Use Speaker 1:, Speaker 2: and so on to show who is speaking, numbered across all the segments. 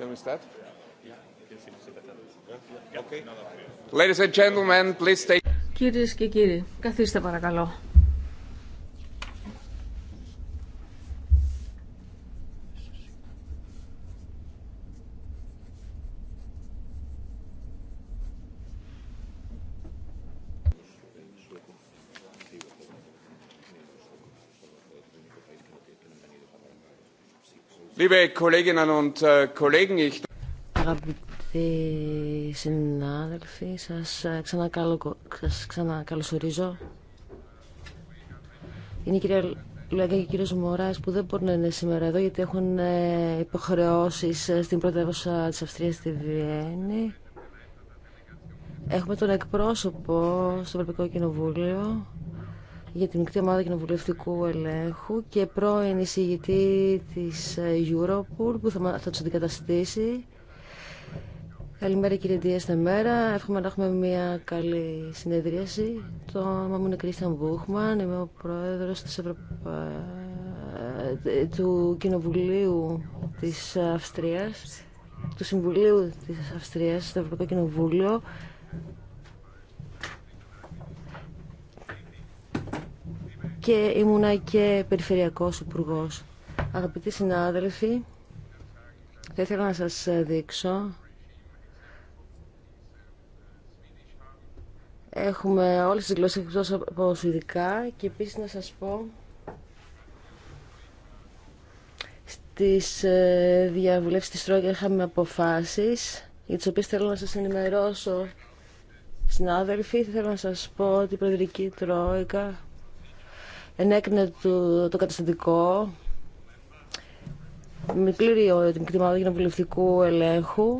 Speaker 1: Shall we start? Ladies and gentlemen, please stay.
Speaker 2: Κυρίες και κύριοι, καθίστε παρακαλώ.
Speaker 1: Äh,
Speaker 3: Αγαπητοί συνάδελφοι, ε, σας, ξανακαλωσορίζω. Είναι η κυρία Λουέγκα και ο κύριος Μωράς που δεν μπορούν να είναι σήμερα εδώ γιατί έχουν ε, υποχρεώσεις ε, στην πρωτεύουσα της Αυστρίας στη Βιέννη. Έχουμε τον εκπρόσωπο στο Ευρωπαϊκό Κοινοβούλιο, για την Μικρή Ομάδα Κοινοβουλευτικού Ελέγχου και πρώην εισηγητή της ε, Europol που θα, θα τους αντικαταστήσει. Καλημέρα κύριε είστε μέρα. Εύχομαι να έχουμε μια καλή συνεδρίαση. Το όνομα μου είναι Κρίστιαν Μπούχμαν. Είμαι ο πρόεδρος της ε, ε, του Κοινοβουλίου της Αυστρίας, του Συμβουλίου της Αυστρίας, στο Ευρωπαϊκό Κοινοβούλιο. και ήμουνα και περιφερειακός υπουργό. Αγαπητοί συνάδελφοι, θα ήθελα να σας δείξω. Έχουμε όλες τις γλώσσες εκτός από Σουηδικά και επίσης να σας πω στις ε, διαβουλεύσεις της Τρόικα είχαμε αποφάσεις για τις οποίες θέλω να σας ενημερώσω συνάδελφοι. Θέλω να σας πω ότι η Προεδρική Τρόικα ενέκρινε το, το καταστατικό με πλήρη την κτήμα ελέγχου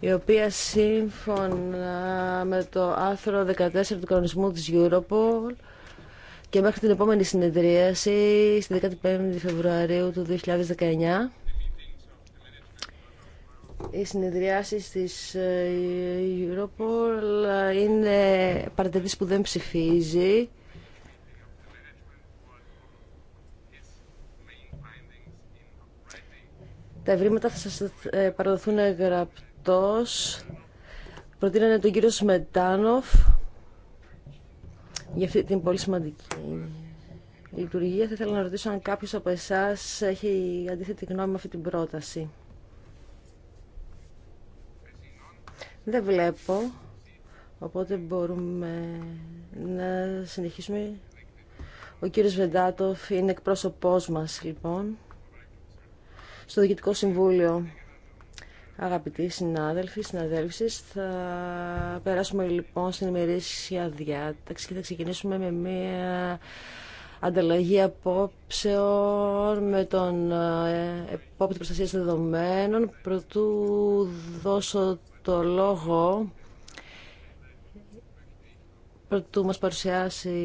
Speaker 3: η οποία σύμφωνα με το άρθρο 14 του κανονισμού της Europol και μέχρι την επόμενη συνεδρίαση στη 15 Φεβρουαρίου του 2019 οι συνεδριάσεις της ε, Europol είναι παρατηρήσεις που δεν ψηφίζει Τα ευρήματα θα σας ε, παραδοθούν γραπτός. Προτείνανε τον κύριο Σμετάνοφ για αυτή την πολύ σημαντική λειτουργία. Θα ήθελα να ρωτήσω αν κάποιος από εσάς έχει αντίθετη γνώμη με αυτή την πρόταση. Δεν βλέπω, οπότε μπορούμε να συνεχίσουμε. Ο κύριος Βεντάτοφ είναι εκπρόσωπός μας, λοιπόν στο Διοικητικό Συμβούλιο. Αγαπητοί συνάδελφοι, συναδέλφοι, θα περάσουμε λοιπόν στην ημερήσια διάταξη και θα ξεκινήσουμε με μία ανταλλαγή απόψεων με τον ε, επόπτη Προστασία δεδομένων. Προτού δώσω το λόγο, πρωτού μας παρουσιάσει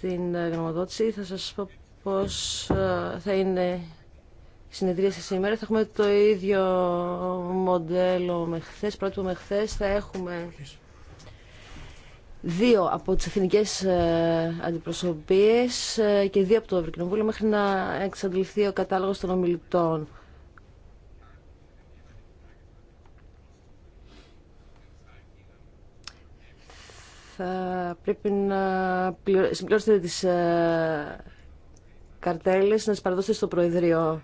Speaker 3: την γνωμοδότηση, θα σας πω πώς ε, θα είναι η συνεδρίαση σήμερα. Θα έχουμε το ίδιο μοντέλο με χθες, πρώτο με χθες. Θα έχουμε δύο από τις εθνικές ε, αντιπροσωπείες ε, και δύο από το Ευρωκοινοβούλιο μέχρι να εξαντληθεί ο κατάλογος των ομιλητών. Θα πρέπει να συμπληρώσετε τις καρτέλες να τις παραδώσετε στο Προεδρείο.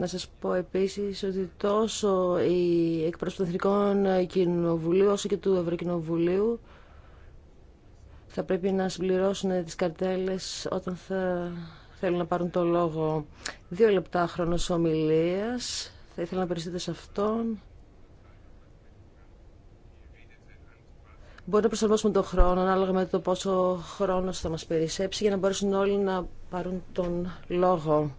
Speaker 3: Να σας πω επίσης ότι τόσο οι εκπρόσωποι Εθνικών Κοινοβουλίου όσο και του Ευρωκοινοβουλίου θα πρέπει να συμπληρώσουν τις καρτέλες όταν θα θέλουν να πάρουν το λόγο. Δύο λεπτά χρόνος ομιλίας. Θα ήθελα να περιστείτε σε αυτόν. Μπορεί να προσαρμόσουμε τον χρόνο ανάλογα με το πόσο χρόνο θα μας περισσέψει για να μπορέσουν όλοι να πάρουν τον λόγο.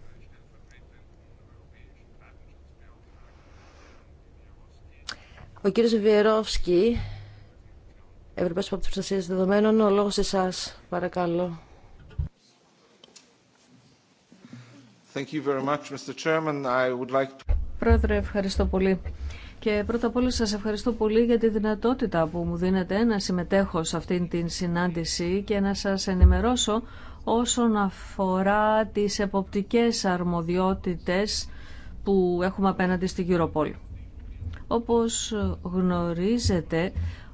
Speaker 3: Ο κύριος Βιερόφσκι, Ευρωπαϊκός Υπόπτης Προστασίας Δεδομένων, ο λόγος εσάς, παρακαλώ. Πρόεδρε, ευχαριστώ πολύ.
Speaker 2: Και πρώτα απ' όλα σας ευχαριστώ πολύ για τη δυνατότητα που μου δίνετε να συμμετέχω σε αυτήν την συνάντηση και να σας ενημερώσω όσον αφορά τις εποπτικές αρμοδιότητες που έχουμε απέναντι στην Europol. Όπως γνωρίζετε,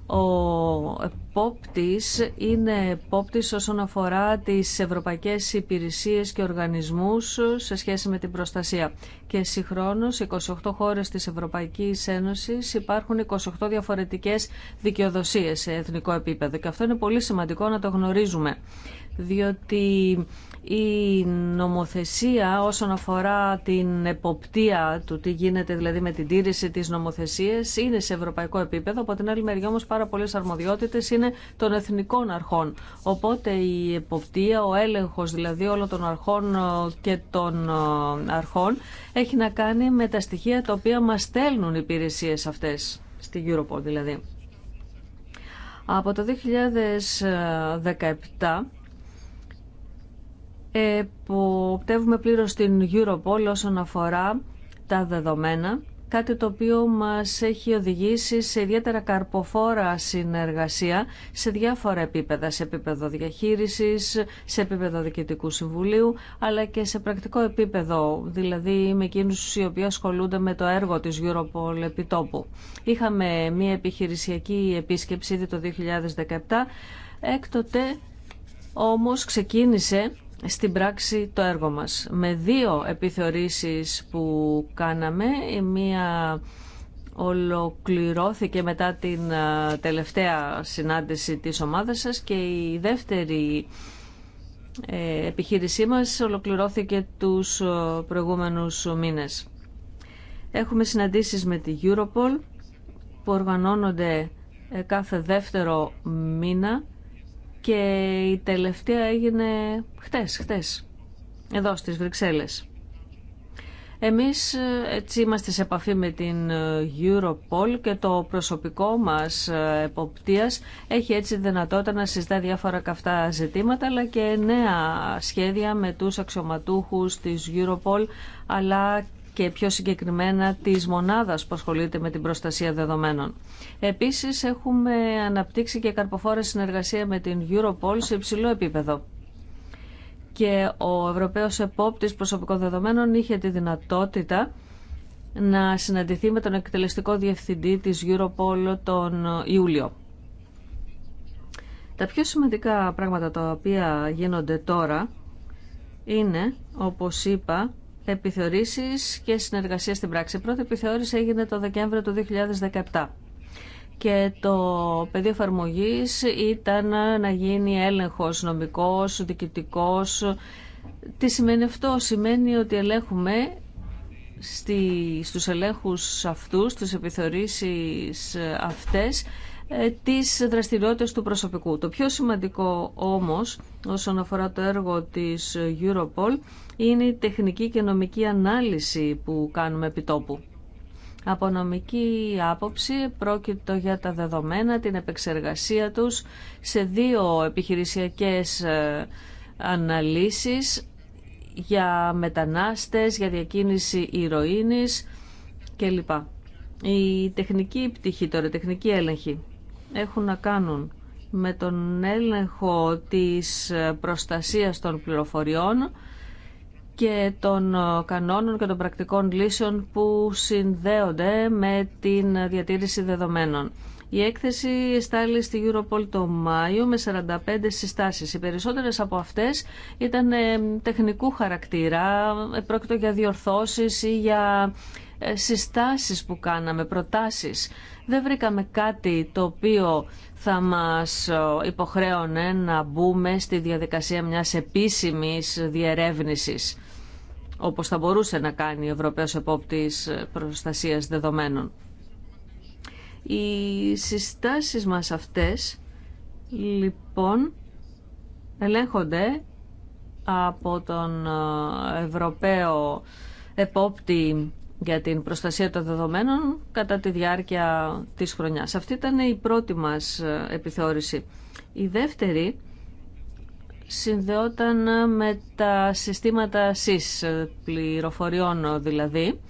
Speaker 2: ο επόπτης είναι επόπτης όσον αφορά τις ευρωπαϊκές υπηρεσίες και οργανισμούς σε σχέση με την προστασία. Και συγχρόνως, 28 χώρες της Ευρωπαϊκής Ένωσης υπάρχουν 28 διαφορετικές δικαιοδοσίες σε εθνικό επίπεδο. Και αυτό είναι πολύ σημαντικό να το γνωρίζουμε, διότι η νομοθεσία όσον αφορά την εποπτεία του τι γίνεται δηλαδή με την τήρηση της νομοθεσίας είναι σε ευρωπαϊκό επίπεδο, από την άλλη μεριά όμως πάρα πολλές αρμοδιότητες είναι των εθνικών αρχών. Οπότε η εποπτεία, ο έλεγχος δηλαδή όλων των αρχών ε, και των ε, αρχών έχει να κάνει με τα στοιχεία τα οποία μας στέλνουν οι υπηρεσίες αυτές, στην Europol δηλαδή. Από το 2017 που πτεύουμε πλήρως στην Europol όσον αφορά τα δεδομένα, κάτι το οποίο μας έχει οδηγήσει σε ιδιαίτερα καρποφόρα συνεργασία σε διάφορα επίπεδα, σε επίπεδο διαχείρισης, σε επίπεδο διοικητικού συμβουλίου, αλλά και σε πρακτικό επίπεδο, δηλαδή με εκείνους οι οποίοι ασχολούνται με το έργο της Europol επιτόπου. Είχαμε μια επιχειρησιακή επίσκεψη ήδη το 2017, έκτοτε όμως ξεκίνησε στην πράξη το έργο μας. Με δύο επιθεωρήσεις που κάναμε, η μία ολοκληρώθηκε μετά την τελευταία συνάντηση της ομάδας σας και η δεύτερη ε, επιχείρησή μας ολοκληρώθηκε τους προηγούμενους μήνες. Έχουμε συναντήσεις με τη Europol που οργανώνονται ε, κάθε δεύτερο μήνα και η τελευταία έγινε χτες, χτες, εδώ στις Βρυξέλλες. Εμείς ε, έτσι είμαστε σε επαφή με την ε, Europol και το προσωπικό μας ε, εποπτείας έχει έτσι δυνατότητα να συζητά διάφορα καυτά ζητήματα αλλά και νέα σχέδια με τους αξιωματούχους της Europol αλλά και πιο συγκεκριμένα της μονάδας που ασχολείται με την προστασία δεδομένων. Επίσης έχουμε αναπτύξει και καρποφόρα συνεργασία με την Europol σε υψηλό επίπεδο. Και ο Ευρωπαίος Επόπτης Προσωπικών Δεδομένων είχε τη δυνατότητα να συναντηθεί με τον εκτελεστικό διευθυντή της Europol τον Ιούλιο. Τα πιο σημαντικά πράγματα τα οποία γίνονται τώρα είναι, όπως είπα, επιθεωρήσεις και συνεργασία στην πράξη. Η πρώτη επιθεώρηση έγινε το Δεκέμβριο του 2017 και το πεδίο εφαρμογή ήταν να γίνει έλεγχος νομικός, διοικητικός. Τι σημαίνει αυτό, σημαίνει ότι ελέγχουμε στου στους ελέγχους αυτούς, στις επιθεωρήσεις αυτές, ε, τις δραστηριότητες του προσωπικού. Το πιο σημαντικό όμως όσον αφορά το έργο της Europol είναι η τεχνική και νομική ανάλυση που κάνουμε επιτόπου. Από νομική άποψη πρόκειται για τα δεδομένα, την επεξεργασία τους σε δύο επιχειρησιακές ε, αναλύσεις για μετανάστες, για διακίνηση ηρωίνης κλπ. Η τεχνική πτυχή τώρα, τεχνική έλεγχη έχουν να κάνουν με τον έλεγχο της ε, προστασίας των πληροφοριών και των ε, κανόνων και των πρακτικών λύσεων που συνδέονται με την διατήρηση δεδομένων. Η έκθεση στάλει στη Europol το Μάιο με 45 συστάσεις. Οι περισσότερες από αυτές ήταν ε, τεχνικού χαρακτήρα, πρόκειτο για διορθώσεις ή για ε, συστάσεις που κάναμε, προτάσεις. Δεν βρήκαμε κάτι το οποίο θα μας υποχρέωνε να μπούμε στη διαδικασία μιας επίσημης διερεύνησης όπως θα μπορούσε να κάνει ο Ευρωπαίος Επόπτης Προστασίας Δεδομένων. Οι συστάσεις μας αυτές, λοιπόν, ελέγχονται από τον ε, Ευρωπαίο Επόπτη για την προστασία των δεδομένων κατά τη διάρκεια της χρονιάς. Αυτή ήταν η πρώτη μας ε, επιθεώρηση. Η δεύτερη συνδεόταν με τα συστήματα ΣΥΣ, πληροφοριών δηλαδή,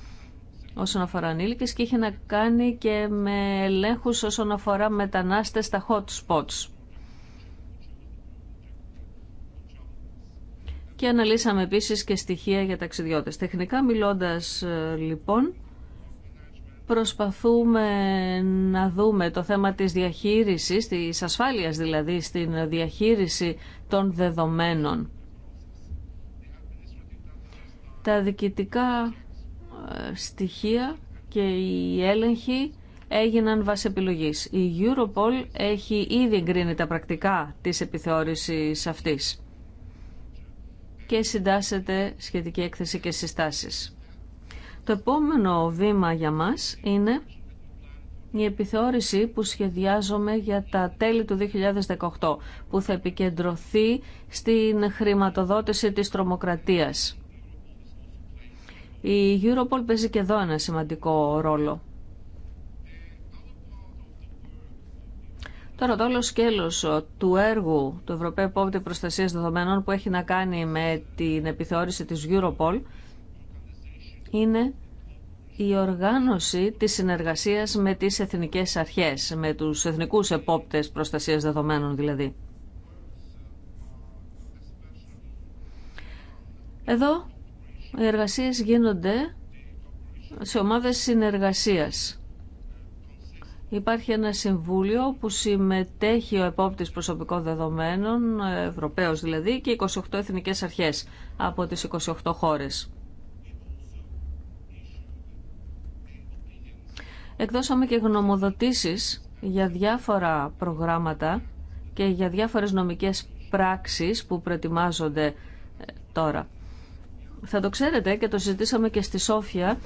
Speaker 2: όσον αφορά ανήλικες και είχε να κάνει και με ελέγχους όσον αφορά μετανάστες στα hot spots. Και αναλύσαμε επίσης και στοιχεία για ταξιδιώτες. Τεχνικά μιλώντας ε, λοιπόν, προσπαθούμε να δούμε το θέμα της διαχείρισης, της ασφάλειας δηλαδή στην διαχείριση των δεδομένων. Τα διοικητικά ε, στοιχεία και οι έλεγχοι έγιναν βάσει επιλογής. Η Europol έχει ήδη εγκρίνει τα πρακτικά της επιθεώρησης αυτής και συντάσσεται σχετική έκθεση και συστάσεις. Το επόμενο βήμα για μας είναι η επιθεώρηση που σχεδιάζομαι για τα τέλη του 2018, που θα επικεντρωθεί στην χρηματοδότηση της τρομοκρατίας. Η Europol παίζει και εδώ ένα σημαντικό ρόλο. Τώρα το άλλο σκέλος του έργου του Ευρωπαίου Πόπτη Προστασίας Δεδομένων που έχει να κάνει με την επιθεώρηση της Europol είναι η οργάνωση της συνεργασίας με τις εθνικές αρχές, με τους εθνικούς επόπτες προστασίας δεδομένων δηλαδή. Εδώ οι εργασίες γίνονται σε ομάδες συνεργασίας. Υπάρχει ένα συμβούλιο που συμμετέχει ο επόπτης προσωπικών δεδομένων, Ευρωπαίος δηλαδή, και 28 εθνικές αρχές από τις 28 χώρες. Εκδώσαμε και γνωμοδοτήσεις για διάφορα προγράμματα και για διάφορες νομικές πράξεις που προετοιμάζονται ε, τώρα. Θα το ξέρετε και το συζητήσαμε και στη Σόφια.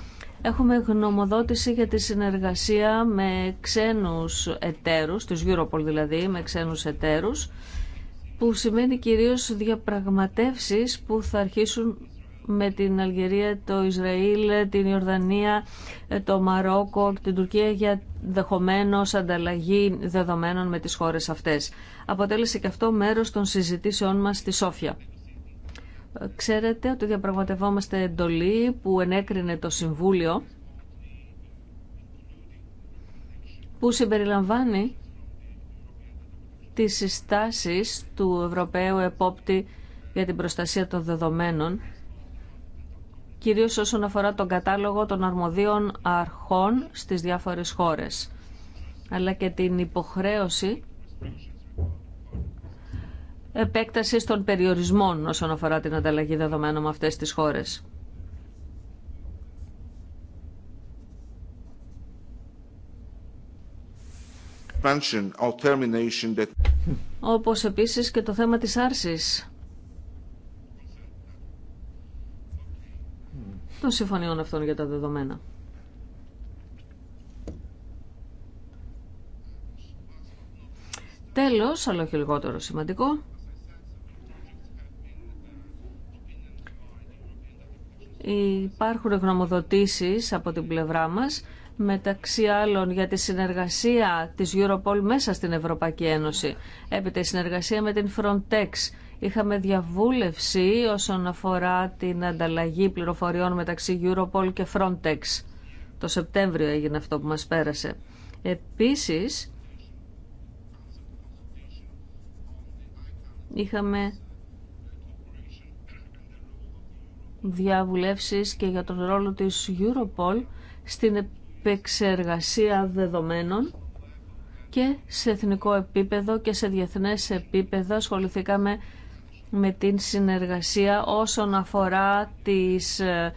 Speaker 2: Έχουμε γνωμοδότηση για τη συνεργασία με ξένους εταίρους, τους Europol δηλαδή, με ξένους εταίρους, που σημαίνει κυρίως διαπραγματεύσεις που θα αρχίσουν με την Αλγερία, το Ισραήλ, την Ιορδανία, το Μαρόκο και την Τουρκία για δεχομένω ανταλλαγή δεδομένων με τις χώρες αυτές. Αποτέλεσε και αυτό μέρος των συζητήσεών μας στη Σόφια. Ξέρετε ότι διαπραγματευόμαστε εντολή που ενέκρινε το Συμβούλιο που συμπεριλαμβάνει τις συστάσεις του Ευρωπαίου Επόπτη για την προστασία των δεδομένων κυρίως όσον αφορά τον κατάλογο των αρμοδίων αρχών στις διάφορες χώρες, αλλά και την υποχρέωση επέκταση των περιορισμών όσον αφορά την ανταλλαγή δεδομένων με αυτές τις χώρες. Όπως επίσης και το θέμα της άρσης των συμφωνιών αυτών για τα δεδομένα. Τέλος, αλλά όχι λιγότερο σημαντικό, υπάρχουν γνωμοδοτήσεις από την πλευρά μας, μεταξύ άλλων για τη συνεργασία της Europol μέσα στην Ευρωπαϊκή Ένωση. Έπειτα η συνεργασία με την Frontex, Είχαμε διαβούλευση όσον αφορά την ανταλλαγή πληροφοριών μεταξύ Europol και Frontex. Το Σεπτέμβριο έγινε αυτό που μας πέρασε. Επίσης, είχαμε διαβουλεύσεις και για τον ρόλο της Europol στην επεξεργασία δεδομένων και σε εθνικό επίπεδο και σε διεθνές επίπεδο ασχοληθήκαμε με την συνεργασία όσον αφορά τις ε,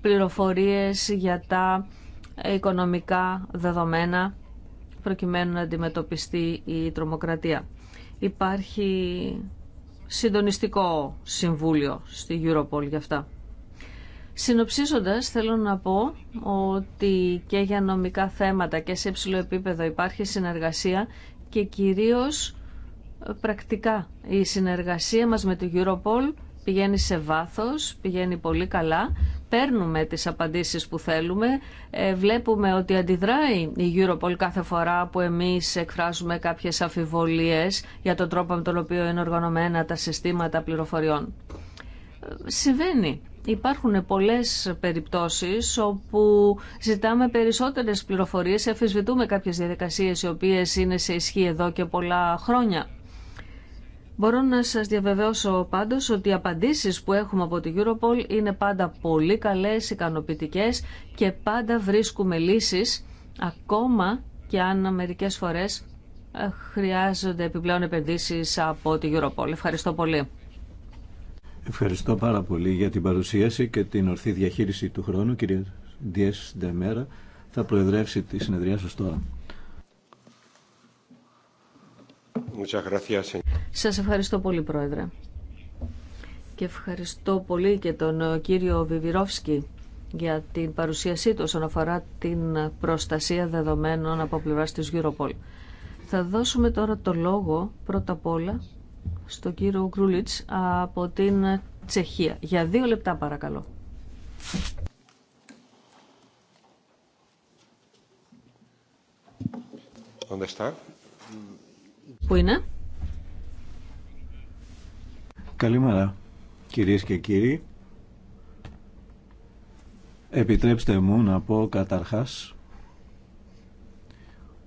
Speaker 2: πληροφορίες για τα οικονομικά δεδομένα προκειμένου να αντιμετωπιστεί η τρομοκρατία. Υπάρχει συντονιστικό συμβούλιο στη Europol για αυτά. Συνοψίζοντας, θέλω να πω ότι και για νομικά θέματα και σε υψηλό επίπεδο υπάρχει συνεργασία και κυρίως πρακτικά. Η συνεργασία μας με το Europol πηγαίνει σε βάθος, πηγαίνει πολύ καλά. Παίρνουμε τις απαντήσεις που θέλουμε. Ε, βλέπουμε ότι αντιδράει η Europol κάθε φορά που εμείς εκφράζουμε κάποιες αφιβολίες για τον τρόπο με τον οποίο είναι οργανωμένα τα συστήματα πληροφοριών. Ε, συμβαίνει. Υπάρχουν πολλές περιπτώσεις όπου ζητάμε περισσότερες πληροφορίες, αφισβητούμε κάποιες διαδικασίες οι οποίες είναι σε ισχύ εδώ και πολλά χρόνια. Μπορώ να σας διαβεβαιώσω πάντω ότι οι απαντήσεις που έχουμε από τη Europol είναι πάντα πολύ καλές, ικανοποιητικές και πάντα βρίσκουμε λύσει ακόμα και αν μερικέ φορές ε, χρειάζονται επιπλέον επενδύσει από τη Europol. Ευχαριστώ πολύ.
Speaker 4: Ευχαριστώ πάρα πολύ για την παρουσίαση και την ορθή διαχείριση του χρόνου, κύριε Ντιέ Ντεμέρα. Θα προεδρεύσει τη συνεδρία
Speaker 5: σα τώρα.
Speaker 2: Σας ευχαριστώ πολύ, Πρόεδρε. Και ευχαριστώ πολύ και τον ε, κύριο Βιβυρόφσκι για την παρουσίασή του όσον αφορά την προστασία δεδομένων από πλευρά της Europol. Θα δώσουμε τώρα το λόγο πρώτα απ' όλα στον κύριο Γκρούλιτς από την Τσεχία. Για δύο λεπτά παρακαλώ.
Speaker 4: Καλημέρα, κυρίες και κύριοι. Επιτρέψτε μου να πω καταρχάς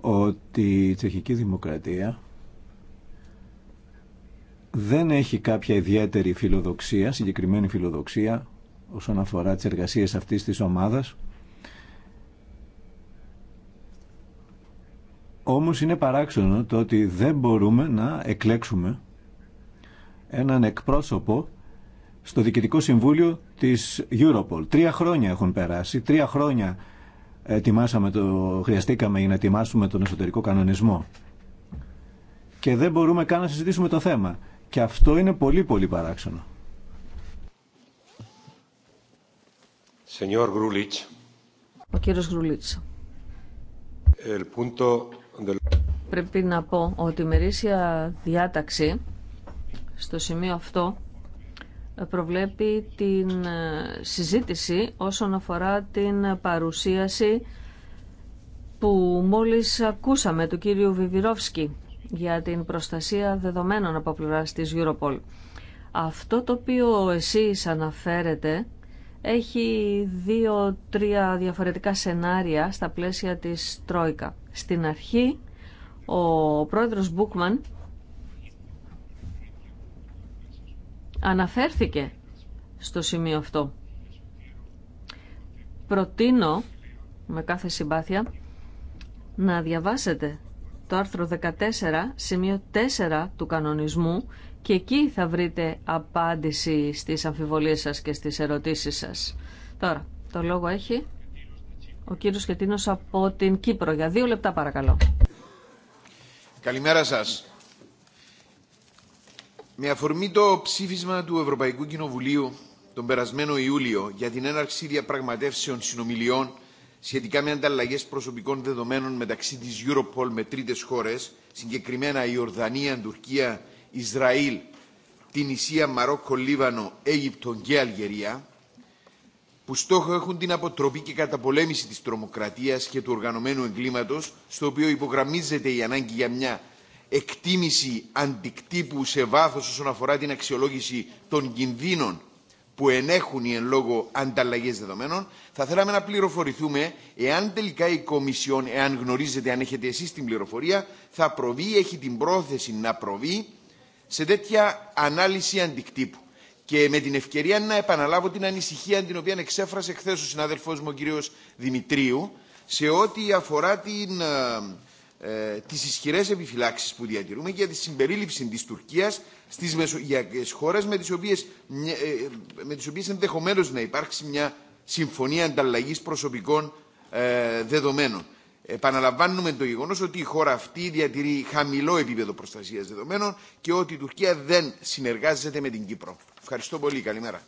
Speaker 4: ότι η τσεχική δημοκρατία δεν έχει κάποια ιδιαίτερη φιλοδοξία, συγκεκριμένη φιλοδοξία όσον αφορά τις εργασίες αυτής της ομάδας Όμως είναι παράξενο το ότι δεν μπορούμε να εκλέξουμε έναν εκπρόσωπο στο Διοικητικό Συμβούλιο της Europol. Τρία χρόνια έχουν περάσει, τρία χρόνια ετοιμάσαμε το, χρειαστήκαμε για να ετοιμάσουμε τον εσωτερικό κανονισμό. Και δεν μπορούμε καν να συζητήσουμε το θέμα. Και αυτό είναι πολύ πολύ παράξενο.
Speaker 2: Ο κύριος Γρουλίτς. Πρέπει να πω ότι η μερίσια διάταξη στο σημείο αυτό προβλέπει την ε, συζήτηση όσον αφορά την παρουσίαση που μόλις ακούσαμε του κύριου Βιβυρόφσκι για την προστασία δεδομένων από πλευρά της Europol. Αυτό το οποίο εσείς αναφέρετε έχει δύο-τρία διαφορετικά σενάρια στα πλαίσια της Τρόικα. Στην αρχή ο πρόεδρος Μπούκμαν αναφέρθηκε στο σημείο αυτό. Προτείνω με κάθε συμπάθεια να διαβάσετε το άρθρο 14, σημείο 4 του κανονισμού και εκεί θα βρείτε απάντηση στις αμφιβολίες σας και στις ερωτήσεις σας. Τώρα, το λόγο έχει ο κύριος Χετίνος από την Κύπρο. Για δύο λεπτά παρακαλώ.
Speaker 6: Καλημέρα σας. Με αφορμή το ψήφισμα του Ευρωπαϊκού Κοινοβουλίου τον περασμένο Ιούλιο για την έναρξη διαπραγματεύσεων συνομιλιών σχετικά με ανταλλαγέ προσωπικών δεδομένων μεταξύ της Europol με τρίτες χώρες, συγκεκριμένα η Ορδανία, Τουρκία, Ισραήλ, την Ισία, Μαρόκο, Λίβανο, Αίγυπτο και Αλγερία, που στόχο έχουν την αποτροπή και καταπολέμηση της τρομοκρατίας και του οργανωμένου εγκλήματος, στο οποίο υπογραμμίζεται η ανάγκη για μια εκτίμηση αντικτύπου σε βάθος όσον αφορά την αξιολόγηση των κινδύνων που ενέχουν οι εν λόγω ανταλλαγές δεδομένων, θα θέλαμε να πληροφορηθούμε εάν τελικά η Κομισιόν, εάν γνωρίζετε, αν έχετε εσείς την πληροφορία, θα προβεί, έχει την πρόθεση να προβεί σε τέτοια ανάλυση αντικτύπου. Και με την ευκαιρία να επαναλάβω την ανησυχία την οποία εξέφρασε χθε ο συνάδελφός μου ο κύριος Δημητρίου σε ό,τι αφορά την, ε, ε, τις ισχυρές επιφυλάξεις που διατηρούμε για τη συμπερίληψη της Τουρκίας στις μεσογειακές χώρες με τις οποίες, ε, με ενδεχομένως να υπάρξει μια συμφωνία ανταλλαγή προσωπικών ε, δεδομένων. Επαναλαμβάνουμε το γεγονό ότι η χώρα αυτή διατηρεί χαμηλό επίπεδο προστασία δεδομένων και ότι η Τουρκία δεν συνεργάζεται με την Κύπρο. Ευχαριστώ πολύ. Καλημέρα.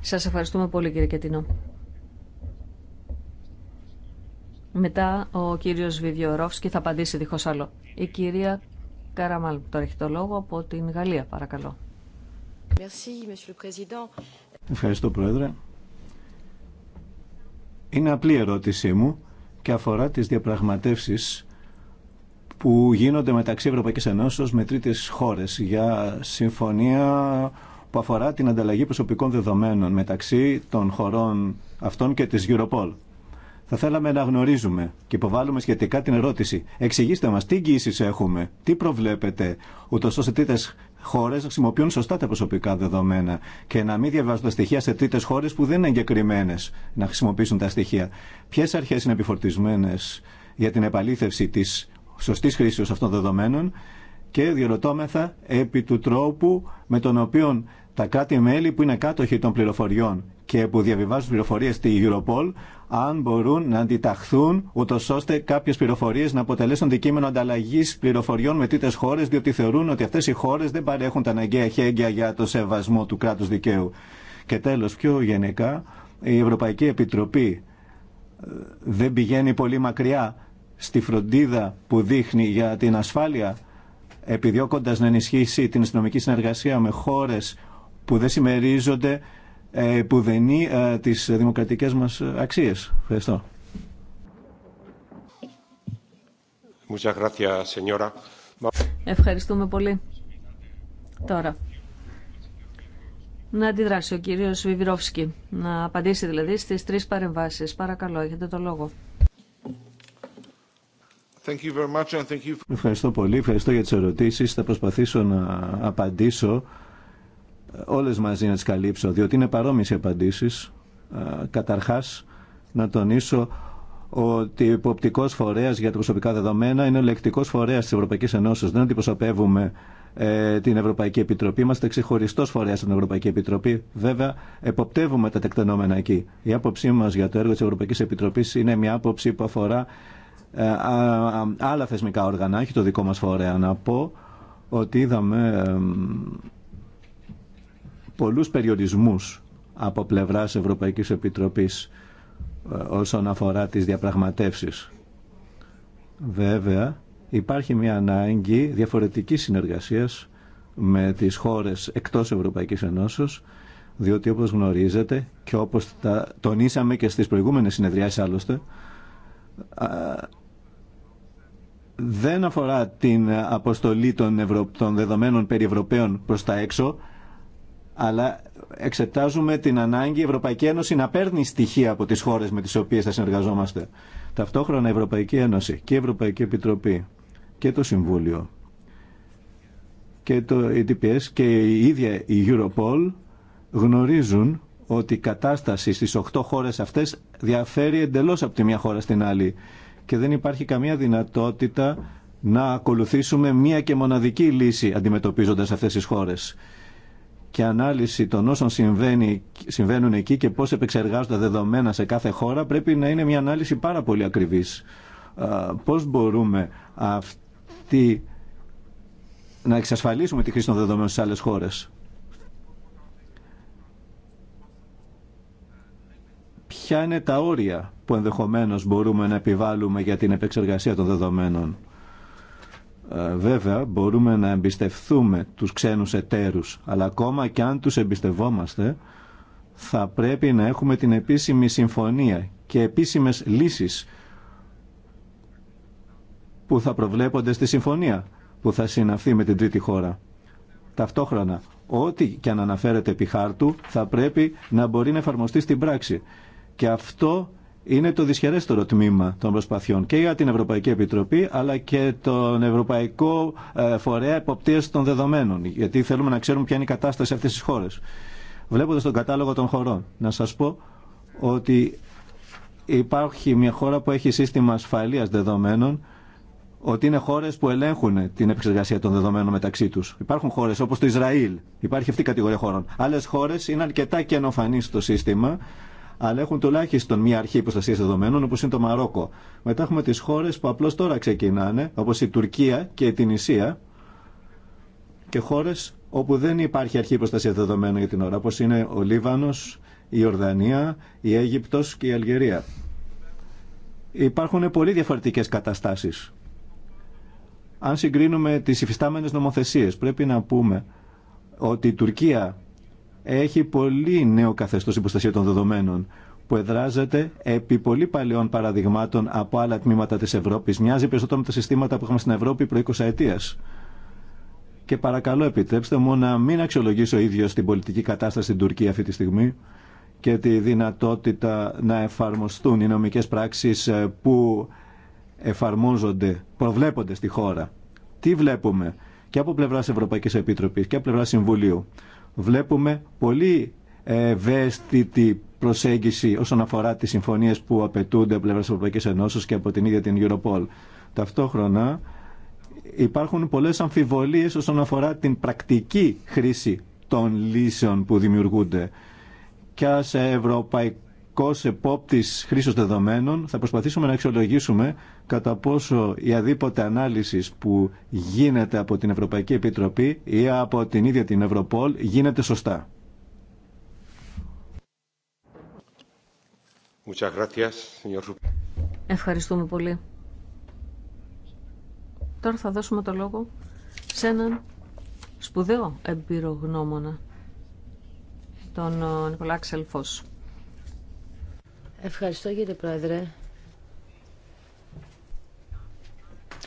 Speaker 2: Σας ευχαριστούμε πολύ κύριε Κετινό. Μετά ο κύριος Βιδιορόφσκι θα απαντήσει δίχως άλλο. Η κυρία Καραμάλ τώρα έχει το λόγο από την Γαλλία παρακαλώ.
Speaker 4: Ευχαριστώ πρόεδρε. Είναι απλή ερώτησή μου και αφορά τις διαπραγματεύσεις που γίνονται μεταξύ Ευρωπαϊκής Ενώσεως με τρίτες χώρες για συμφωνία που αφορά την ανταλλαγή προσωπικών δεδομένων μεταξύ των χωρών αυτών και της Europol. Θα θέλαμε να γνωρίζουμε και υποβάλλουμε σχετικά την ερώτηση. Εξηγήστε μας τι εγγύησεις έχουμε, τι προβλέπετε, ούτως ώστε τρίτες χώρε να χρησιμοποιούν σωστά τα προσωπικά δεδομένα και να μην διαβάζουν τα στοιχεία σε τρίτε χώρε που δεν είναι εγκεκριμένε να χρησιμοποιήσουν τα στοιχεία. Ποιε αρχέ είναι επιφορτισμένε για την επαλήθευση τη σωστή χρήση αυτών των δεδομένων και διερωτώμεθα επί του τρόπου με τον οποίο τα κράτη-μέλη που είναι κάτοχοι των πληροφοριών και που διαβιβάζουν πληροφορίε στη Europol αν μπορούν να αντιταχθούν, ούτω ώστε κάποιε πληροφορίε να αποτελέσουν αντικείμενο ανταλλαγή πληροφοριών με τρίτε χώρε, διότι θεωρούν ότι αυτέ οι χώρε δεν παρέχουν τα αναγκαία χέγγια για το σεβασμό του κράτου δικαίου. Και τέλο, πιο γενικά, η Ευρωπαϊκή Επιτροπή ε, δεν πηγαίνει πολύ μακριά στη φροντίδα που δείχνει για την ασφάλεια, επιδιώκοντας να ενισχύσει την αστυνομική συνεργασία με χώρες που δεν συμμερίζονται ε, που δενεί ε, τις δημοκρατικές μας αξίες. Ευχαριστώ.
Speaker 2: Ευχαριστούμε πολύ. Τώρα. Να αντιδράσει ο κύριος Βιβυρόφσκι, να απαντήσει δηλαδή στις τρεις παρεμβάσεις. Παρακαλώ, έχετε
Speaker 6: το λόγο. Ευχαριστώ πολύ,
Speaker 4: ευχαριστώ για τις ερωτήσεις. Θα προσπαθήσω να απαντήσω όλες μαζί να τις καλύψω, διότι είναι παρόμοιες οι απαντήσεις. Καταρχάς, να τονίσω ότι ο υποπτικό φορέα για τα προσωπικά δεδομένα είναι ο λεκτικό φορέα τη Ευρωπαϊκή Ενώσης Δεν αντιπροσωπεύουμε ε, την Ευρωπαϊκή Επιτροπή. Είμαστε ξεχωριστό φορέα στην Ευρωπαϊκή Επιτροπή. Βέβαια, εποπτεύουμε τα τεκτενόμενα εκεί. Η άποψή μα για το έργο τη Ευρωπαϊκή Επιτροπή είναι μια άποψη που αφορά ε, α, α, άλλα θεσμικά όργανα, όχι το δικό μα φορέα. Να πω ότι είδαμε. Ε, πολλούς περιορισμούς από πλευράς Ευρωπαϊκής Επιτροπής ε, όσον αφορά τις διαπραγματεύσεις. Βέβαια, υπάρχει μια ανάγκη διαφορετική συνεργασίας με τις χώρες εκτός Ευρωπαϊκής Ενώσεως, διότι όπως γνωρίζετε και όπως τονίσαμε και στις προηγούμενες συνεδριάσεις άλλωστε, δεν αφορά την αποστολή των, Ευρω... των δεδομένων περί Ευρωπαίων προς τα έξω, αλλά εξετάζουμε την ανάγκη η Ευρωπαϊκή Ένωση να παίρνει στοιχεία από τις χώρες με τις οποίες θα συνεργαζόμαστε. Ταυτόχρονα η Ευρωπαϊκή Ένωση και η Ευρωπαϊκή Επιτροπή και το Συμβούλιο και το ETPS και η ίδια η Europol γνωρίζουν ότι η κατάσταση στις 8 χώρες αυτές διαφέρει εντελώς από τη μια χώρα στην άλλη και δεν υπάρχει καμία δυνατότητα να ακολουθήσουμε μία και μοναδική λύση αντιμετωπίζοντας αυτές τις χώρες και ανάλυση των όσων συμβαίνει, συμβαίνουν εκεί και πώς επεξεργάζονται τα δεδομένα σε κάθε χώρα πρέπει να είναι μια ανάλυση πάρα πολύ ακριβής. Πώς μπορούμε αυτή να εξασφαλίσουμε τη χρήση των δεδομένων στις άλλες χώρες. Ποια είναι τα όρια που ενδεχομένως μπορούμε να επιβάλλουμε για την επεξεργασία των δεδομένων. Ε, βέβαια μπορούμε να εμπιστευθούμε τους ξένους εταίρους, αλλά ακόμα και αν τους εμπιστευόμαστε θα πρέπει να έχουμε την επίσημη συμφωνία και επίσημες λύσεις που θα προβλέπονται στη συμφωνία που θα συναυθεί με την τρίτη χώρα. Ταυτόχρονα, ό,τι και αν αναφέρεται επί χάρτου θα πρέπει να μπορεί να εφαρμοστεί στην πράξη. Και αυτό είναι το δυσχερέστερο τμήμα των προσπαθειών και για την Ευρωπαϊκή Επιτροπή αλλά και τον Ευρωπαϊκό ε, Φορέα Εποπτείας των Δεδομένων γιατί θέλουμε να ξέρουμε ποια είναι η κατάσταση αυτής της χώρας. Βλέποντας τον κατάλογο των χωρών, να σας πω ότι υπάρχει μια χώρα που έχει σύστημα ασφαλείας δεδομένων ότι είναι χώρες που ελέγχουν την επεξεργασία των δεδομένων μεταξύ τους. Υπάρχουν χώρες όπως το Ισραήλ, υπάρχει αυτή η κατηγορία χώρων. Άλλες χώρες είναι αρκετά καινοφανείς στο σύστημα αλλά έχουν τουλάχιστον μια αρχή προστασία δεδομένων, όπω είναι το Μαρόκο. Μετά έχουμε τι χώρε που απλώ τώρα ξεκινάνε, όπω η Τουρκία και η Τινησία, και χώρε όπου δεν υπάρχει αρχή προστασία δεδομένων για την ώρα, όπω είναι ο Λίβανο, η Ορδανία, η Αίγυπτος και η Αλγερία. Υπάρχουν πολύ διαφορετικές καταστάσεις. Αν συγκρίνουμε τις υφιστάμενες νομοθεσίες, πρέπει να πούμε ότι η Τουρκία έχει πολύ νέο καθεστώς υποστασία των δεδομένων που εδράζεται επί πολύ παλαιών παραδειγμάτων από άλλα τμήματα της Ευρώπης. Μοιάζει περισσότερο με τα συστήματα που είχαμε στην Ευρώπη προ 20 αιτίας. Και παρακαλώ επιτρέψτε μου να μην αξιολογήσω ίδιο την πολιτική κατάσταση στην Τουρκία αυτή τη στιγμή και τη δυνατότητα να εφαρμοστούν οι νομικές πράξεις ε, που εφαρμόζονται, προβλέπονται στη χώρα. Τι βλέπουμε και από πλευράς Ευρωπαϊκής Επίτροπης και από πλευράς Συμβουλίου βλέπουμε πολύ ε, ευαίσθητη προσέγγιση όσον αφορά τις συμφωνίες που απαιτούνται από της Ευρωπαϊκής Ενώσης και από την ίδια την Europol. Ταυτόχρονα υπάρχουν πολλές αμφιβολίες όσον αφορά την πρακτική χρήση των λύσεων που δημιουργούνται και σε ευρωπαϊκό εποπτικός επόπτης χρήσεως δεδομένων θα προσπαθήσουμε να αξιολογήσουμε κατά πόσο η αδίποτε ανάλυση που γίνεται από την Ευρωπαϊκή Επιτροπή ή από την ίδια την Ευρωπόλ γίνεται σωστά.
Speaker 2: Ευχαριστούμε πολύ. Τώρα θα δώσουμε το λόγο σε έναν σπουδαίο εμπειρογνώμονα, τον ε, Νικολά
Speaker 3: Ευχαριστώ κύριε Πρόεδρε.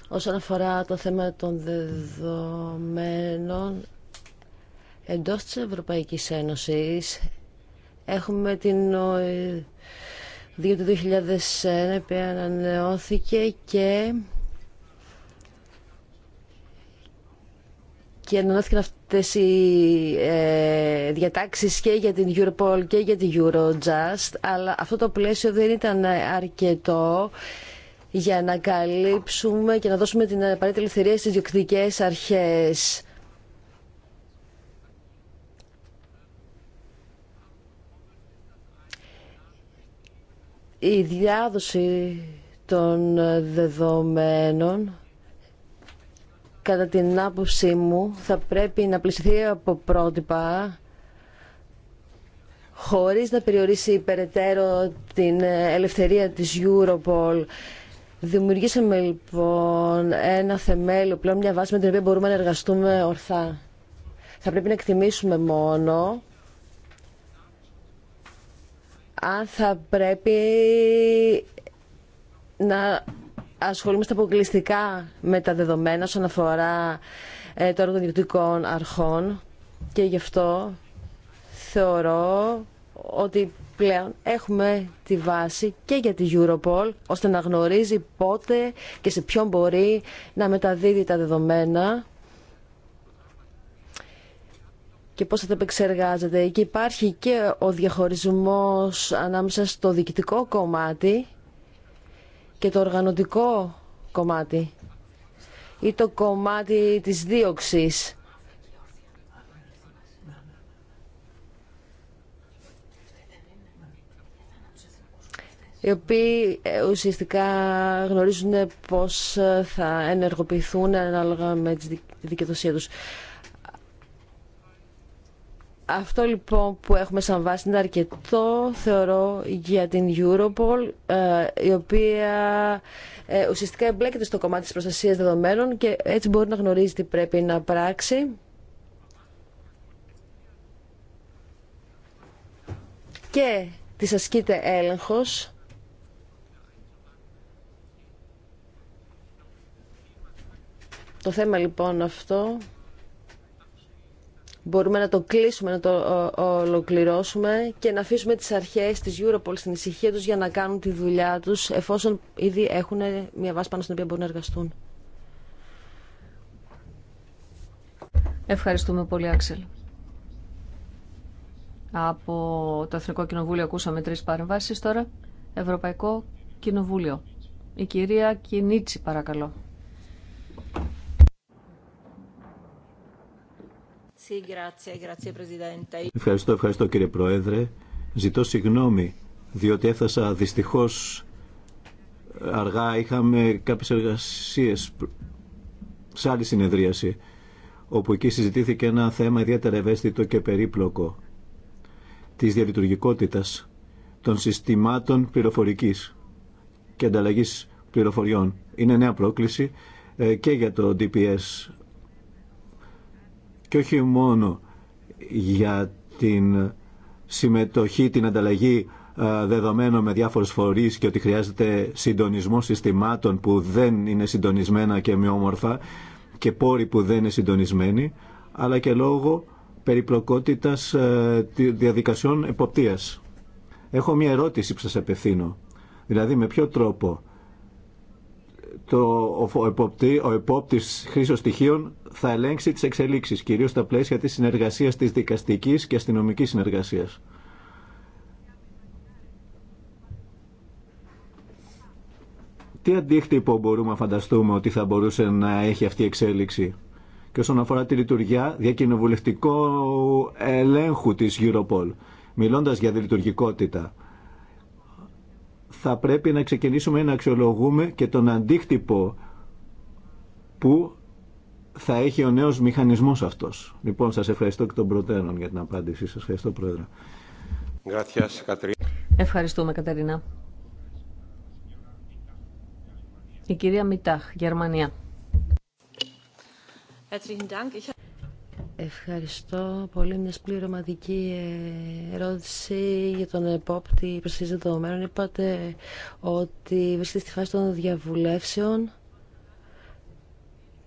Speaker 3: Όσον αφορά το θέμα των δεδομένων εντός της Ευρωπαϊκής Ένωσης έχουμε την ΟΕΔΙΟ του 2001 που ανανεώθηκε και και αυτό αυτές οι ε, διατάξεις και για την Europol και για την Eurojust, αλλά αυτό το πλαίσιο δεν ήταν αρκετό για να καλύψουμε και να δώσουμε την απαραίτητη ελευθερία στις διοκτικές αρχές. Η διάδοση των δεδομένων κατά την άποψή μου θα πρέπει να πλησιθεί από πρότυπα χωρίς να περιορίσει περαιτέρω την ελευθερία της Europol. Δημιουργήσαμε λοιπόν ένα θεμέλιο, πλέον μια βάση με την οποία μπορούμε να εργαστούμε ορθά. Θα πρέπει να εκτιμήσουμε μόνο αν θα πρέπει να ασχολούμαστε αποκλειστικά με τα δεδομένα όσον αφορά ε, το έργο των ιδιωτικών αρχών και γι' αυτό θεωρώ ότι πλέον έχουμε τη βάση και για τη Europol ώστε να γνωρίζει πότε και σε ποιον μπορεί να μεταδίδει τα δεδομένα και πώς θα τα επεξεργάζεται. Και υπάρχει και ο διαχωρισμός ανάμεσα στο διοικητικό κομμάτι και το οργανωτικό κομμάτι ή το κομμάτι της δίωξης. οι οποίοι ε, ουσιαστικά γνωρίζουν πώς ε, θα ενεργοποιηθούν ανάλογα με τη δικαιοδοσία τους. Αυτό λοιπόν που έχουμε σαν βάση είναι αρκετό θεωρώ για την Europol ε, η οποία ε, ουσιαστικά εμπλέκεται στο κομμάτι της προστασίας δεδομένων και έτσι μπορεί να γνωρίζει τι πρέπει να πράξει. Και της ασκείται έλεγχος. Το θέμα λοιπόν αυτό μπορούμε να το κλείσουμε, να το ολοκληρώσουμε και να αφήσουμε τις αρχές της Europol στην ησυχία τους για να κάνουν τη δουλειά τους εφόσον ήδη έχουν μια βάση πάνω στην οποία μπορούν να εργαστούν. Ευχαριστούμε πολύ, Άξελ.
Speaker 2: Από το Εθνικό Κοινοβούλιο ακούσαμε τρεις παρεμβάσεις τώρα. Ευρωπαϊκό Κοινοβούλιο. Η κυρία Κινίτσι, παρακαλώ.
Speaker 3: Ευχαριστώ,
Speaker 4: ευχαριστώ κύριε Πρόεδρε. Ζητώ συγγνώμη, διότι έφτασα δυστυχώς ε, αργά. Είχαμε κάποιες εργασίες σε άλλη συνεδρίαση, όπου εκεί συζητήθηκε ένα θέμα ιδιαίτερα ευαίσθητο και περίπλοκο της διαλειτουργικότητας των συστημάτων πληροφορικής και ανταλλαγής πληροφοριών. Είναι νέα πρόκληση ε, και για το DPS και όχι μόνο για την συμμετοχή, την ανταλλαγή ε, δεδομένων με διάφορους φορείς και ότι χρειάζεται συντονισμό συστημάτων που δεν είναι συντονισμένα και όμορφα και πόροι που δεν είναι συντονισμένοι, αλλά και λόγω περιπλοκότητας ε, διαδικασιών εποπτείας. Έχω μια ερώτηση που σας απευθύνω. Δηλαδή με ποιο τρόπο το, ο, επόπτη, ο επόπτης χρήσεως στοιχείων θα ελέγξει τις εξελίξεις, κυρίως στα πλαίσια της συνεργασίας της δικαστικής και αστυνομικής συνεργασίας. Τι αντίκτυπο μπορούμε να φανταστούμε ότι θα μπορούσε να έχει αυτή η εξέλιξη και όσον αφορά τη λειτουργία διακοινοβουλευτικού ελέγχου της Europol, μιλώντας για τη λειτουργικότητα θα πρέπει να ξεκινήσουμε να αξιολογούμε και τον αντίκτυπο που θα έχει ο νέο μηχανισμός αυτός. Λοιπόν, σα ευχαριστώ και των προτέρων για την απάντησή σας. Ευχαριστώ, Πρόεδρε.
Speaker 2: Ευχαριστούμε, Κατερίνα. Η κυρία Μιτάχ, Γερμανία.
Speaker 3: Ευχαριστώ πολύ. Μια πληρωματική ερώτηση για τον επόπτη προστασία δεδομένων. Είπατε ότι βρίσκεται στη φάση των διαβουλεύσεων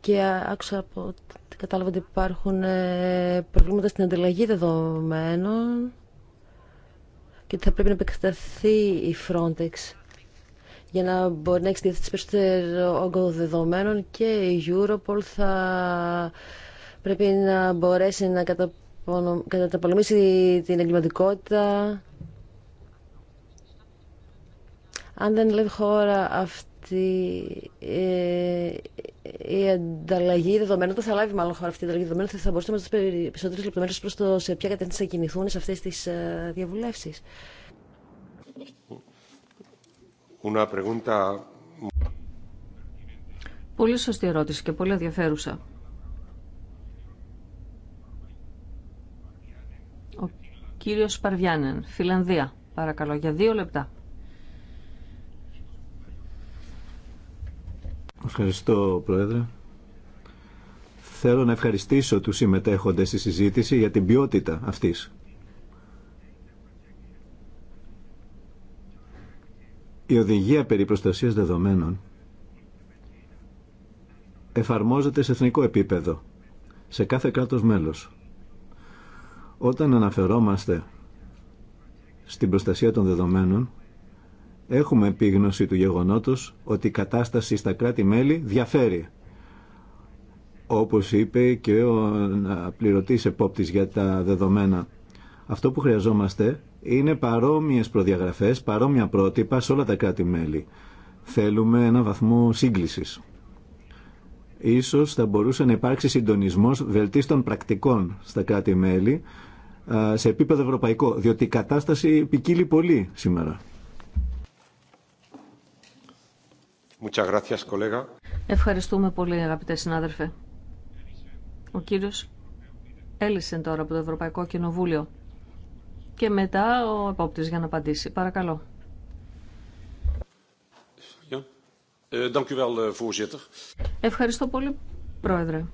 Speaker 3: και άκουσα από κατάλαβα ότι υπάρχουν ε, προβλήματα στην ανταλλαγή δεδομένων και ότι θα πρέπει να επεκταθεί η Frontex για να μπορεί να έχει διαθέτηση περισσότερο όγκο δεδομένων και η Europol θα πρέπει να μπορέσει να καταπολεμήσει την εγκληματικότητα. Αν δεν λέει χώρα αυτή ότι ε, η ανταλλαγή δεδομένων, δεν θα λάβει μάλλον χώρα αυτή η ανταλλαγή δεδομένων, θα μπορούσαμε να μας δώσετε περισσότερες λεπτομέρειες προς το σε ποια κατεύθυνση θα κινηθούν σε αυτές τις ε, διαβουλευσει.
Speaker 5: Una pregunta...
Speaker 2: Πολύ σωστή ερώτηση και πολύ ενδιαφέρουσα. Ο κύριος Παρβιάνεν, Φιλανδία. Παρακαλώ, για δύο λεπτά.
Speaker 4: Ευχαριστώ, Πρόεδρε. Θέλω να ευχαριστήσω τους συμμετέχοντες στη συζήτηση για την ποιότητα αυτής. Η οδηγία περί προστασίας δεδομένων εφαρμόζεται σε εθνικό επίπεδο, σε κάθε κράτος μέλος. Όταν αναφερόμαστε στην προστασία των δεδομένων, έχουμε επίγνωση του γεγονότος ότι η κατάσταση στα κράτη-μέλη διαφέρει. Όπως είπε και ο πληρωτής επόπτης για τα δεδομένα. Αυτό που χρειαζόμαστε είναι παρόμοιες προδιαγραφές, παρόμοια πρότυπα σε όλα τα κράτη-μέλη. Θέλουμε ένα βαθμό σύγκλησης. Ίσως θα μπορούσε να υπάρξει συντονισμός βελτίστων πρακτικών στα κράτη-μέλη σε επίπεδο ευρωπαϊκό, διότι η κατάσταση ποικίλει πολύ σήμερα.
Speaker 2: Ευχαριστούμε πολύ, αγαπητέ συνάδελφε. Ο κύριο έλυσε τώρα από το Ευρωπαϊκό Κοινοβούλιο και μετά ο επόπτη για να απαντήσει. Παρακαλώ. Ε, ε, Ευχαριστώ πολύ, Πρόεδρε.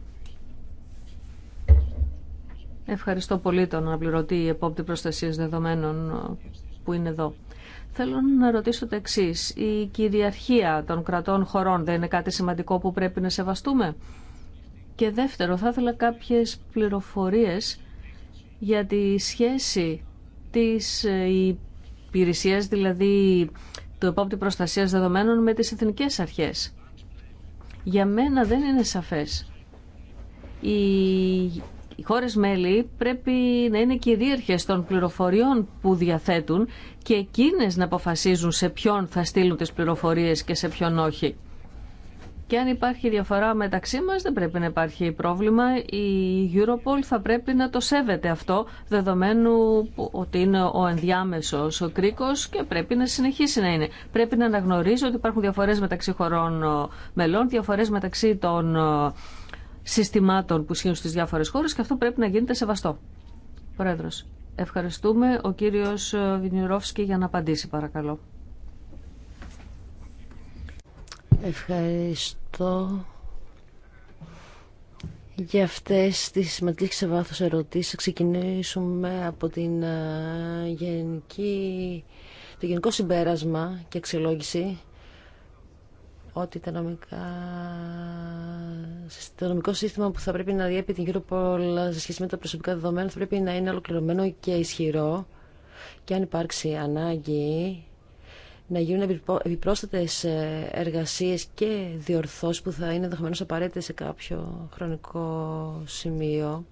Speaker 2: Ευχαριστώ πολύ τον αναπληρωτή επόπτη προστασίας δεδομένων ε, που είναι εδώ. Θέλω να ρωτήσω το εξή. Η κυριαρχία των κρατών χωρών δεν είναι κάτι σημαντικό που πρέπει να σεβαστούμε. Και δεύτερο, θα ήθελα κάποιες πληροφορίες για τη σχέση της ε, υπηρεσία, δηλαδή του επόπτη προστασίας δεδομένων με τις εθνικές αρχές. Για μένα δεν είναι σαφές οι χώρες μέλη πρέπει να είναι κυρίαρχες των πληροφοριών που διαθέτουν και εκείνες να αποφασίζουν σε ποιον θα στείλουν τις πληροφορίες και σε ποιον όχι. Και αν υπάρχει διαφορά μεταξύ μας δεν πρέπει να υπάρχει πρόβλημα. Η Europol θα πρέπει να το σέβεται αυτό δεδομένου ότι είναι ο ενδιάμεσος ο κρίκος και πρέπει να συνεχίσει να είναι. Πρέπει να αναγνωρίζει ότι υπάρχουν διαφορές μεταξύ χωρών ε, μελών, διαφορές μεταξύ των ε, συστημάτων που ισχύουν στι διάφορες χώρες και αυτό πρέπει να γίνεται σεβαστό. Πρόεδρος, ευχαριστούμε. Ο κύριος ε, Βινιουρόφσκι για να απαντήσει παρακαλώ.
Speaker 3: Ευχαριστώ για αυτές τις σημαντικές σε βάθο ερωτήσεις. Ξεκινήσουμε από την ε, γενική, το γενικό συμπέρασμα και αξιολόγηση ότι το νομικό σύστημα που θα πρέπει να διέπει την Europol σε σχέση με τα προσωπικά δεδομένα θα πρέπει να είναι ολοκληρωμένο και ισχυρό και αν υπάρξει ανάγκη να γίνουν επιπρόσθετες ε, εργασίες και διορθώσεις που θα είναι ενδεχομένω απαραίτητες σε κάποιο χρονικό σημείο.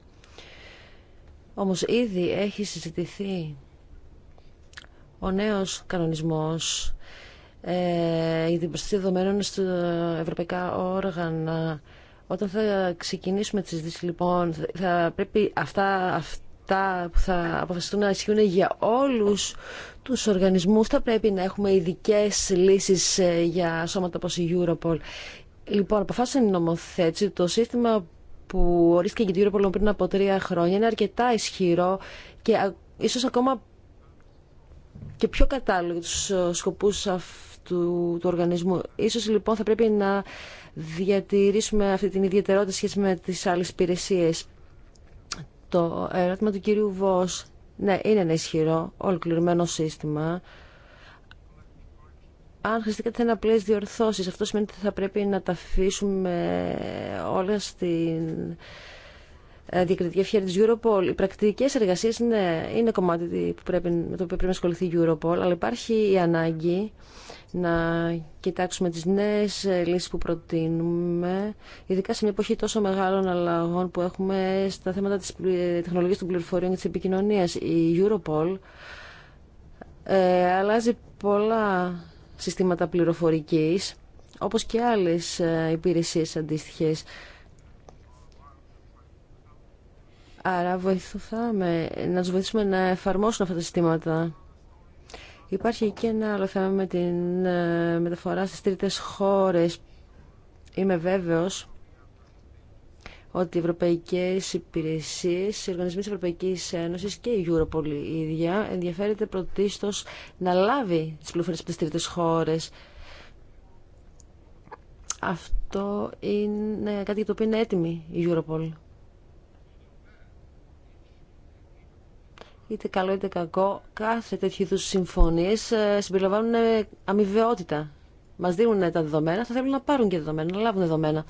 Speaker 3: Όμως ήδη έχει συζητηθεί ο νέος κανονισμός για την προστασία δεδομένων στα ευρωπαϊκά όργανα. Όταν θα ξεκινήσουμε τις συζήτηση, λοιπόν, θα πρέπει αυτά, αυτά που θα αποφασιστούν να ισχύουν για όλους τους οργανισμούς. Θα πρέπει να έχουμε ειδικέ λύσεις ε, για σώματα όπως η Europol. Λοιπόν, αποφάσισαν οι νομοθέτηση το σύστημα που ορίστηκε για την Europol πριν από τρία χρόνια είναι αρκετά ισχυρό και ίσως ακόμα και πιο κατάλληλο για τους ε, σκοπούς του, του οργανισμού. Ίσως λοιπόν θα πρέπει να διατηρήσουμε αυτή την ιδιαιτερότητα σχέση με τις άλλες υπηρεσίε. Το ερώτημα του κύριου Βος, ναι, είναι ένα ισχυρό, ολοκληρωμένο σύστημα. Αν κάτι ένα πλαίσιο διορθώσεις, αυτό σημαίνει ότι θα πρέπει να τα αφήσουμε όλα στην ε, διακριτική ευχαίρεια τη Europol. Οι πρακτικέ εργασίε είναι, είναι κομμάτι που πρέπει, με το οποίο πρέπει να ασχοληθεί η Europol, αλλά υπάρχει η ανάγκη να κοιτάξουμε τις νέες ε, λύσεις που προτείνουμε, ειδικά σε μια εποχή τόσο μεγάλων αλλαγών που έχουμε στα θέματα της ε, τεχνολογίας των πληροφοριών και της επικοινωνίας. Η Europol ε, αλλάζει πολλά συστήματα πληροφορικής, όπως και άλλες υπηρεσίες αντίστοιχες. Άρα βοηθούμε να τους βοηθήσουμε να εφαρμόσουν αυτά τα συστήματα Υπάρχει και ένα άλλο θέμα με την ε, μεταφορά στις τρίτες χώρες. Είμαι βέβαιος ότι οι ευρωπαϊκές υπηρεσίες, οι οργανισμοί της Ευρωπαϊκής Ένωσης και η Europol η ίδια ενδιαφέρεται πρωτίστως να λάβει τις πληροφορίες από τις τρίτες χώρες. Αυτό είναι κάτι για το οποίο είναι έτοιμη η Europol. είτε καλό είτε κακό, κάθε τέτοιου είδου συμφωνίε ε, συμπεριλαμβάνουν ε, αμοιβαιότητα. Μα δίνουν ε, τα δεδομένα, θα θέλουν να πάρουν και δεδομένα, να λάβουν δεδομένα.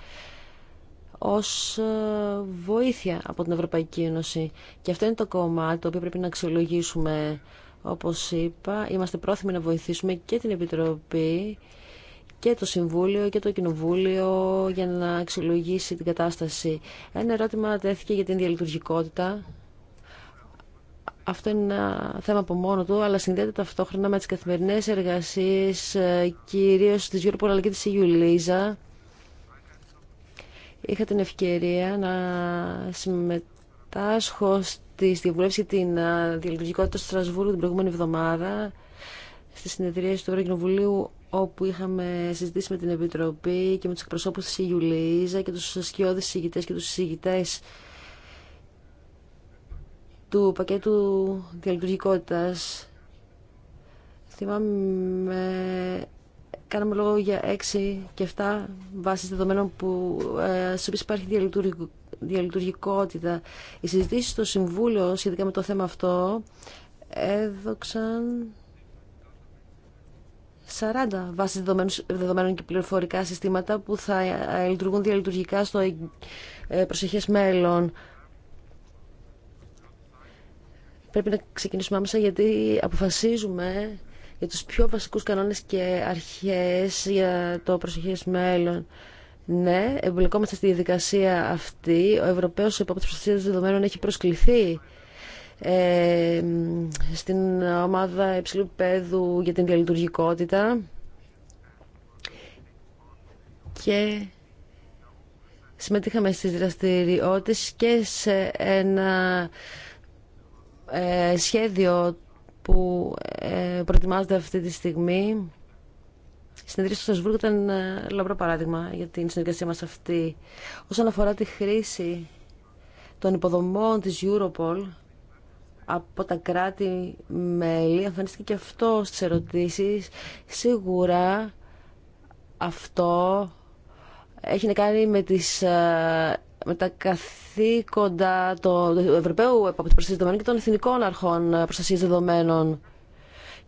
Speaker 3: Ω βοήθεια από την Ευρωπαϊκή Ένωση. Και αυτό είναι το κομμάτι το οποίο πρέπει να αξιολογήσουμε. Όπω είπα, είμαστε πρόθυμοι να βοηθήσουμε και την Επιτροπή και το Συμβούλιο και το Κοινοβούλιο για να αξιολογήσει την κατάσταση. Ένα ερώτημα τέθηκε για την διαλειτουργικότητα αυτό είναι ένα θέμα από μόνο του, αλλά συνδέεται ταυτόχρονα με τις καθημερινές εργασίες, ε, κυρίω της Γιώργου αλλά και Ιουλίζα. E Είχα την ευκαιρία να συμμετάσχω στη διαβουλεύση την ε, διαλειτουργικότητα του Στρασβούργου την προηγούμενη εβδομάδα, στη συνεδρία του Ευρωκοινοβουλίου, όπου είχαμε συζητήσει με την Επιτροπή και με τους εκπροσώπους τη Ιουλίζα e και τους σκιώδεις συγητέ και τους συγητές του πακέτου διαλειτουργικότητας. Θυμάμαι, κάναμε λόγο για 6 και 7 βάσεις δεδομένων που, ε, στις οποίες υπάρχει διαλειτουργικότητα διαλειτουργικότητα. Οι συζητήσεις στο Συμβούλιο σχετικά με το θέμα αυτό έδωξαν 40 βάσεις δεδομένων και πληροφορικά συστήματα που θα ε, λειτουργούν διαλειτουργικά στο ε, προσεχές μέλλον. Πρέπει να ξεκινήσουμε άμεσα γιατί αποφασίζουμε για τους πιο βασικούς κανόνες και αρχές για το προσεχές μέλλον. Ναι, εμπλεκόμαστε στη διαδικασία αυτή. Ο Ευρωπαίος Επόπτης Προστασίας Δεδομένων έχει προσκληθεί ε, στην ομάδα υψηλού πέδου για την διαλειτουργικότητα και συμμετείχαμε στις δραστηριότητες και σε ένα ε, σχέδιο που ε, προετοιμάζεται αυτή τη στιγμή. Η συνεδρία στο Σασβούργο ήταν ε, λαμπρό παράδειγμα για την συνεργασία μας αυτή. Όσον αφορά τη χρήση των υποδομών της Europol από τα κράτη-μέλη, εμφανίστηκε και αυτό στις ερωτήσεις. Σίγουρα αυτό έχει να κάνει με, τις, ε, με τα καθήκοντα του Ευρωπαίου Εποπτή Δεδομένων και των Εθνικών Αρχών Προστασία Δεδομένων.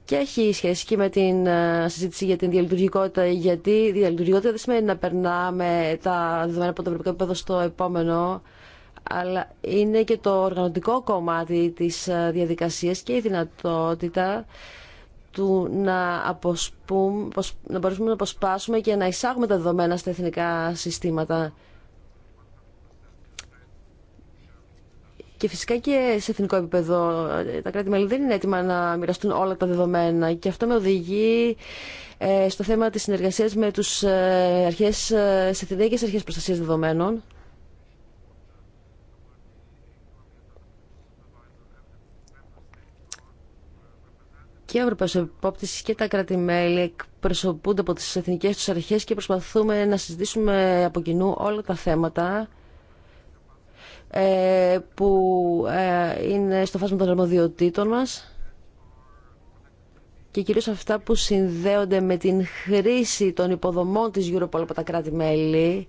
Speaker 3: Και έχει σχέση και με την ε, συζήτηση για την διαλειτουργικότητα, γιατί η διαλειτουργικότητα δεν σημαίνει να περνάμε τα δεδομένα από το ευρωπαϊκό επίπεδο στο επόμενο, αλλά είναι και το οργανωτικό κομμάτι της ε, διαδικασίας και η δυνατότητα του να, αποσπούμε, να μπορούμε να αποσπάσουμε και να εισάγουμε τα δεδομένα στα εθνικά συστήματα. Και φυσικά και σε εθνικό επίπεδο ε, τα κράτη-μέλη δεν είναι έτοιμα να μοιραστούν όλα τα δεδομένα και αυτό με οδηγεί ε, στο θέμα της συνεργασίας με τους ε, αρχές, σε αρχές προστασίας δεδομένων. και ο Ευρωπαϊκό Επόπτη και τα κράτη-μέλη εκπροσωπούνται από τι εθνικέ του αρχές και προσπαθούμε να συζητήσουμε από κοινού όλα τα θέματα ε, που ε, είναι στο φάσμα των αρμοδιοτήτων μας και κυρίως αυτά που συνδέονται με την χρήση των υποδομών της Europol από τα κράτη-μέλη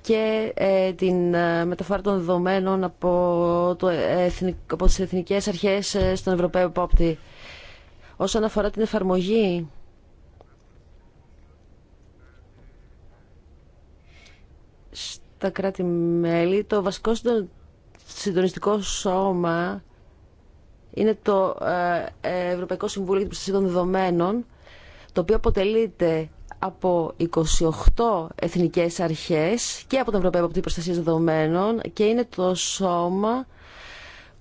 Speaker 3: και ε, την μεταφορά των δεδομένων από, το εθνικ... από τις εθνικές αρχές στον Ευρωπαίο Επόπτη όσον αφορά την εφαρμογή στα κράτη-μέλη, το βασικό συντονιστικό σώμα είναι το ε, Ευρωπαϊκό Συμβούλιο για την Προστασία των Δεδομένων, το οποίο αποτελείται από 28 εθνικές αρχές και από την Ευρωπαϊκό Προστασία των Δεδομένων και είναι το σώμα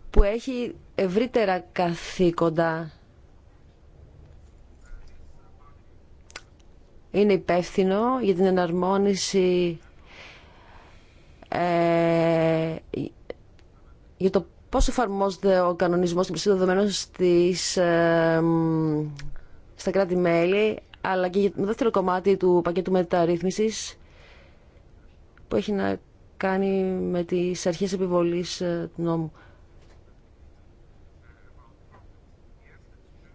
Speaker 3: που έχει ευρύτερα καθήκοντα είναι υπεύθυνο για την εναρμόνιση ε, για το πώς εφαρμόζεται ο κανονισμός στην πλησία δεδομένων στις, ε, στα κράτη-μέλη, αλλά και για το δεύτερο κομμάτι του πακέτου μεταρρύθμισης που έχει να κάνει με τις αρχές επιβολής ε, του νόμου.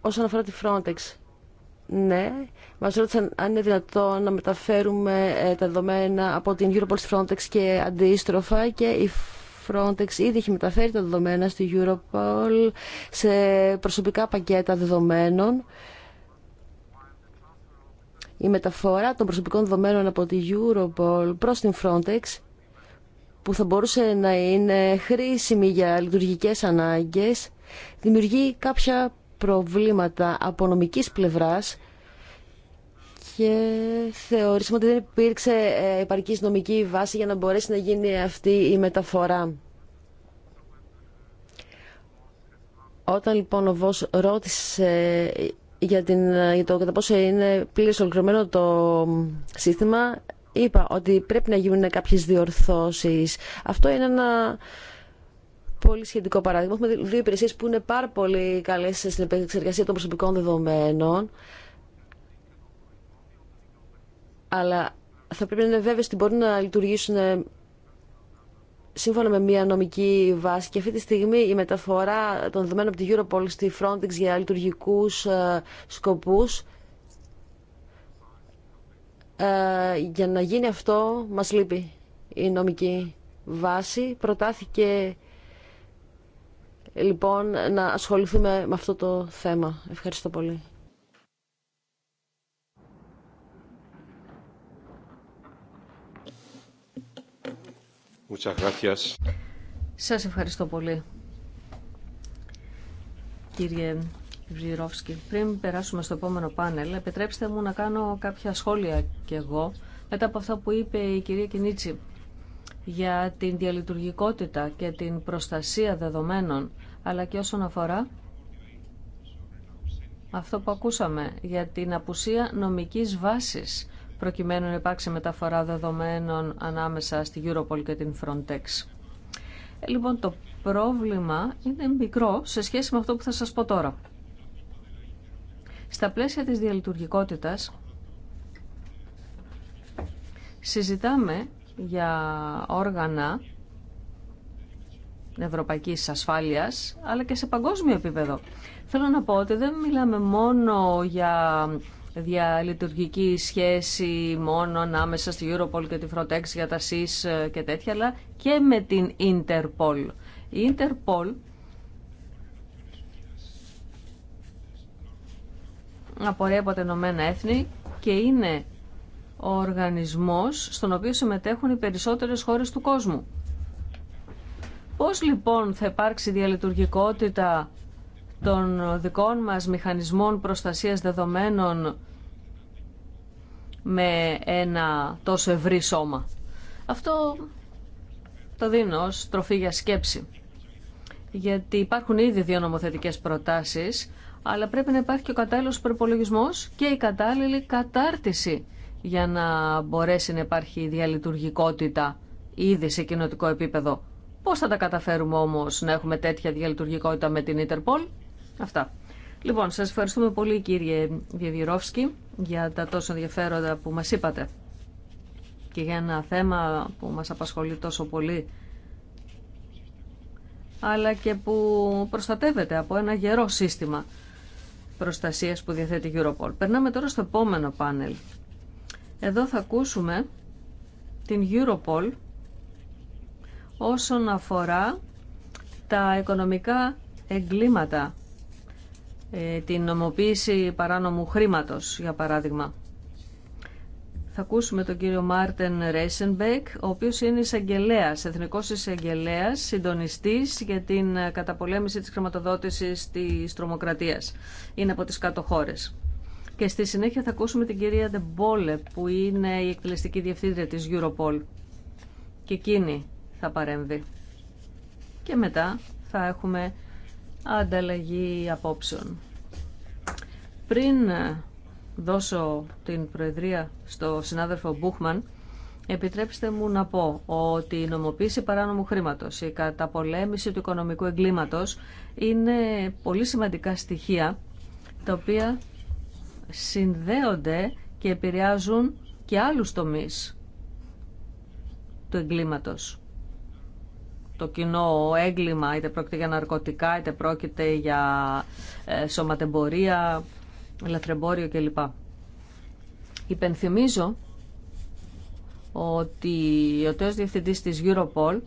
Speaker 3: Όσον αφορά τη Frontex, ναι, Μα ρώτησαν αν είναι δυνατό να μεταφέρουμε ε, τα δεδομένα από την Europol στη Frontex και αντίστροφα και η Frontex ήδη έχει μεταφέρει τα δεδομένα στη Europol σε προσωπικά πακέτα δεδομένων. Η μεταφορά των προσωπικών δεδομένων από την Europol προς την Frontex που θα μπορούσε να είναι χρήσιμη για λειτουργικές ανάγκες δημιουργεί κάποια προβλήματα από νομικής πλευράς και θεωρήσαμε ότι δεν υπήρξε ε, επαρκής νομική βάση για να μπορέσει να γίνει αυτή η μεταφορά. Όταν λοιπόν ο Βος ρώτησε για, την, το κατά πόσο είναι πλήρως ολοκληρωμένο το σύστημα, είπα ότι πρέπει να γίνουν κάποιες διορθώσεις. Αυτό είναι ένα πολύ σχετικό παράδειγμα. Έχουμε δύο υπηρεσίε που είναι πάρα πολύ καλέ στην επεξεργασία των προσωπικών δεδομένων. Αλλά θα πρέπει να είναι βέβαιε ότι μπορούν να λειτουργήσουν ε, σύμφωνα με μια νομική βάση. Και αυτή τη στιγμή η μεταφορά των δεδομένων από τη Europol στη Frontex για λειτουργικού ε, σκοπού. Ε, για να γίνει αυτό μας λείπει η νομική βάση προτάθηκε λοιπόν να ασχοληθούμε με αυτό το θέμα. Ευχαριστώ πολύ.
Speaker 2: Σας ευχαριστώ πολύ, κύριε Βζιρόφσκι. Πριν περάσουμε στο επόμενο πάνελ, επιτρέψτε μου να κάνω κάποια σχόλια κι εγώ μετά από αυτά που είπε η κυρία Κινίτσι για την διαλειτουργικότητα και την προστασία δεδομένων, αλλά και όσον αφορά αυτό που ακούσαμε για την απουσία νομικής βάσης προκειμένου να υπάρξει μεταφορά δεδομένων ανάμεσα στη Europol και την Frontex. Ε, λοιπόν, το πρόβλημα είναι μικρό σε σχέση με αυτό που θα σας πω τώρα. Στα πλαίσια της διαλειτουργικότητας συζητάμε για όργανα ευρωπαϊκής ασφάλειας, αλλά και σε παγκόσμιο επίπεδο. Θέλω να πω ότι δεν μιλάμε μόνο για διαλειτουργική σχέση μόνο ανάμεσα στη Europol και τη Frontex για τα ΣΥΣ και τέτοια, αλλά και με την Interpol. Η Interpol απορρέει από τα Ηνωμένα Έθνη και είναι οργανισμός στον οποίο συμμετέχουν οι περισσότερες χώρες του κόσμου. Πώς λοιπόν θα υπάρξει διαλειτουργικότητα των δικών μας μηχανισμών προστασίας δεδομένων με ένα τόσο ευρύ σώμα. Αυτό το δίνω ως τροφή για σκέψη. Γιατί υπάρχουν ήδη δύο νομοθετικές προτάσεις, αλλά πρέπει να υπάρχει και ο κατάλληλος προπολογισμός και η κατάλληλη κατάρτιση για να μπορέσει να υπάρχει διαλειτουργικότητα ήδη σε κοινοτικό επίπεδο. Πώς θα τα καταφέρουμε όμως να έχουμε τέτοια διαλειτουργικότητα με την Ιντερπολ. Αυτά. Λοιπόν, σας ευχαριστούμε πολύ κύριε Βιεβιρόφσκι για τα τόσο ενδιαφέροντα που μας είπατε και για ένα θέμα που μας απασχολεί τόσο πολύ αλλά και που προστατεύεται από ένα γερό σύστημα προστασίας που διαθέτει η Europol. Περνάμε τώρα στο επόμενο πάνελ εδώ θα ακούσουμε την Europol όσον αφορά τα οικονομικά εγκλήματα, ε, την νομοποίηση παράνομου χρήματος, για παράδειγμα. Θα ακούσουμε τον κύριο Μάρτεν Ρέισενμπεκ, ο οποίος είναι εισαγγελέας, εθνικός εισαγγελέας, συντονιστής για την καταπολέμηση της χρηματοδότησης της τρομοκρατίας. Είναι από τις κάτω χώρες. Και στη συνέχεια θα ακούσουμε την κυρία Ντεμπόλε που είναι η εκτελεστική διευθύντρια της Europol. Και εκείνη θα παρέμβει. Και μετά θα έχουμε ανταλλαγή απόψεων. Πριν δώσω την προεδρία στο συνάδελφο Μπούχμαν, επιτρέψτε μου να πω ότι η νομοποίηση παράνομου χρήματος, η καταπολέμηση του οικονομικού εγκλήματος είναι πολύ σημαντικά στοιχεία τα οποία συνδέονται και επηρεάζουν και άλλους τομείς του εγκλήματος. Το κοινό έγκλημα, είτε πρόκειται για ναρκωτικά, είτε πρόκειται για ε, σωματεμπορία, λαθρεμπόριο κλπ. Υπενθυμίζω ότι ο τέος διευθυντής της Europol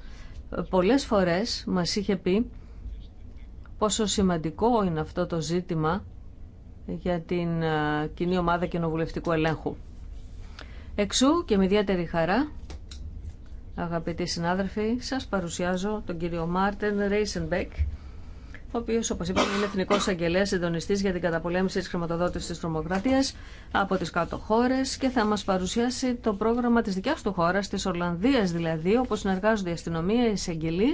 Speaker 2: πολλές φορές μας είχε πει πόσο σημαντικό είναι αυτό το ζήτημα για την ε, Κοινή Ομάδα Κοινοβουλευτικού Ελέγχου. Εξού και με ιδιαίτερη χαρά, αγαπητοί συνάδελφοι, σας παρουσιάζω τον κύριο Μάρτεν Ρέισενμπεκ, ο οποίο, όπω είπαμε, είναι εθνικό αγγελέα συντονιστή για την καταπολέμηση τη χρηματοδότηση τη τρομοκρατία από τι κάτω χώρε και θα μα παρουσιάσει το πρόγραμμα τη δικιά του χώρα, τη Ολλανδία δηλαδή, όπου συνεργάζονται η αστυνομία, οι εισαγγελεί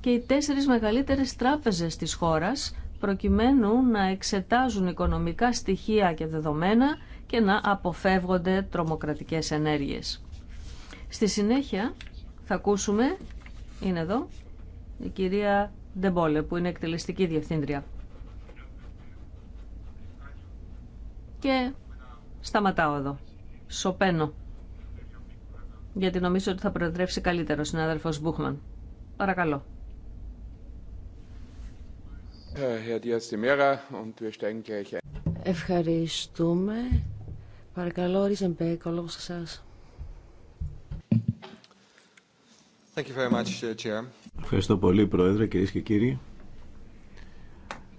Speaker 2: και οι τέσσερι μεγαλύτερε τράπεζε τη χώρα προκειμένου να εξετάζουν οικονομικά στοιχεία και δεδομένα και να αποφεύγονται τρομοκρατικές ενέργειες. Στη συνέχεια θα ακούσουμε, είναι εδώ, η κυρία Ντεμπόλε που είναι εκτελεστική διευθύντρια. Και σταματάω εδώ. Σοπαίνω. Γιατί νομίζω ότι θα προεδρεύσει καλύτερο ο συνάδελφος Μπούχμαν.
Speaker 3: Παρακαλώ. Ευχαριστούμε. Παρακαλώ, Ριζεμπέκ, ο λόγος σε
Speaker 5: uh,
Speaker 4: Ευχαριστώ πολύ, Πρόεδρε, κυρίες και κύριοι.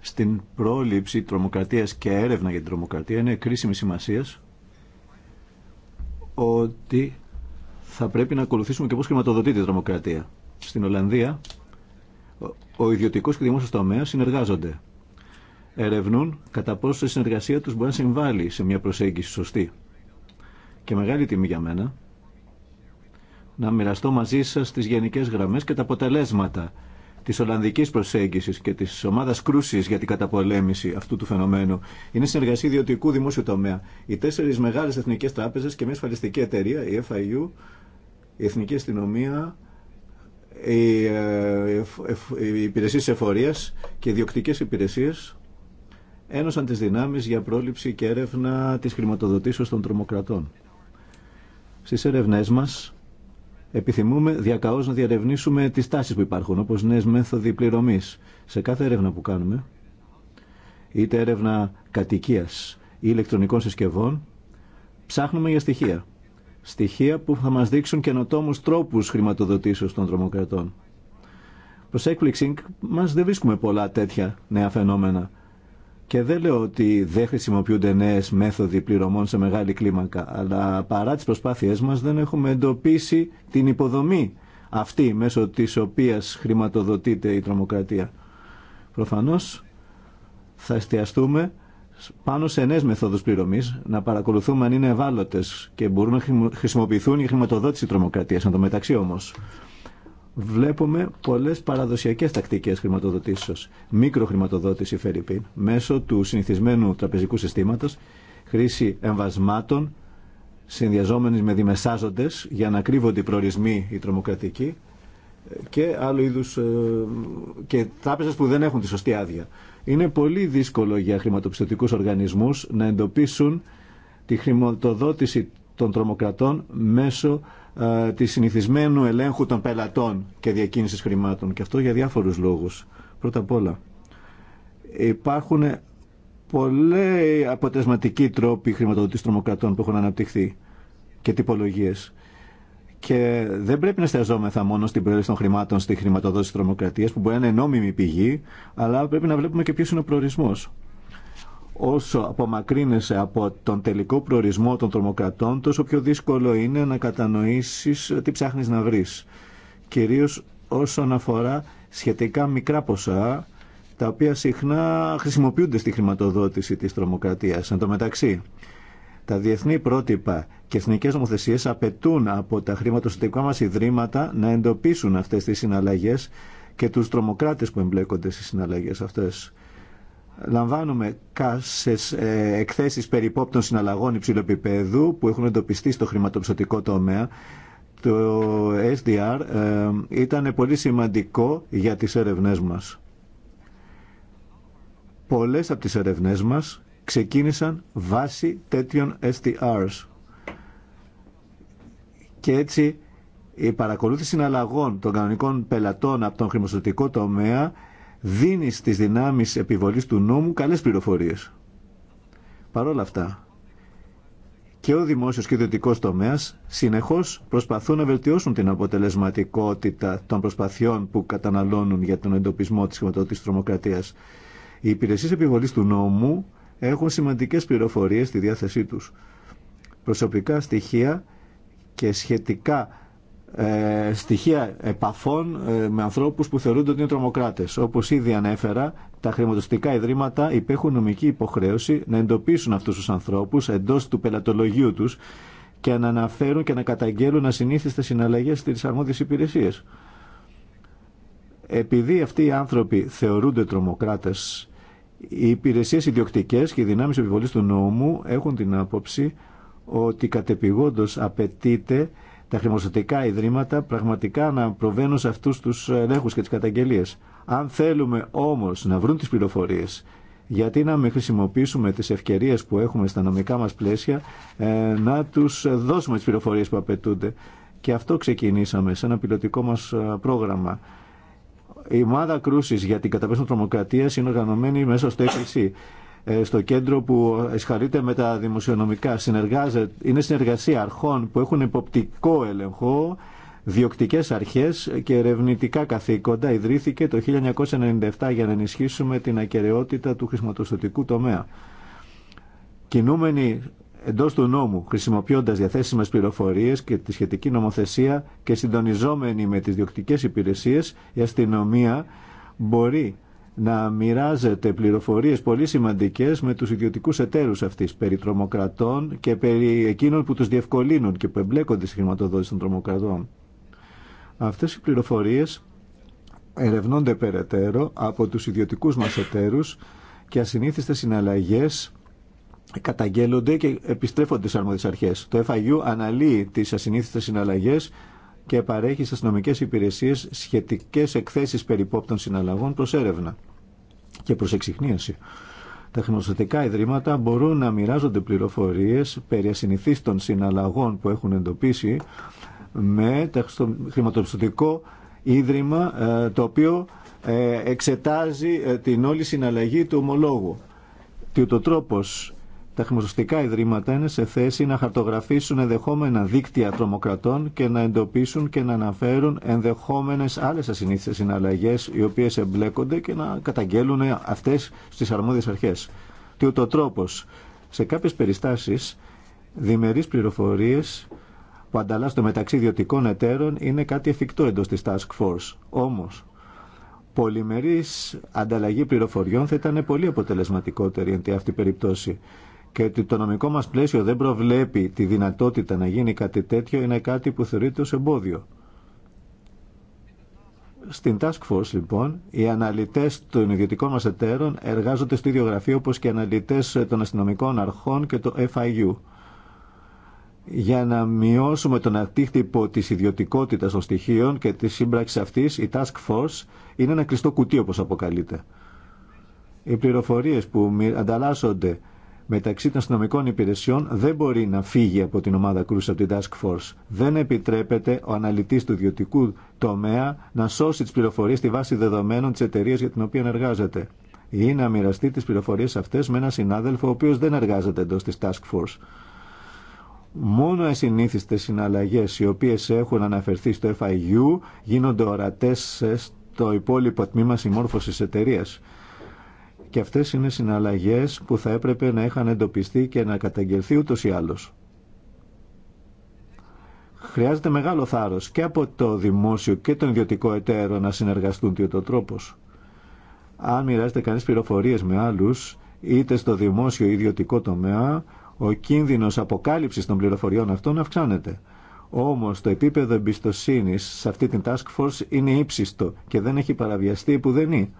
Speaker 4: Στην πρόληψη τρομοκρατίας και έρευνα για την τρομοκρατία είναι κρίσιμη σημασία ότι θα πρέπει να ακολουθήσουμε και πώς χρηματοδοτείται η τρομοκρατία. Στην Ολλανδία ο ιδιωτικό και δημόσιο τομέα συνεργάζονται. Ερευνούν κατά πόσο η συνεργασία του μπορεί να συμβάλλει σε μια προσέγγιση σωστή. Και μεγάλη τιμή για μένα να μοιραστώ μαζί σα τι γενικέ γραμμέ και τα αποτελέσματα τη Ολλανδική προσέγγιση και τη ομάδα κρούση για την καταπολέμηση αυτού του φαινομένου. Είναι συνεργασία ιδιωτικού δημόσιου τομέα. Οι τέσσερι μεγάλε εθνικέ τράπεζε και μια ασφαλιστική εταιρεία, η FIU, η Εθνική Αστυνομία, ε, οι, υπηρεσίες εφορίας και οι υπηρεσίες ένωσαν τις δυνάμεις για πρόληψη και έρευνα της χρηματοδοτήσεως των τρομοκρατών. Στις έρευνές μας επιθυμούμε διακαώς να διαρευνήσουμε τις τάσεις που υπάρχουν, όπως νέες μέθοδοι πληρωμής. Σε κάθε έρευνα που κάνουμε, είτε έρευνα κατοικίας ή ηλεκτρονικών συσκευών, ψάχνουμε για στοιχεία στοιχεία που θα μας δείξουν καινοτόμου τρόπους χρηματοδοτήσεως των τρομοκρατών. Προς έκπληξη μας δεν βρίσκουμε πολλά τέτοια νέα φαινόμενα. Και δεν λέω ότι δεν χρησιμοποιούνται νέε μέθοδοι πληρωμών σε μεγάλη κλίμακα, αλλά παρά τις προσπάθειές μας δεν έχουμε εντοπίσει την υποδομή αυτή μέσω της οποίας χρηματοδοτείται η τρομοκρατία. Προφανώς θα εστιαστούμε πάνω σε νέε μεθόδου πληρωμή, να παρακολουθούμε αν είναι ευάλωτε και μπορούν να χρησιμοποιηθούν για χρηματοδότηση τρομοκρατία. Εν το μεταξύ όμω, βλέπουμε πολλέ παραδοσιακέ τακτικέ χρηματοδοτήσεω. Μικροχρηματοδότηση, Φερρυπίν, μέσω του συνηθισμένου τραπεζικού συστήματο, χρήση εμβασμάτων συνδυαζόμενη με διμεσάζοντε για να κρύβονται οι προορισμοί οι τρομοκρατικοί και άλλου είδου ε, και που δεν έχουν τη σωστή άδεια. Είναι πολύ δύσκολο για χρηματοπιστωτικούς οργανισμούς να εντοπίσουν τη χρηματοδότηση των τρομοκρατών μέσω ε, της συνηθισμένου ελέγχου των πελατών και διακίνησης χρημάτων. Και αυτό για διάφορους λόγους. Πρώτα απ' όλα, υπάρχουν πολλοί αποτελεσματικοί τρόποι χρηματοδότησης τρομοκρατών που έχουν αναπτυχθεί και τυπολογίες. Και δεν πρέπει να στεζόμεθα μόνο στην προέλευση των χρημάτων στη χρηματοδότηση της τρομοκρατία, που μπορεί να είναι νόμιμη πηγή, αλλά πρέπει να βλέπουμε και ποιο είναι ο προορισμό. Όσο απομακρύνεσαι από τον τελικό προορισμό των τρομοκρατών, τόσο πιο δύσκολο είναι να κατανοήσει τι ψάχνει να βρει. Κυρίω όσον αφορά σχετικά μικρά ποσά, τα οποία συχνά χρησιμοποιούνται στη χρηματοδότηση της τρομοκρατίας. Εν τω μεταξύ, τα διεθνή πρότυπα και εθνικέ νομοθεσίε απαιτούν από τα χρηματοσυντικά μα ιδρύματα να εντοπίσουν αυτέ τι συναλλαγέ και του τρομοκράτες που εμπλέκονται στι συναλλαγές αυτέ. Λαμβάνουμε κάσες ε, εκθέσεις περί υπόπτων συναλλαγών υψηλού που έχουν εντοπιστεί στο χρηματοπιστωτικό τομέα. Το SDR ε, ήταν πολύ σημαντικό για τις έρευνές μας. Πολλές από τις έρευνές μας ξεκίνησαν βάσει τέτοιων STRs. Και έτσι η παρακολούθηση συναλλαγών των κανονικών πελατών από τον χρηματοδοτικό τομέα δίνει στις δυνάμεις επιβολής του νόμου καλές πληροφορίες. Παρ' όλα αυτά, και ο δημόσιος και ο ιδιωτικός τομέας συνεχώς προσπαθούν να βελτιώσουν την αποτελεσματικότητα των προσπαθειών που καταναλώνουν για τον εντοπισμό της χρηματοδότησης τρομοκρατίας. Οι υπηρεσίες επιβολής του νόμου έχουν σημαντικές πληροφορίες στη διάθεσή τους. Προσωπικά στοιχεία και σχετικά ε, στοιχεία επαφών ε, με ανθρώπους που θεωρούνται ότι είναι τρομοκράτες. Όπως ήδη ανέφερα, τα χρηματοστικά ιδρύματα υπέχουν νομική υποχρέωση να εντοπίσουν αυτούς τους ανθρώπους εντός του πελατολογίου τους και να αναφέρουν και να καταγγέλουν ασυνήθιστες συναλλαγές στις αρμόδιες υπηρεσίες. Επειδή αυτοί οι άνθρωποι θεωρούνται τρομοκράτες οι υπηρεσίε ιδιοκτικέ και οι δυνάμει επιβολή του νόμου έχουν την άποψη ότι κατεπηγόντω απαιτείται τα χρηματοδοτικά ιδρύματα πραγματικά να προβαίνουν σε αυτού του ελέγχου και τι καταγγελίε. Αν θέλουμε όμω να βρουν τι πληροφορίε, γιατί να μην χρησιμοποιήσουμε τι ευκαιρίε που έχουμε στα νομικά μα πλαίσια ε, να του δώσουμε τι πληροφορίε που απαιτούνται. Και αυτό ξεκινήσαμε σε ένα πιλωτικό μα ε, πρόγραμμα η ομάδα κρούση για την καταπέσταση τρομοκρατίας είναι οργανωμένη μέσα στο ε, στο κέντρο που εσχαρείται με τα δημοσιονομικά. Συνεργάζεται, είναι συνεργασία αρχών που έχουν υποπτικό έλεγχο, διοκτικές αρχές και ερευνητικά καθήκοντα. Ιδρύθηκε το 1997 για να ενισχύσουμε την ακαιρεότητα του χρηματοστοτικού τομέα. Κινούμενοι εντός του νόμου, χρησιμοποιώντας διαθέσιμες πληροφορίες και τη σχετική νομοθεσία και συντονιζόμενη με τις διοκτικές υπηρεσίες, η αστυνομία μπορεί να μοιράζεται πληροφορίες πολύ σημαντικές με τους ιδιωτικούς εταίρους αυτής, περί τρομοκρατών και περί εκείνων που τους διευκολύνουν και που εμπλέκονται στη χρηματοδότηση των τρομοκρατών. Αυτές οι πληροφορίες ερευνώνται περαιτέρω από τους ιδιωτικούς μας εταίρους και ασυνήθιστες συναλλαγές καταγγέλλονται και επιστρέφονται στις αρμόδιες αρχές. Το FIU αναλύει τις ασυνήθιστες συναλλαγές και παρέχει στις νομικές υπηρεσίες σχετικές εκθέσεις περιπόπτων συναλλαγών προς έρευνα και προς εξυχνίαση. Τα χρηματοδοτικά ιδρύματα μπορούν να μοιράζονται πληροφορίες περί ασυνηθίστων συναλλαγών που έχουν εντοπίσει με το χρηματοπιστωτικό ίδρυμα ε, το οποίο ε, εξετάζει ε, την όλη συναλλαγή του ομολόγου. Τι ο τρόπος τα χρηματοστικά ιδρύματα είναι σε θέση να χαρτογραφήσουν ενδεχόμενα δίκτυα τρομοκρατών και να εντοπίσουν και να αναφέρουν ενδεχόμενες άλλες ασυνήθιστες συναλλαγές οι οποίες εμπλέκονται και να καταγγέλουν αυτές στις αρμόδιες αρχές. Τι ούτω τρόπος, σε κάποιες περιστάσεις, διμερείς πληροφορίες που ανταλλάσσονται μεταξύ ιδιωτικών εταίρων είναι κάτι εφικτό εντός της Task Force. Όμως, πολυμερής ανταλλαγή πληροφοριών θα ήταν πολύ αποτελεσματικότερη εν αυτή περίπτωση και ότι το νομικό μας πλαίσιο δεν προβλέπει τη δυνατότητα να γίνει κάτι τέτοιο είναι κάτι που θεωρείται ως εμπόδιο. Στην Task Force, λοιπόν, οι αναλυτές των ιδιωτικών μας εταίρων εργάζονται στο ίδιο γραφείο όπως και οι αναλυτές των αστυνομικών αρχών και το FIU για να μειώσουμε τον αντίκτυπο τη ιδιωτικότητα των στοιχείων και τη σύμπραξη αυτή, η Task Force είναι ένα κλειστό κουτί, όπω αποκαλείται. Οι πληροφορίε που ανταλλάσσονται μεταξύ των αστυνομικών υπηρεσιών δεν μπορεί να φύγει από την ομάδα κρούση, από την Task Force. Δεν επιτρέπεται ο αναλυτής του ιδιωτικού τομέα να σώσει τις πληροφορίες στη βάση δεδομένων της εταιρεία για την οποία εργάζεται ή να μοιραστεί τις πληροφορίες αυτές με έναν συνάδελφο ο οποίος δεν εργάζεται εντός της Task Force. Μόνο οι συνήθιστες συναλλαγές οι οποίες έχουν αναφερθεί στο FIU γίνονται ορατές στο υπόλοιπο τμήμα συμμόρφωσης εταιρείας. Και αυτές είναι συναλλαγές που θα έπρεπε να είχαν εντοπιστεί και να καταγγελθεί ούτως ή άλλως. Χρειάζεται μεγάλο θάρρος και από το δημόσιο και τον ιδιωτικό εταίρο να συνεργαστούν τούτο τρόπος. Αν μοιράζεται κανείς πληροφορίες με άλλους, είτε στο δημόσιο ή ιδιωτικό τομέα, ο κίνδυνος αποκάλυψης των πληροφοριών αυτών αυξάνεται. Όμως το επίπεδο εμπιστοσύνης σε αυτή την task force είναι ύψιστο και δεν έχει παραβιαστεί που δεν είναι.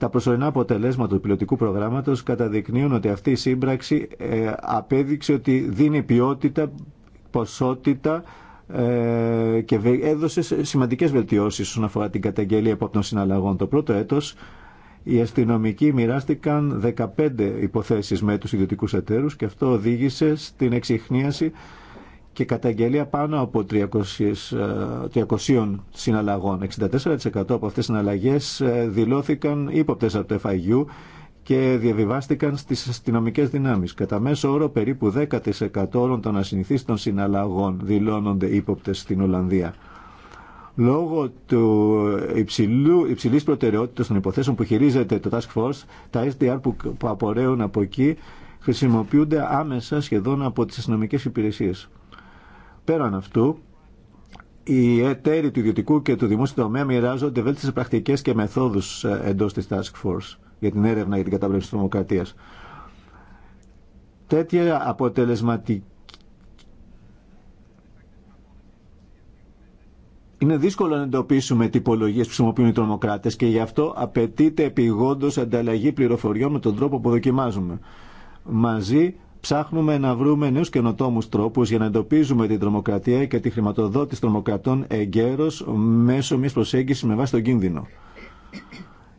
Speaker 4: Τα προσωρινά αποτελέσματα του πιλωτικού προγράμματος καταδεικνύουν ότι αυτή η σύμπραξη ε, απέδειξε ότι δίνει ποιότητα, ποσότητα ε, και έδωσε σημαντικές βελτιώσεις όσον αφορά την καταγγελία υπόπτων συναλλαγών. Το πρώτο έτος οι αστυνομικοί μοιράστηκαν 15 υποθέσεις με τους ιδιωτικούς εταίρους και αυτό οδήγησε στην εξυχνίαση και καταγγελία πάνω από 300, ε, συναλλαγών. 64% από αυτές τις συναλλαγές ε, δηλώθηκαν ύποπτες από το FIU και διαβιβάστηκαν στις αστυνομικέ δυνάμεις. Κατά μέσο όρο περίπου 10% όλων των ασυνηθίστων συναλλαγών δηλώνονται ύποπτες στην Ολλανδία. Λόγω του υψηλού, υψηλής προτεραιότητας των υποθέσεων που χειρίζεται το Task Force, τα SDR που απορρέουν από εκεί χρησιμοποιούνται άμεσα σχεδόν από τις αστυνομικέ υπηρεσίες. Πέραν αυτού, οι εταίροι του ιδιωτικού και του δημόσιου τομέα μοιράζονται βέλτιστε πρακτικέ και μεθόδου ε, εντό τη Task Force για την έρευνα για την καταπληκτική τη τρομοκρατία. Τέτοια αποτελεσματική. Είναι δύσκολο να εντοπίσουμε τυπολογίε που χρησιμοποιούν οι τρομοκράτε και γι' αυτό απαιτείται επιγόντω ανταλλαγή πληροφοριών με τον τρόπο που δοκιμάζουμε. Ψάχνουμε να βρούμε νέου καινοτόμου τρόπου για να εντοπίζουμε την τρομοκρατία και τη χρηματοδότηση τρομοκρατών εγκαίρω μέσω μια προσέγγιση με βάση τον κίνδυνο.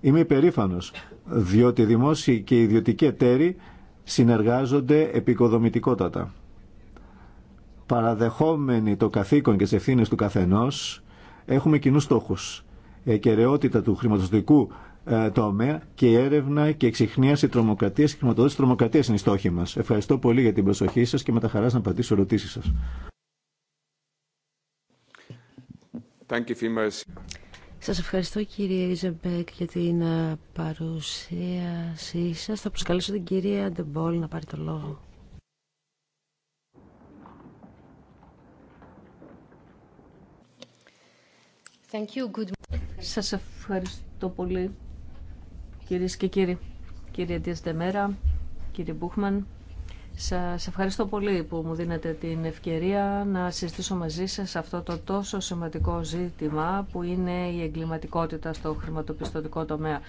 Speaker 4: Είμαι υπερήφανο, διότι οι δημόσιοι και οι ιδιωτικοί εταίροι συνεργάζονται επικοδομητικότατα. Παραδεχόμενοι το καθήκον και τι ευθύνε του καθενό, έχουμε κοινού στόχου. Η του χρηματοδοτικού ε, τομέα και έρευνα και η εξυχνίαση τρομοκρατία και χρηματοδότηση τρομοκρατία είναι οι στόχοι μα. Ευχαριστώ πολύ για την προσοχή σα και με τα χαρά να απαντήσω ερωτήσει σα.
Speaker 3: Σας ευχαριστώ κύριε Ιζεμπέκ για την ε, παρουσίασή σας. Θα προσκαλέσω την κυρία Ντεμπόλ να πάρει το λόγο.
Speaker 2: Thank Σας ευχαριστώ πολύ. Κυρίες και κύριοι, κύριε Ντίας μερα, κύριε Μπούχμαν, σας ευχαριστώ πολύ που μου δίνετε την ευκαιρία να συζητήσω μαζί σας αυτό το τόσο σημαντικό ζήτημα που είναι η εγκληματικότητα στο χρηματοπιστωτικό τομέα.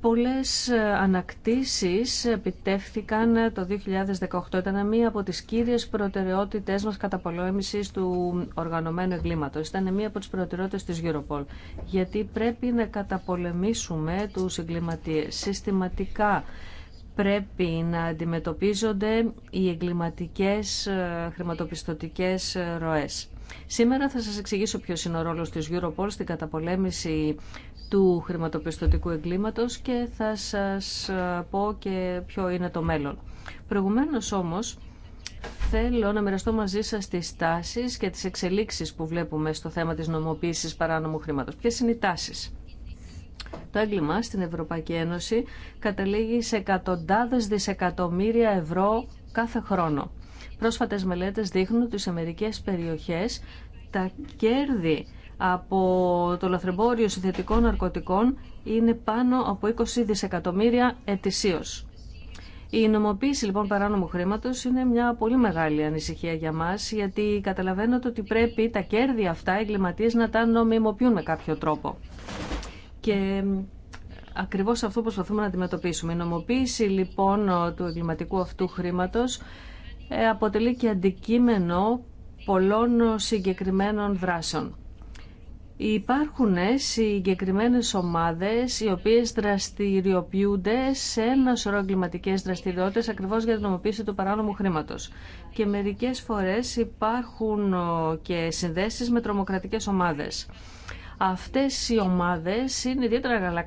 Speaker 2: Πολλές ε, ανακτήσεις επιτεύχθηκαν ε, το 2018. Ήταν μία από τις κύριες προτεραιότητές μας κατά του οργανωμένου εγκλήματος. Ήταν μία από τις προτεραιότητες της Europol. Γιατί πρέπει να καταπολεμήσουμε τους εγκληματίες συστηματικά. Πρέπει να αντιμετωπίζονται οι εγκληματικές ε, χρηματοπιστωτικές ροές. Σήμερα θα σας εξηγήσω ποιος είναι ο ρόλος της Europol στην καταπολέμηση του χρηματοπιστωτικού εγκλήματος και θα σας ε, πω και ποιο είναι το μέλλον. Προηγουμένως όμως θέλω να μοιραστώ μαζί σας τις τάσεις και τις εξελίξεις που βλέπουμε στο θέμα της νομοποίησης παράνομου χρήματος. Ποιες είναι οι τάσεις. Το έγκλημα στην Ευρωπαϊκή Ένωση καταλήγει σε εκατοντάδες δισεκατομμύρια ευρώ κάθε χρόνο. Πρόσφατες μελέτες δείχνουν ότι σε μερικές περιοχές τα κέρδη από το λαθρεμπόριο συνθετικών ναρκωτικών είναι πάνω από 20 δισεκατομμύρια ετησίως. Η νομοποίηση λοιπόν παράνομου χρήματο είναι μια πολύ μεγάλη ανησυχία για μα, γιατί καταλαβαίνετε ότι πρέπει τα κέρδη αυτά οι εγκληματίε να τα νομιμοποιούν με κάποιο τρόπο. Και ακριβώ αυτό προσπαθούμε να αντιμετωπίσουμε. Η νομοποίηση λοιπόν του εγκληματικού αυτού χρήματο ε, αποτελεί και αντικείμενο πολλών συγκεκριμένων δράσεων. Υπάρχουν ε, συγκεκριμένε ομάδες οι οποίες δραστηριοποιούνται σε ένα σωρό εγκληματικέ δραστηριότητες ακριβώς για την νομοποίηση του παράνομου χρήματος. Και μερικές φορέ υπάρχουν και συνδέσεις με τρομοκρατικέ ομάδες. Αυτές οι ομάδες είναι ιδιαίτερα καλά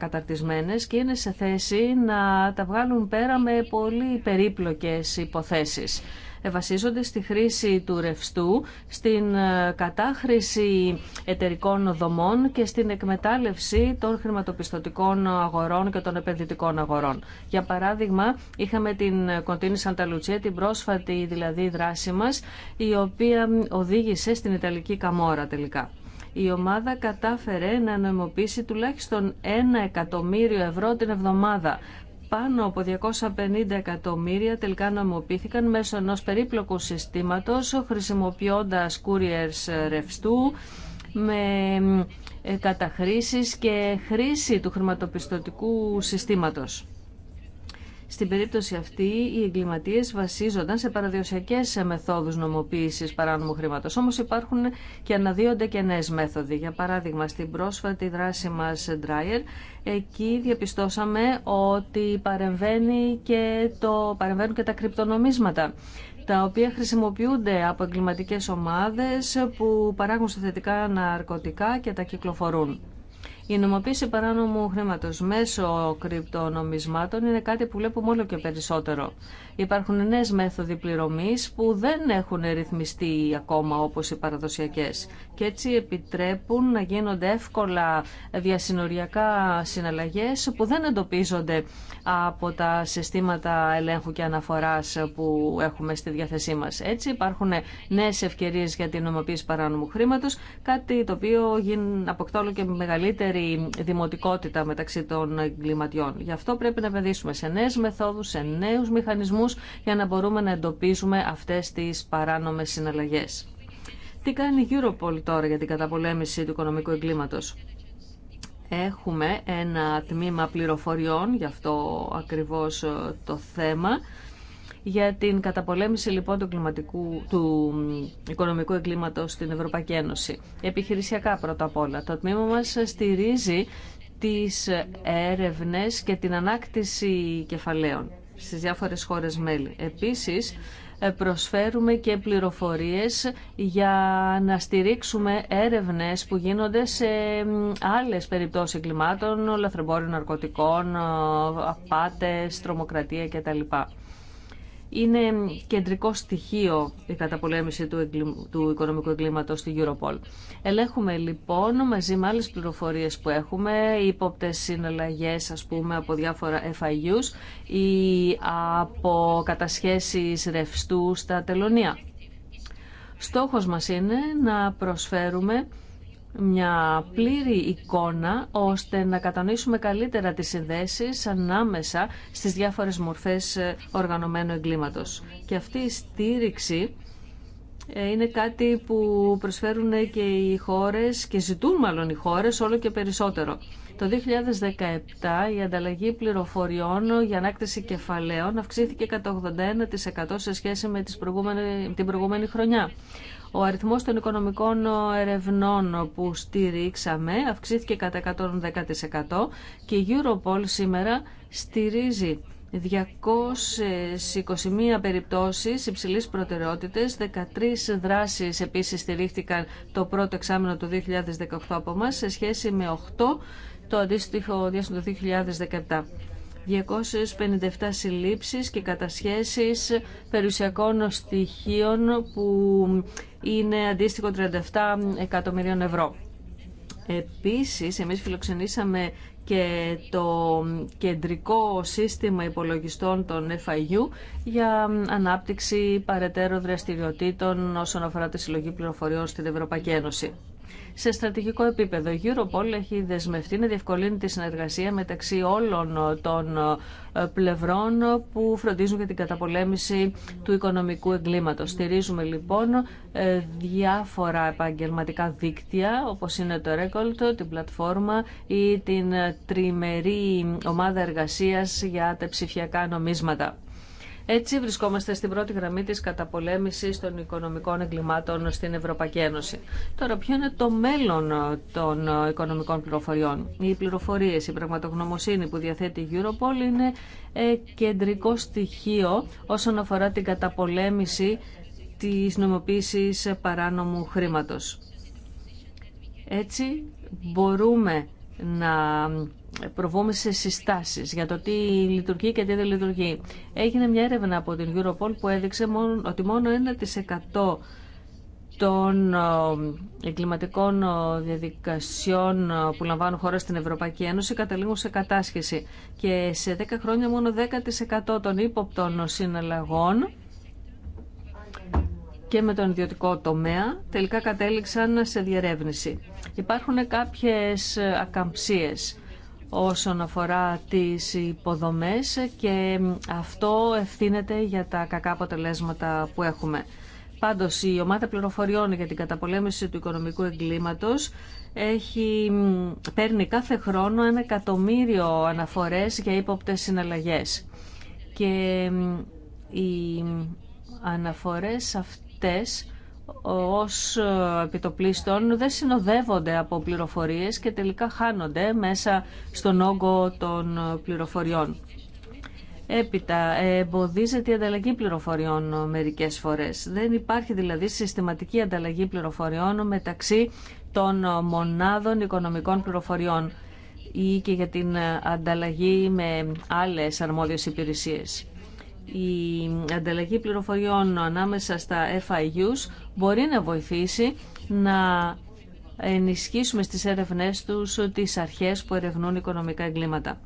Speaker 2: και είναι σε θέση να τα βγάλουν πέρα με πολύ περίπλοκε υποθέσει βασίζονται στη χρήση του ρευστού, στην ε, κατάχρηση εταιρικών δομών και στην εκμετάλλευση των χρηματοπιστωτικών αγορών και των επενδυτικών αγορών. Για παράδειγμα, είχαμε την Κοντίνη Σανταλουτσία, την πρόσφατη δηλαδή δράση μας, η οποία οδήγησε στην Ιταλική Καμόρα τελικά η ομάδα κατάφερε να νομιμοποιήσει τουλάχιστον ένα εκατομμύριο ευρώ την εβδομάδα πάνω από 250 εκατομμύρια τελικά νομοποιήθηκαν μέσω ενός περίπλοκου συστήματος χρησιμοποιώντας couriers ρευστού με ε, καταχρήσεις και χρήση του χρηματοπιστωτικού συστήματος. Στην περίπτωση αυτή, οι εγκληματίες βασίζονταν σε παραδοσιακές μεθόδους νομοποίησης παράνομου χρήματο. Όμως υπάρχουν και αναδύονται και νέες μέθοδοι. Για παράδειγμα, στην πρόσφατη δράση μας Dryer, εκεί διαπιστώσαμε ότι παρεμβαίνει και το, παρεμβαίνουν και τα κρυπτονομίσματα τα οποία χρησιμοποιούνται από εγκληματικές ομάδες που παράγουν συνθετικά ναρκωτικά και τα κυκλοφορούν. Η νομοποίηση παράνομου χρήματο μέσω κρυπτονομισμάτων είναι κάτι που βλέπουμε όλο και περισσότερο. Υπάρχουν νέε μέθοδοι πληρωμή που δεν έχουν ρυθμιστεί ακόμα όπω οι παραδοσιακέ και έτσι επιτρέπουν να γίνονται εύκολα διασυνοριακά συναλλαγέ που δεν εντοπίζονται από τα συστήματα ελέγχου και αναφοράς που έχουμε στη διάθεσή μας. Έτσι υπάρχουν νέες ευκαιρίες για την νομοποίηση παράνομου χρήματος, κάτι το οποίο αποκτά όλο και μεγαλύτερη δημοτικότητα μεταξύ των εγκληματιών. Γι' αυτό πρέπει να επενδύσουμε σε νέες μεθόδους, σε νέους μηχανισμούς για να μπορούμε να εντοπίζουμε αυτές τις παράνομες συναλλαγές. Τι κάνει η Europol τώρα για την καταπολέμηση του οικονομικού εγκλήματος. Έχουμε ένα τμήμα πληροφοριών, για αυτό ακριβώς ε, το θέμα, για την καταπολέμηση λοιπόν του, κλιματικού, του οικονομικού εγκλήματος στην Ευρωπαϊκή Ένωση. Επιχειρησιακά πρώτα απ' όλα. Το τμήμα μας στηρίζει τις έρευνες και την ανάκτηση κεφαλαίων στις διάφορες χώρες μέλη. Επίσης, προσφέρουμε και πληροφορίες για να στηρίξουμε έρευνες που γίνονται σε άλλες περιπτώσεις εγκλημάτων, λαθρεμπόρων ναρκωτικών, απάτες, τρομοκρατία κτλ είναι κεντρικό στοιχείο η καταπολέμηση του, του οικονομικού εγκλήματος στη Europol. Ελέγχουμε λοιπόν μαζί με άλλες πληροφορίες που έχουμε, ύποπτες συναλλαγές ας πούμε από διάφορα FIUs ή από κατασχέσεις ρευστού στα τελωνία. Στόχος μας είναι να προσφέρουμε μια πλήρη εικόνα ώστε να κατανοήσουμε καλύτερα τις συνδέσεις ανάμεσα στις διάφορες μορφές ε, οργανωμένου εγκλήματος. Και αυτή η στήριξη ε, είναι κάτι που προσφέρουν και οι χώρες και ζητούν μάλλον οι χώρες όλο και περισσότερο. Το 2017 η ανταλλαγή πληροφοριών για ανάκτηση κεφαλαίων αυξήθηκε κατά 81% σε σχέση με την προηγούμενη χρονιά. Ο αριθμός των οικονομικών ε, ερευνών που στηρίξαμε αυξήθηκε κατά 110% και η Europol σήμερα στηρίζει 221 περιπτώσεις υψηλής προτεραιότητες, 13 δράσεις επίσης στηρίχθηκαν το πρώτο εξάμεινο του 2018 από μας σε σχέση με 8 το αντίστοιχο διάστημα του 2017. 257 συλλήψεις και κατασχέσεις περιουσιακών στοιχείων που είναι αντίστοιχο 37 εκατομμυρίων ευρώ. Επίσης, εμείς φιλοξενήσαμε και το κεντρικό σύστημα υπολογιστών των FIU για ανάπτυξη παρετέρω δραστηριοτήτων όσον αφορά τη συλλογή πληροφοριών στην Ευρωπαϊκή Ένωση σε στρατηγικό επίπεδο. Η Europol έχει δεσμευτεί να διευκολύνει τη συνεργασία μεταξύ όλων των ε, πλευρών που φροντίζουν για την καταπολέμηση του οικονομικού εγκλήματος. Στηρίζουμε λοιπόν ε, διάφορα επαγγελματικά δίκτυα όπως είναι το Recolt, την πλατφόρμα ή την τριμερή ομάδα εργασίας για τα ψηφιακά νομίσματα. Έτσι βρισκόμαστε στην πρώτη γραμμή της καταπολέμησης των οικονομικών εγκλημάτων στην Ευρωπαϊκή Ένωση. Τώρα, ποιο είναι το μέλλον ε, των ε, οικονομικών πληροφοριών. Οι πληροφορίες, η πραγματογνωμοσύνη που διαθέτει η Europol είναι ε, κεντρικό στοιχείο όσον αφορά την καταπολέμηση της νομοποίησης παράνομου χρήματος. Έτσι μπορούμε να προβούμε σε συστάσει για το τι λειτουργεί και τι δεν λειτουργεί. Έγινε μια έρευνα από την Europol που έδειξε ότι μόνο 1% των ε, εγκληματικών ε, διαδικασιών ε, που λαμβάνουν χώρα στην Ευρωπαϊκή Ένωση καταλήγουν σε κατάσχεση. Και σε 10 χρόνια μόνο 10% των ύποπτων συναλλαγών και με τον ιδιωτικό τομέα τελικά κατέληξαν σε διερεύνηση. Υπάρχουν κάποιες ακαμψίες όσον αφορά τις υποδομές και αυτό ευθύνεται για τα κακά αποτελέσματα που έχουμε. Πάντως η ομάδα πληροφοριών για την καταπολέμηση του οικονομικού εγκλήματος έχει, παίρνει κάθε χρόνο ένα εκατομμύριο αναφορές για ύποπτες συναλλαγές. Και οι αναφορές αυτές ως ε, επιτοπλίστων δεν συνοδεύονται από πληροφορίες και τελικά χάνονται μέσα στον όγκο των ε, πληροφοριών. Έπειτα, εμποδίζεται η ανταλλαγή πληροφοριών μερικές φορές. Δεν υπάρχει δηλαδή συστηματική ανταλλαγή πληροφοριών μεταξύ των μονάδων οικονομικών πληροφοριών ή και για την ανταλλαγή με άλλες αρμόδιες υπηρεσίες η ανταλλαγή πληροφοριών ανάμεσα στα FIUs μπορεί να βοηθήσει να ενισχύσουμε στις έρευνές τους τις αρχές που ερευνούν οικονομικά εγκλήματα.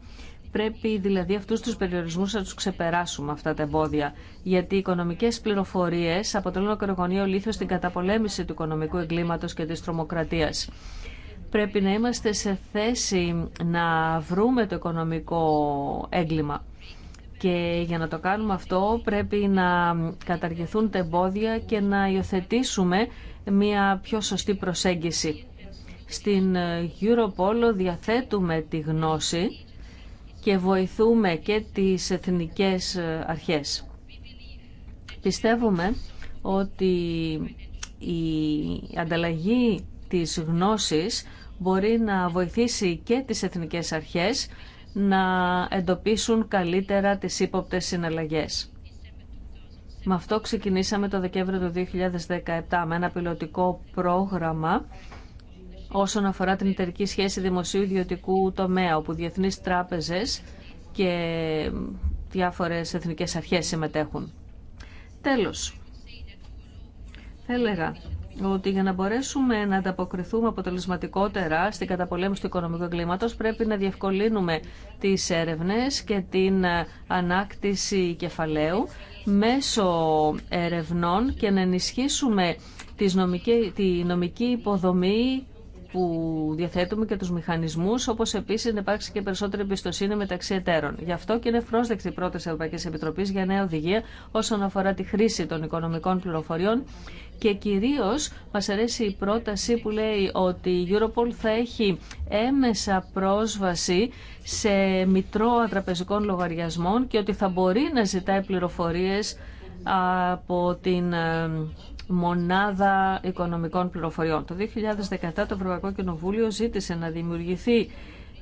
Speaker 2: Πρέπει δηλαδή αυτούς τους περιορισμούς να τους ξεπεράσουμε αυτά τα εμπόδια, γιατί οι οικονομικές πληροφορίες αποτελούν ο ακρογωνίο λίθο στην καταπολέμηση του οικονομικού εγκλήματος και της τρομοκρατίας. Πρέπει να είμαστε σε θέση να βρούμε το οικονομικό έγκλημα και για να το κάνουμε αυτό πρέπει να καταργηθούν τα εμπόδια και να υιοθετήσουμε μια πιο σωστή προσέγγιση. Στην Europol διαθέτουμε τη γνώση και βοηθούμε και τις εθνικές αρχές. Πιστεύουμε ότι η ανταλλαγή της γνώσης μπορεί να βοηθήσει και τις εθνικές αρχές να εντοπίσουν καλύτερα τις ύποπτες συναλλαγές. Με αυτό ξεκινήσαμε το Δεκέμβριο του 2017 με ένα πιλωτικό πρόγραμμα όσον αφορά την εταιρική σχέση δημοσίου ιδιωτικού τομέα, όπου διεθνείς τράπεζες και διάφορες εθνικές αρχές συμμετέχουν. Τέλος, θα έλεγα ότι για να μπορέσουμε να ανταποκριθούμε αποτελεσματικότερα στην καταπολέμηση του οικονομικού εγκλήματος πρέπει να διευκολύνουμε τις έρευνες και την ε, ανάκτηση κεφαλαίου μέσω ερευνών και να ενισχύσουμε τη νομική, τη νομική υποδομή που διαθέτουμε και τους μηχανισμούς, όπως επίσης να υπάρξει και περισσότερη εμπιστοσύνη μεταξύ εταίρων. Γι' αυτό και είναι φρόσδεξη η πρόταση Ευρωπαϊκής Επιτροπής για νέα οδηγία όσον αφορά τη χρήση των οικονομικών πληροφοριών και κυρίως μας αρέσει η πρόταση που λέει ότι η Europol θα έχει έμεσα πρόσβαση σε μητρό τραπεζικών λογαριασμών και ότι θα μπορεί να ζητάει πληροφορίες από την ε, Μονάδα Οικονομικών Πληροφοριών. Το 2017 το Ευρωπαϊκό Κοινοβούλιο ζήτησε να δημιουργηθεί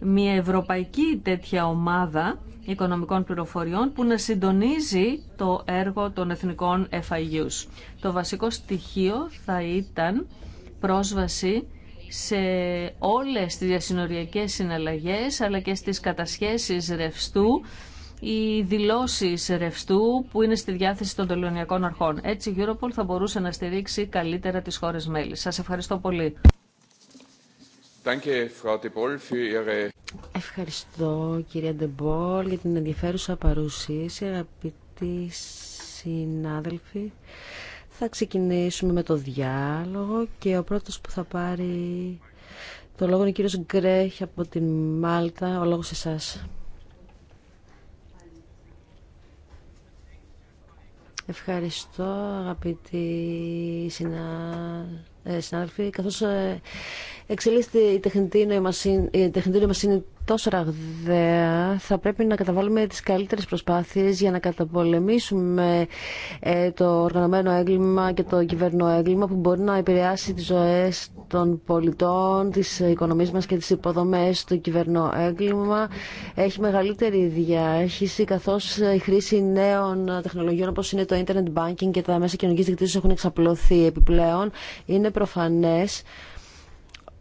Speaker 2: μια ευρωπαϊκή τέτοια ομάδα οικονομικών πληροφοριών που να συντονίζει το έργο των εθνικών FIUs. Το βασικό στοιχείο θα ήταν πρόσβαση σε όλες τις διασυνοριακές συναλλαγές αλλά και στις κατασχέσεις ρευστού οι δηλώσεις ρευστού που είναι στη διάθεση των τελωνιακών αρχών. Έτσι η Europol θα μπορούσε να στηρίξει καλύτερα τις χώρες μέλη. Σας ευχαριστώ πολύ.
Speaker 3: Ευχαριστώ κυρία Ντεμπόλ για την ενδιαφέρουσα παρουσίαση. Αγαπητοί συνάδελφοι, θα ξεκινήσουμε με το διάλογο και ο πρώτος που θα πάρει το λόγο είναι ο κύριος Γκρέχ από τη Μάλτα. Ο λόγος εσάς. Ευχαριστώ αγαπητοί ε, συνάδελφοι, καθώς ε, εξελίσσεται η τεχνητή νοημοσύνη, η τεχνητή νοημοσύνη τόσο ραγδαία, θα πρέπει να καταβάλουμε τις καλύτερες προσπάθειες για να καταπολεμήσουμε ε, το οργανωμένο έγκλημα και το κυβερνό έγκλημα που μπορεί να επηρεάσει τις ζωές των πολιτών, τις οικονομίες μας και τις υποδομές. του κυβερνό έγκλημα έχει μεγαλύτερη διάχυση καθώς η χρήση νέων τεχνολογιών όπως είναι το internet banking και τα μέσα κοινωνικής δικτύωσης έχουν εξαπλωθεί επιπλέον. Είναι προφανές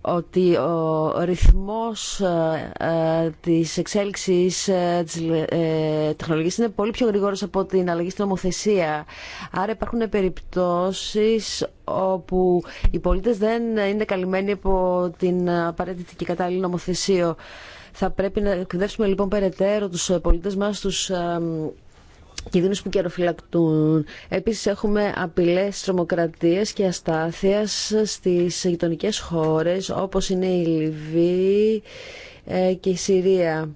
Speaker 3: ότι ο ρυθμός ε, ε, της εξέλιξης ε, της τεχνολογίας είναι πολύ πιο γρήγορος από την αλλαγή στην νομοθεσία. Άρα υπάρχουν περιπτώσεις όπου οι πολίτες δεν είναι καλυμμένοι από την απαραίτητη και κατάλληλη νομοθεσία. Θα πρέπει να εκπαιδεύσουμε λοιπόν περαιτέρω τους πολίτες μας, τους κινδύνους που καιροφυλακτούν. Επίσης έχουμε απειλές τρομοκρατίας και αστάθειας στις γειτονικέ χώρες όπως είναι η Λιβύη ε, και η Συρία.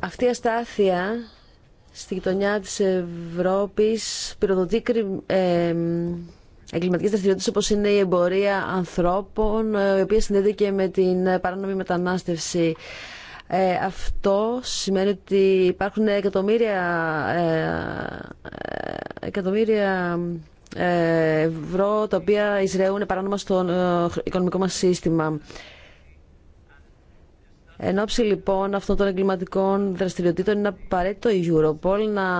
Speaker 3: Αυτή η αστάθεια στη γειτονιά της Ευρώπης πυροδοτεί ε, εγκληματικές δραστηριότητες όπως είναι η εμπορία ανθρώπων, ε, η οποία συνδέεται και με την παράνομη μετανάστευση. Ε, αυτό σημαίνει ότι υπάρχουν ε, ε, εκατομμύρια, ε, ευρώ τα οποία εισραίουν παράνομα στο οικονομικό μας σύστημα. Εν ώψη λοιπόν αυτών των εγκληματικών δραστηριοτήτων είναι απαραίτητο η Europol να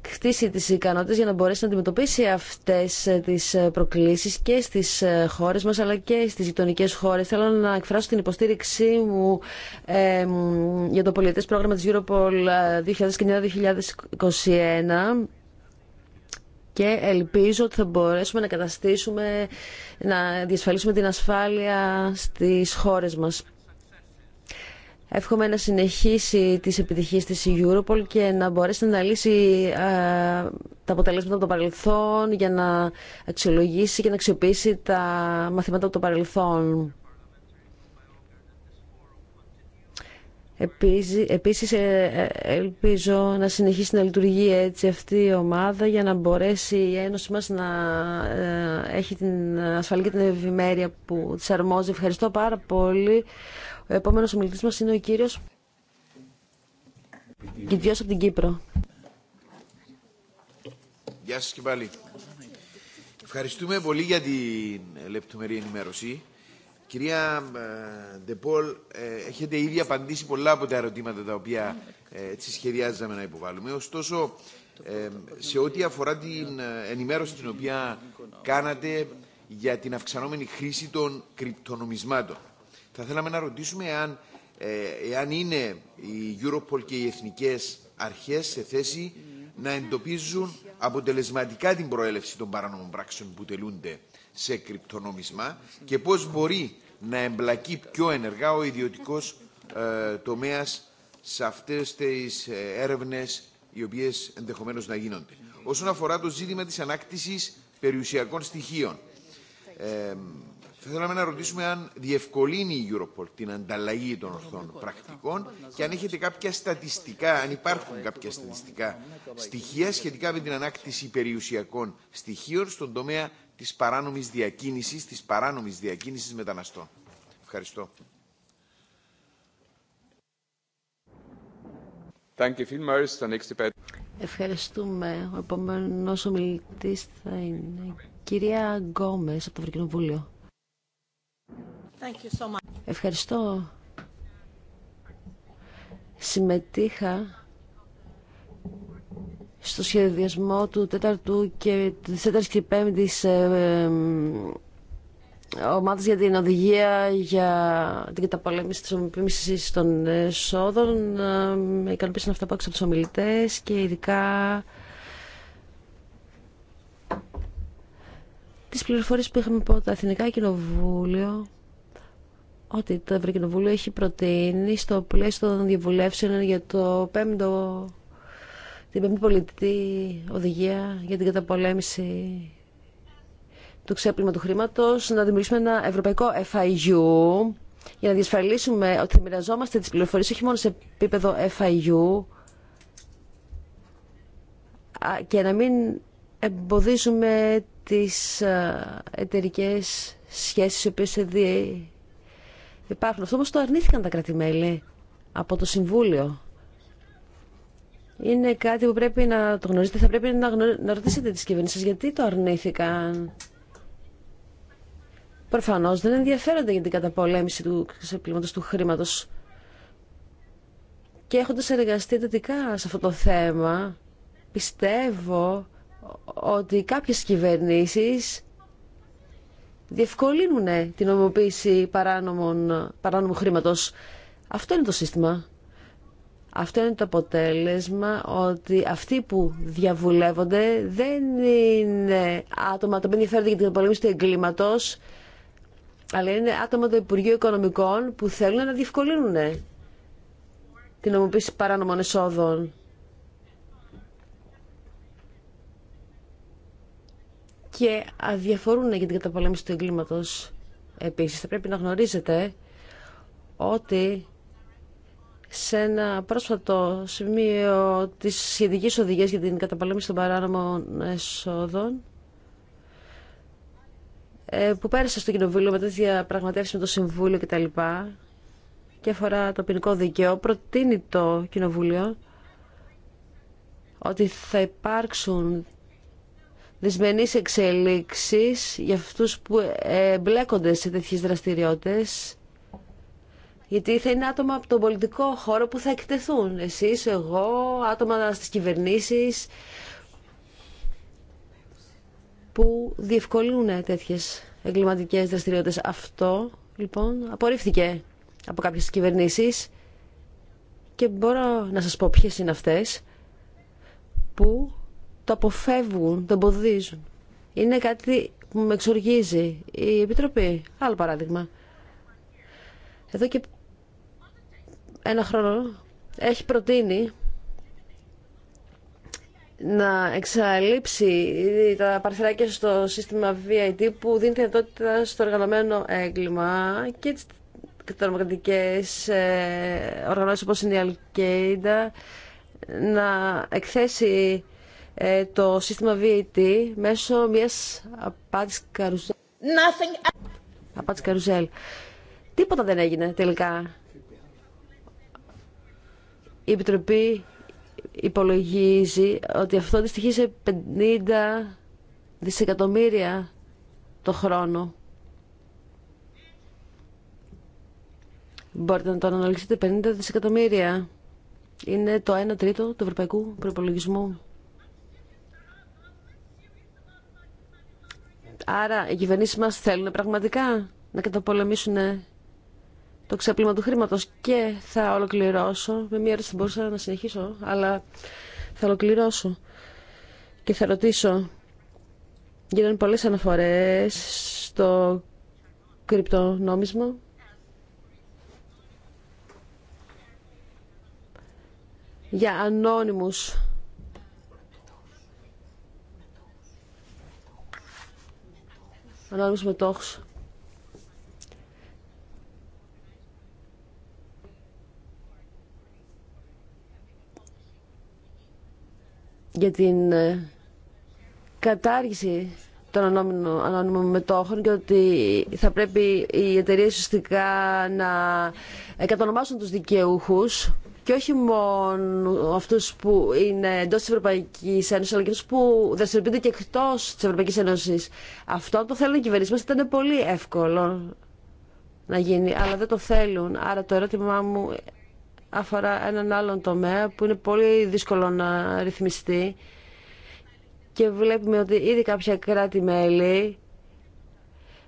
Speaker 3: κτίσει τις ικανότητες για να μπορέσει να αντιμετωπίσει αυτές ε, τις ε, προκλήσεις και στις ε, χώρες μας αλλά και στις γειτονικέ χώρες. Θέλω να εκφράσω την υποστήριξή μου ε, για το πολιτές πρόγραμμα της Europol 2009-2021 και ελπίζω ότι θα μπορέσουμε να καταστήσουμε, να διασφαλίσουμε την ασφάλεια στις χώρες μας. Εύχομαι να συνεχίσει τις επιτυχίες της η Europol και να μπορέσει να λύσει ε, τα αποτελέσματα από το παρελθόν για να αξιολογήσει και να αξιοποιήσει τα μαθήματα από το παρελθόν. Επίσης ε, ε, ελπίζω να συνεχίσει να λειτουργεί έτσι αυτή η ομάδα για να μπορέσει η Ένωση μας να έχει την ασφαλή και την ευημέρεια που της αρμόζει. Ευχαριστώ πάρα πολύ. Ο επόμενος ομιλητής μας είναι ο κύριος Κιδιός από την Κύπρο.
Speaker 6: Γεια σας και πάλι. Ευχαριστούμε πολύ για την λεπτομερή ενημέρωση. Κυρία Ντεπόλ, ε, έχετε ήδη απαντήσει πολλά από τα ερωτήματα τα οποία ε, έτσι σχεδιάζαμε να υποβάλουμε. Ωστόσο, ε, σε ό,τι αφορά την ενημέρωση την οποία κάνατε για την αυξανόμενη χρήση των κρυπτονομισμάτων. Θα θέλαμε να ρωτήσουμε εάν, ε, εάν είναι η Europol και οι εθνικές αρχές σε θέση να εντοπίζουν αποτελεσματικά την προέλευση των παράνομων πράξεων που τελούνται σε κρυπτονομισμά και πώς μπορεί να εμπλακεί πιο ενεργά ο ιδιωτικός ε, τομέας σε αυτές τις ε, έρευνες οι οποίες ενδεχομένως να γίνονται. Όσον αφορά το ζήτημα της ανάκτησης περιουσιακών στοιχείων, ε, θα θέλαμε να ρωτήσουμε αν διευκολύνει η Europol την ανταλλαγή των ορθών πρακτικών και αν έχετε κάποια στατιστικά, αν υπάρχουν κάποια στατιστικά στοιχεία σχετικά με την ανάκτηση περιουσιακών στοιχείων στον τομέα της παράνομης διακίνησης, της παράνομης διακίνησης μεταναστών. Ευχαριστώ.
Speaker 3: Ευχαριστούμε. Ο επόμενος ομιλητής θα είναι η κυρία Γκόμες από το Ευρωκοινοβούλιο. Ευχαριστώ. Συμμετείχα στο σχεδιασμό του τέταρτου και της τέταρτης και πέμπτης ε, ε ομάδας για την οδηγία για την καταπολέμηση της ομοιπήμησης των εσόδων. Ε, με ικανοποίησαν αυτά που έξω από τους ομιλητές και ειδικά τις πληροφορίες που είχαμε από το Αθηνικά Κοινοβούλιο ότι το Ευρωκοινοβούλιο έχει προτείνει στο πλαίσιο των διαβουλεύσεων για το πέμπτο, την πέμπτη πολιτική οδηγία για την καταπολέμηση του ξέπλυμα του χρήματος, να δημιουργήσουμε ένα ευρωπαϊκό FIU για να διασφαλίσουμε ότι θα μοιραζόμαστε τις πληροφορίες όχι μόνο σε επίπεδο FIU και να μην εμποδίζουμε τις ε, εταιρικές σχέσεις οι οποίες Υπάρχουν. Αυτό όμως το αρνήθηκαν τα κράτη-μέλη από το Συμβούλιο. Είναι κάτι που πρέπει να το γνωρίζετε. Θα πρέπει να, γνω... να ρωτήσετε τις κυβερνήσει γιατί το αρνήθηκαν. Προφανώ δεν ενδιαφέρονται για την καταπολέμηση του ξεπλήματο του χρήματο. Και έχοντα εργαστεί εντατικά σε αυτό το θέμα, πιστεύω ότι κάποιες κυβερνήσει διευκολύνουν την νομιμοποίηση παράνομων, παράνομου χρήματος. Αυτό είναι το σύστημα. Αυτό είναι το αποτέλεσμα ότι αυτοί που διαβουλεύονται δεν είναι άτομα τα οποία ενδιαφέρονται για την καταπολέμηση του εγκλήματο, αλλά είναι άτομα του Υπουργείου Οικονομικών που θέλουν να διευκολύνουν την ομοποίηση παράνομων εσόδων. και αδιαφορούν για την καταπολέμηση του εγκλήματος επίσης. Θα πρέπει να γνωρίζετε ότι σε ένα πρόσφατο σημείο της σχετικής οδηγίας για την καταπολέμηση των παράνομων εσόδων ε, που πέρασε στο Κοινοβούλιο μετά τέτοια διαπραγματεύσεις με το Συμβούλιο κτλ. και αφορά το ποινικό δικαίο, προτείνει το Κοινοβούλιο ότι θα υπάρξουν δυσμενείς εξελίξεις για αυτούς που μπλέκονται σε τέτοιες δραστηριότητες γιατί θα είναι άτομα από τον πολιτικό χώρο που θα εκτεθούν. Εσείς, εγώ, άτομα στις κυβερνήσεις που διευκολύνουν τέτοιες εγκληματικές δραστηριότητες. Αυτό, λοιπόν, απορρίφθηκε από κάποιες κυβερνήσεις και μπορώ να σας πω ποιες είναι αυτές που το αποφεύγουν, το εμποδίζουν. Είναι κάτι που με εξοργίζει η Επιτροπή. Άλλο παράδειγμα. Εδώ και ένα χρόνο έχει προτείνει να εξαλείψει τα παρθυράκια στο σύστημα VIT που δίνει δυνατότητα στο οργανωμένο έγκλημα και τις τρομοκρατικές ε, οργανώσεις όπως είναι η Αλκέιντα να εκθέσει ε, το σύστημα VAT μέσω μιας απάτης καρουζέλ. Τίποτα δεν έγινε τελικά. Η Επιτροπή υπολογίζει ότι αυτό αντιστοιχεί σε 50 δισεκατομμύρια το χρόνο. Μπορείτε να το αναλύσετε 50 δισεκατομμύρια. Είναι το 1 τρίτο του ευρωπαϊκού προπολογισμού. Άρα οι κυβερνήσει μας θέλουν πραγματικά να καταπολεμήσουν το ξέπλυμα του χρήματο και θα ολοκληρώσω. Με μία ερώτηση μπορούσα να συνεχίσω, αλλά θα ολοκληρώσω και θα ρωτήσω. Γίνανε πολλέ αναφορέ στο κρυπτονόμισμα. για ανώνυμους για την ε, κατάργηση των ανώνυμων μετόχων και ότι θα πρέπει οι εταιρείε ουσιαστικά να ε, κατονομάσουν τους δικαιούχους και όχι μόνο αυτού που είναι εντό τη Ευρωπαϊκή Ένωση, αλλά και αυτού που δραστηριοποιούνται και εκτό τη Ευρωπαϊκή Ένωση. Αυτό το θέλουν οι κυβερνήσει μα ήταν πολύ εύκολο να γίνει, αλλά δεν το θέλουν. Άρα το ερώτημά μου αφορά έναν άλλον τομέα που είναι πολύ δύσκολο να ρυθμιστεί και βλέπουμε ότι ήδη κάποια κράτη-μέλη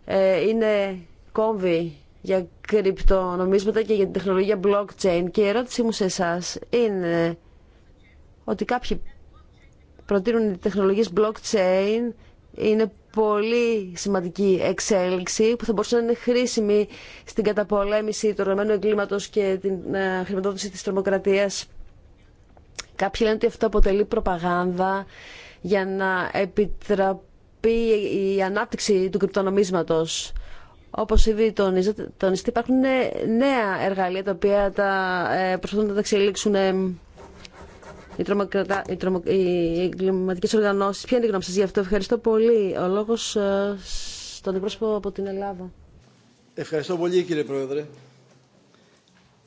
Speaker 3: ε, είναι κόμβοι για κρυπτονομίσματα και για την τεχνολογία blockchain και η ερώτησή μου σε εσά είναι ότι κάποιοι προτείνουν οι τεχνολογίες blockchain είναι πολύ σημαντική εξέλιξη που θα μπορούσε να είναι χρήσιμη στην καταπολέμηση του οργανωμένου εγκλήματος και την ε, χρηματοδότηση της τρομοκρατίας. Κάποιοι λένε ότι αυτό αποτελεί προπαγάνδα για να επιτραπεί η ανάπτυξη του κρυπτονομίσματος. Όπως ήδη τονίζετε, τονιστεί, υπάρχουν νέα εργαλεία τα οποία τα, ε, προσπαθούν να τα εξελίξουν ε, οι, τρομοκρατα... οι, τρομο... οι εγκληματικές οργανώσεις. Ποια είναι η γνώμη σας γι' αυτό. Ευχαριστώ πολύ. Ο λόγος ε, στον αντιπρόσωπο από την Ελλάδα.
Speaker 7: Ευχαριστώ πολύ κύριε Πρόεδρε.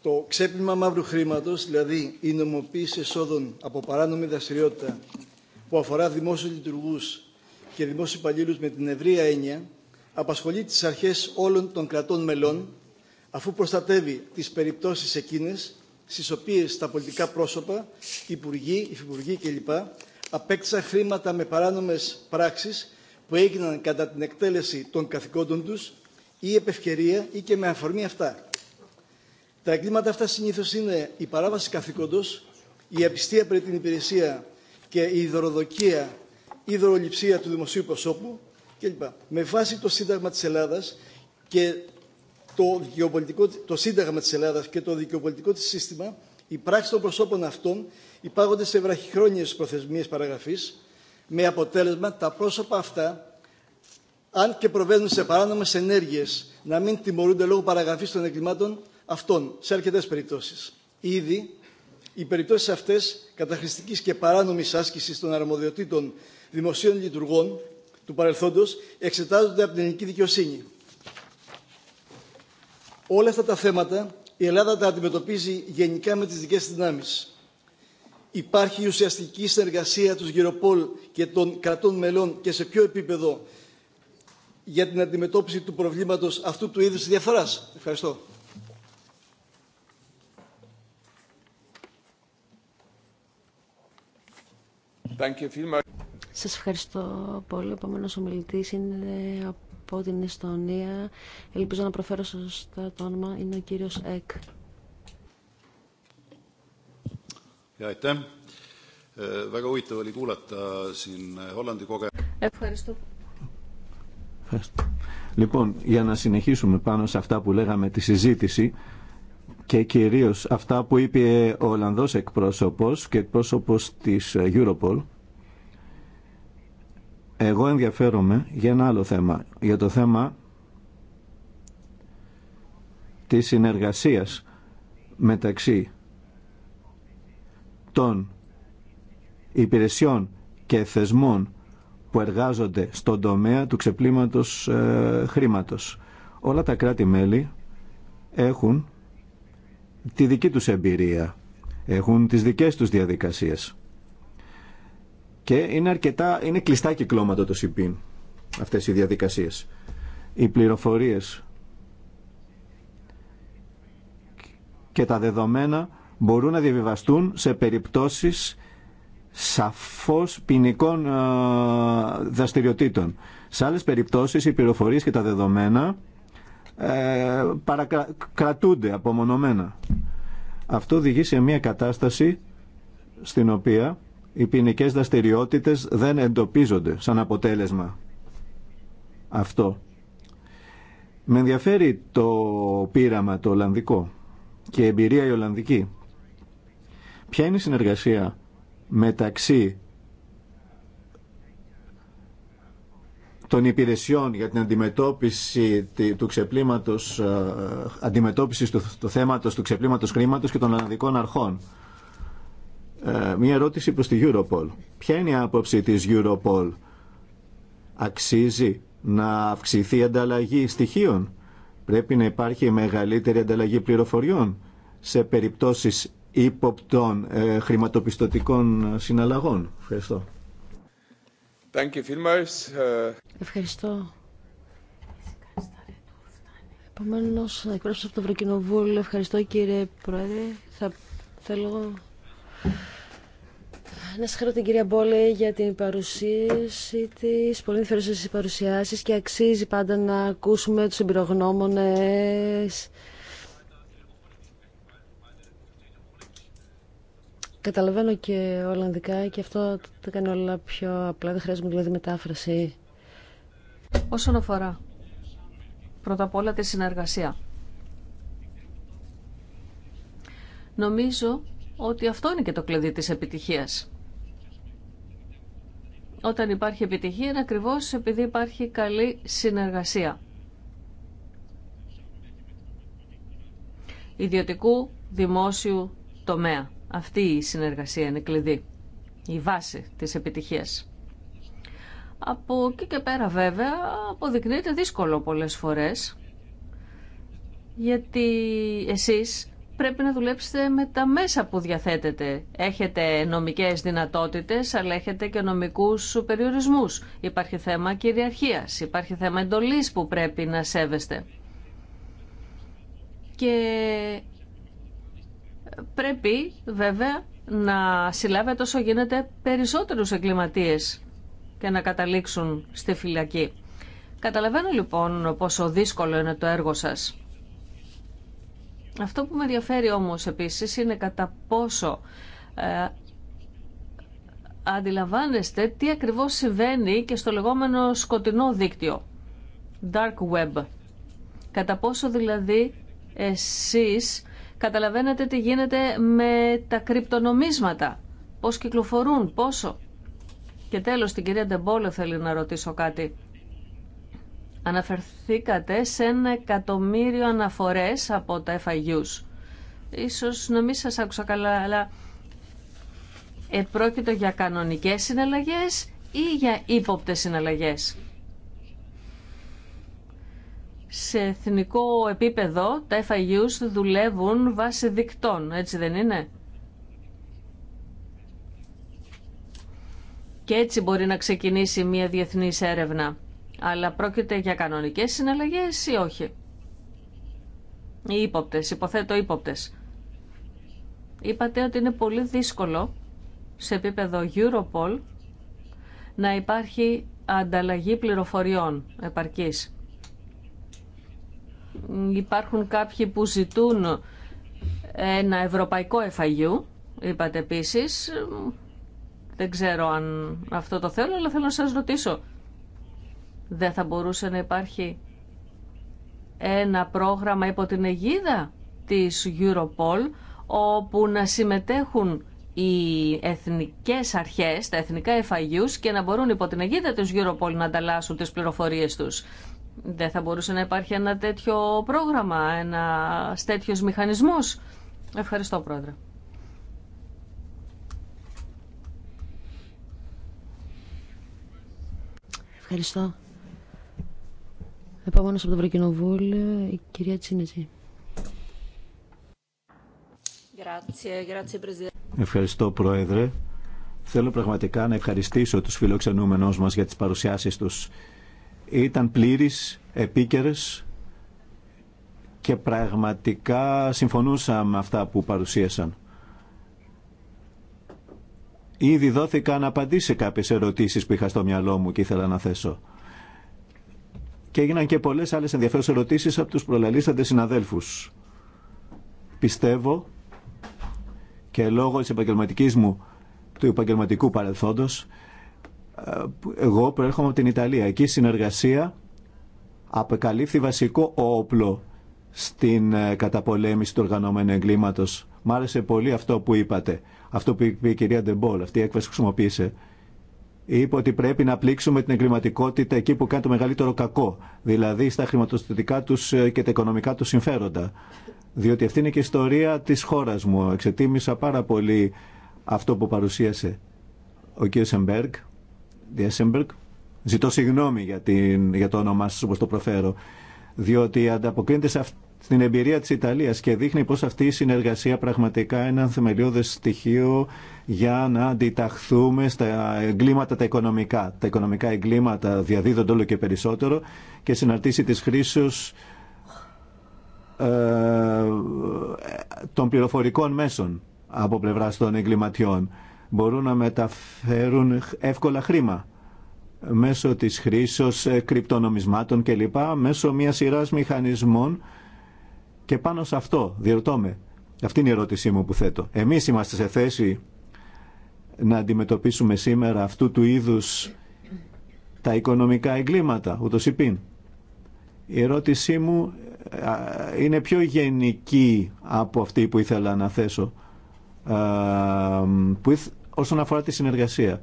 Speaker 7: Το ξέπλυμα μαύρου χρήματο, δηλαδή η νομοποίηση εσόδων από παράνομη δραστηριότητα που αφορά δημόσιου λειτουργού και δημόσιου υπαλλήλου με την ευρία έννοια, απασχολεί τις αρχές όλων των κρατών μελών, αφού προστατεύει τις περιπτώσεις εκείνες στις οποίες τα πολιτικά πρόσωπα, υπουργοί, υφυπουργοί κλπ. απέκτησαν χρήματα με παράνομες πράξεις που έγιναν κατά την εκτέλεση των καθηκόντων τους ή επευκαιρία ή και με αφορμή αυτά. Τα εγκλήματα αυτά συνήθως είναι η παράβαση καθήκοντος, η απιστία περί την υπηρεσία και η δωροδοκία ή δωροληψία του δημοσίου προσώπου, κλπ. Ε, με βάση το Σύνταγμα της Ελλάδας και το, δικαιοπολιτικό, το Σύνταγμα της Ελλάδας και το δικαιοπολιτικό της σύστημα, οι πράξεις των προσώπων αυτών υπάγονται σε βραχυχρόνιες προθεσμίες παραγραφής, με αποτέλεσμα τα πρόσωπα αυτά, αν και προβαίνουν σε παράνομες ενέργειες, να μην τιμωρούνται λόγω παραγραφής των εγκλημάτων αυτών, σε αρκετές περιπτώσεις. Ήδη, οι περιπτώσεις αυτές καταχρηστικής και παράνομης άσκησης των αρμοδιοτήτων δημοσίων λειτουργών του παρελθόντος εξετάζονται από την ελληνική δικαιοσύνη. Όλα αυτά τα θέματα η Ελλάδα τα αντιμετωπίζει γενικά με τις δικές της δυνάμεις. Υπάρχει ουσιαστική συνεργασία του Γεροπόλ και των κρατών μελών και σε ποιο επίπεδο για την αντιμετώπιση του προβλήματος αυτού του είδους διαφοράς. Ευχαριστώ.
Speaker 1: Thank
Speaker 3: σας ευχαριστώ πολύ. Ο επόμενος ομιλητής είναι από την Εστονία. Ελπίζω να προφέρω σωστά το όνομα. Είναι ο κύριος Εκ.
Speaker 6: Äh, äh, ευχαριστώ.
Speaker 4: Ευχαριστώ. Λοιπόν, για να συνεχίσουμε πάνω σε αυτά που λέγαμε τη συζήτηση και κυρίως αυτά που είπε ο Ολλανδός εκπρόσωπος και εκπρόσωπος της Europol, εγώ ενδιαφέρομαι για ένα άλλο θέμα, για το θέμα της συνεργασίας μεταξύ των υπηρεσιών και θεσμών που εργάζονται στον τομέα του ξεπλήματος ε, χρήματος. Όλα τα κράτη-μέλη έχουν τη δική τους εμπειρία, έχουν τις δικές τους διαδικασίες και είναι, αρκετά, είναι κλειστά κυκλώματα το ΣΥΠΗΝ αυτές οι διαδικασίες. Οι πληροφορίες και τα δεδομένα μπορούν να διαβιβαστούν σε περιπτώσεις σαφώς ποινικών ε, δραστηριοτήτων. Σε άλλες περιπτώσεις οι πληροφορίες και τα δεδομένα ε, παρακρατούνται απομονωμένα. Αυτό οδηγεί σε μια κατάσταση στην οποία οι ποινικέ δραστηριότητε δεν εντοπίζονται σαν αποτέλεσμα αυτό. Με ενδιαφέρει το πείραμα το Ολλανδικό και η εμπειρία η Ολλανδική. Ποια είναι η συνεργασία μεταξύ των υπηρεσιών για την αντιμετώπιση του ξεπλήματος, ε, αντιμετώπιση του, του θέματος του ξεπλήματος χρήματος και των Ολλανδικών αρχών. Ε, μια ερώτηση προς τη Europol. Ποια είναι η άποψη της Europol. Αξίζει να αυξηθεί η ανταλλαγή στοιχείων. Πρέπει να υπάρχει μεγαλύτερη ανταλλαγή πληροφοριών σε περιπτώσεις ύποπτων ε, χρηματοπιστωτικών συναλλαγών. Ευχαριστώ.
Speaker 1: Ε,
Speaker 3: ευχαριστώ. Επομένω, εκπρόσωπο από το Ευρωκοινοβούλιο, ευχαριστώ κύριε Πρόεδρε. Θα θέλω να συγχαρώ την κυρία Μπόλε για την παρουσίαση της, πολύ ενδιαφέρουσε τι παρουσιάσεις και αξίζει πάντα να ακούσουμε τους εμπειρογνώμονε. Καταλαβαίνω και ολλανδικά και αυτό το κάνει όλα πιο απλά, δεν χρειάζεται δηλαδή μετάφραση. Όσον αφορά
Speaker 2: πρώτα απ' όλα τη συνεργασία. Νομίζω ότι αυτό είναι και το κλειδί της επιτυχίας. Όταν υπάρχει επιτυχία είναι ακριβώς επειδή υπάρχει καλή συνεργασία. Ιδιωτικού δημόσιου τομέα. Αυτή η συνεργασία είναι κλειδί, η βάση της επιτυχίας. Από εκεί και πέρα βέβαια αποδεικνύεται δύσκολο πολλές φορές γιατί εσείς πρέπει να δουλέψετε με τα μέσα που διαθέτετε. Έχετε νομικές δυνατότητες, αλλά έχετε και νομικούς περιορισμούς. Υπάρχει θέμα κυριαρχίας, υπάρχει θέμα εντολής που πρέπει να σέβεστε. Και πρέπει βέβαια να συλλάβετε όσο γίνεται περισσότερους εγκληματίες και να καταλήξουν στη φυλακή. Καταλαβαίνω λοιπόν πόσο δύσκολο είναι το έργο σας. Αυτό που με ενδιαφέρει όμως επίσης είναι κατά πόσο ε, αντιλαμβάνεστε τι ακριβώς συμβαίνει και στο λεγόμενο σκοτεινό δίκτυο, dark web. Κατά πόσο δηλαδή εσείς καταλαβαίνετε τι γίνεται με τα κρυπτονομίσματα, πώς κυκλοφορούν, πόσο. Και τέλος την κυρία Ντεμπόλε θέλει να ρωτήσω κάτι. Αναφερθήκατε σε ένα εκατομμύριο αναφορές από τα FIUs. Ίσως να μην σας άκουσα καλά, αλλά επρόκειτο για κανονικές συναλλαγές ή για ύποπτες συναλλαγές. Σε εθνικό επίπεδο τα FIUs δουλεύουν βάσει δικτών, έτσι δεν είναι. Και έτσι μπορεί να ξεκινήσει μια διεθνής έρευνα. Αλλά πρόκειται για κανονικές συναλλαγές ή όχι. Οι υποθέτω ύποπτες. Είπατε ότι είναι πολύ δύσκολο σε επίπεδο Europol να υπάρχει ανταλλαγή πληροφοριών επαρκής. Υπάρχουν κάποιοι που ζητούν ένα ευρωπαϊκό FIU, είπατε επίσης. Δεν ξέρω αν αυτό το θέλω, αλλά θέλω να σας ρωτήσω. Δεν θα μπορούσε να υπάρχει ένα πρόγραμμα υπό την αιγίδα της Europol όπου να συμμετέχουν οι εθνικές αρχές, τα εθνικά FIUs και να μπορούν υπό την αιγίδα της Europol να ανταλλάσσουν τις πληροφορίες τους. Δεν θα μπορούσε να υπάρχει ένα τέτοιο πρόγραμμα, ένα τέτοιο μηχανισμός. Ευχαριστώ
Speaker 3: Πρόεδρε. Ευχαριστώ. Επόμενος από το Ευρωκοινοβούλιο, η κυρία Τσίνετζη.
Speaker 4: Ευχαριστώ, Πρόεδρε. Θέλω πραγματικά να ευχαριστήσω τους φιλοξενούμενους μας για τις παρουσιάσεις τους. Ήταν πλήρεις, επίκαιρες και πραγματικά συμφωνούσα με αυτά που παρουσίασαν. Ήδη δόθηκαν απαντήσει σε κάποιες ερωτήσεις που είχα στο μυαλό μου και ήθελα να θέσω και έγιναν και πολλέ άλλε ενδιαφέρουσες ερωτήσεις από τους προλαλήσαντε συναδέλφου. Πιστεύω και λόγω τη επαγγελματική μου, του επαγγελματικού παρελθόντος, ε, εγώ προέρχομαι από την Ιταλία. Εκεί η συνεργασία απεκαλύφθη βασικό όπλο στην ε, καταπολέμηση του οργανωμένου εγκλήματος. Μ' άρεσε πολύ αυτό που είπατε, αυτό που είπε η κυρία Ντεμπόλ, αυτή η έκφραση που χρησιμοποίησε είπε ότι πρέπει να πλήξουμε την εγκληματικότητα εκεί που κάνει το μεγαλύτερο κακό, δηλαδή στα χρηματοστατικά τους ε, και τα οικονομικά τους συμφέροντα. Διότι αυτή είναι και η ιστορία της χώρας μου. Εξετίμησα πάρα πολύ αυτό που παρουσίασε ο κ. Σεμπέργκ, Ζητώ συγγνώμη για, την, για το όνομά σας όπως το προφέρω, διότι ανταποκρίνεται σε αυτό στην εμπειρία της Ιταλίας και δείχνει πως αυτή η συνεργασία πραγματικά είναι ένα θεμελιώδες στοιχείο για να αντιταχθούμε στα εγκλήματα τα οικονομικά. Τα οικονομικά εγκλήματα διαδίδονται όλο και περισσότερο και συναρτήσει της χρήσεως ε, των πληροφορικών μέσων από πλευράς των εγκληματιών. Μπορούν να μεταφέρουν εύκολα χρήμα μέσω της χρήσεως κρυπτονομισμάτων κλπ. μέσω μιας σειράς μηχανισμών και πάνω σε αυτό διερωτώ αυτή είναι η ερώτησή μου που θέτω. Εμείς είμαστε σε θέση να αντιμετωπίσουμε σήμερα αυτού του είδους τα οικονομικά εγκλήματα, ούτως πιν Η ερώτησή μου είναι πιο γενική από αυτή που ήθελα να θέσω που όσον αφορά τη συνεργασία.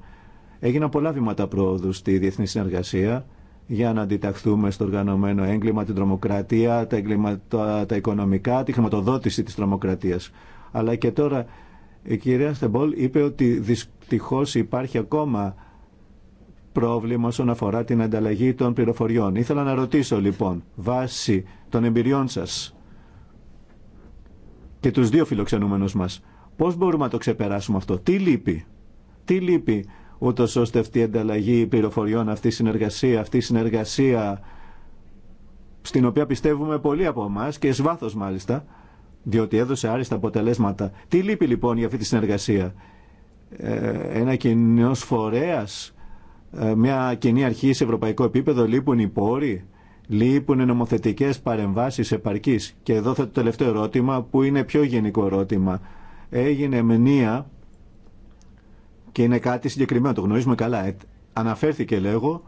Speaker 4: Έγιναν πολλά βήματα πρόοδου στη διεθνή συνεργασία για να αντιταχθούμε στο οργανωμένο έγκλημα, την τρομοκρατία, τα, εγκλημα τα οικονομικά, τη χρηματοδότηση της τρομοκρατίας. Αλλά και τώρα η κυρία Στεμπόλ είπε ότι δυστυχώ υπάρχει ακόμα πρόβλημα όσον αφορά την ανταλλαγή των πληροφοριών. Ήθελα να ρωτήσω λοιπόν, βάσει των εμπειριών σας και τους δύο φιλοξενούμενους μας, πώς μπορούμε να το ξεπεράσουμε αυτό, τι λείπει, τι λείπει ούτω ώστε αυτή η ανταλλαγή πληροφοριών, αυτή η συνεργασία, αυτή η συνεργασία στην οποία πιστεύουμε πολλοί από εμά και εις βάθος μάλιστα, διότι έδωσε άριστα αποτελέσματα. Τι λείπει λοιπόν για αυτή τη συνεργασία. Ε, ένα κοινό φορέα, ε, μια κοινή αρχή σε ευρωπαϊκό επίπεδο, λείπουν οι πόροι, λείπουν νομοθετικέ παρεμβάσει επαρκή. Και εδώ θα το τελευταίο ερώτημα, που είναι πιο γενικό ερώτημα. Έγινε μνήμα και είναι κάτι συγκεκριμένο, το γνωρίζουμε καλά. Ε, αναφέρθηκε, λέγω,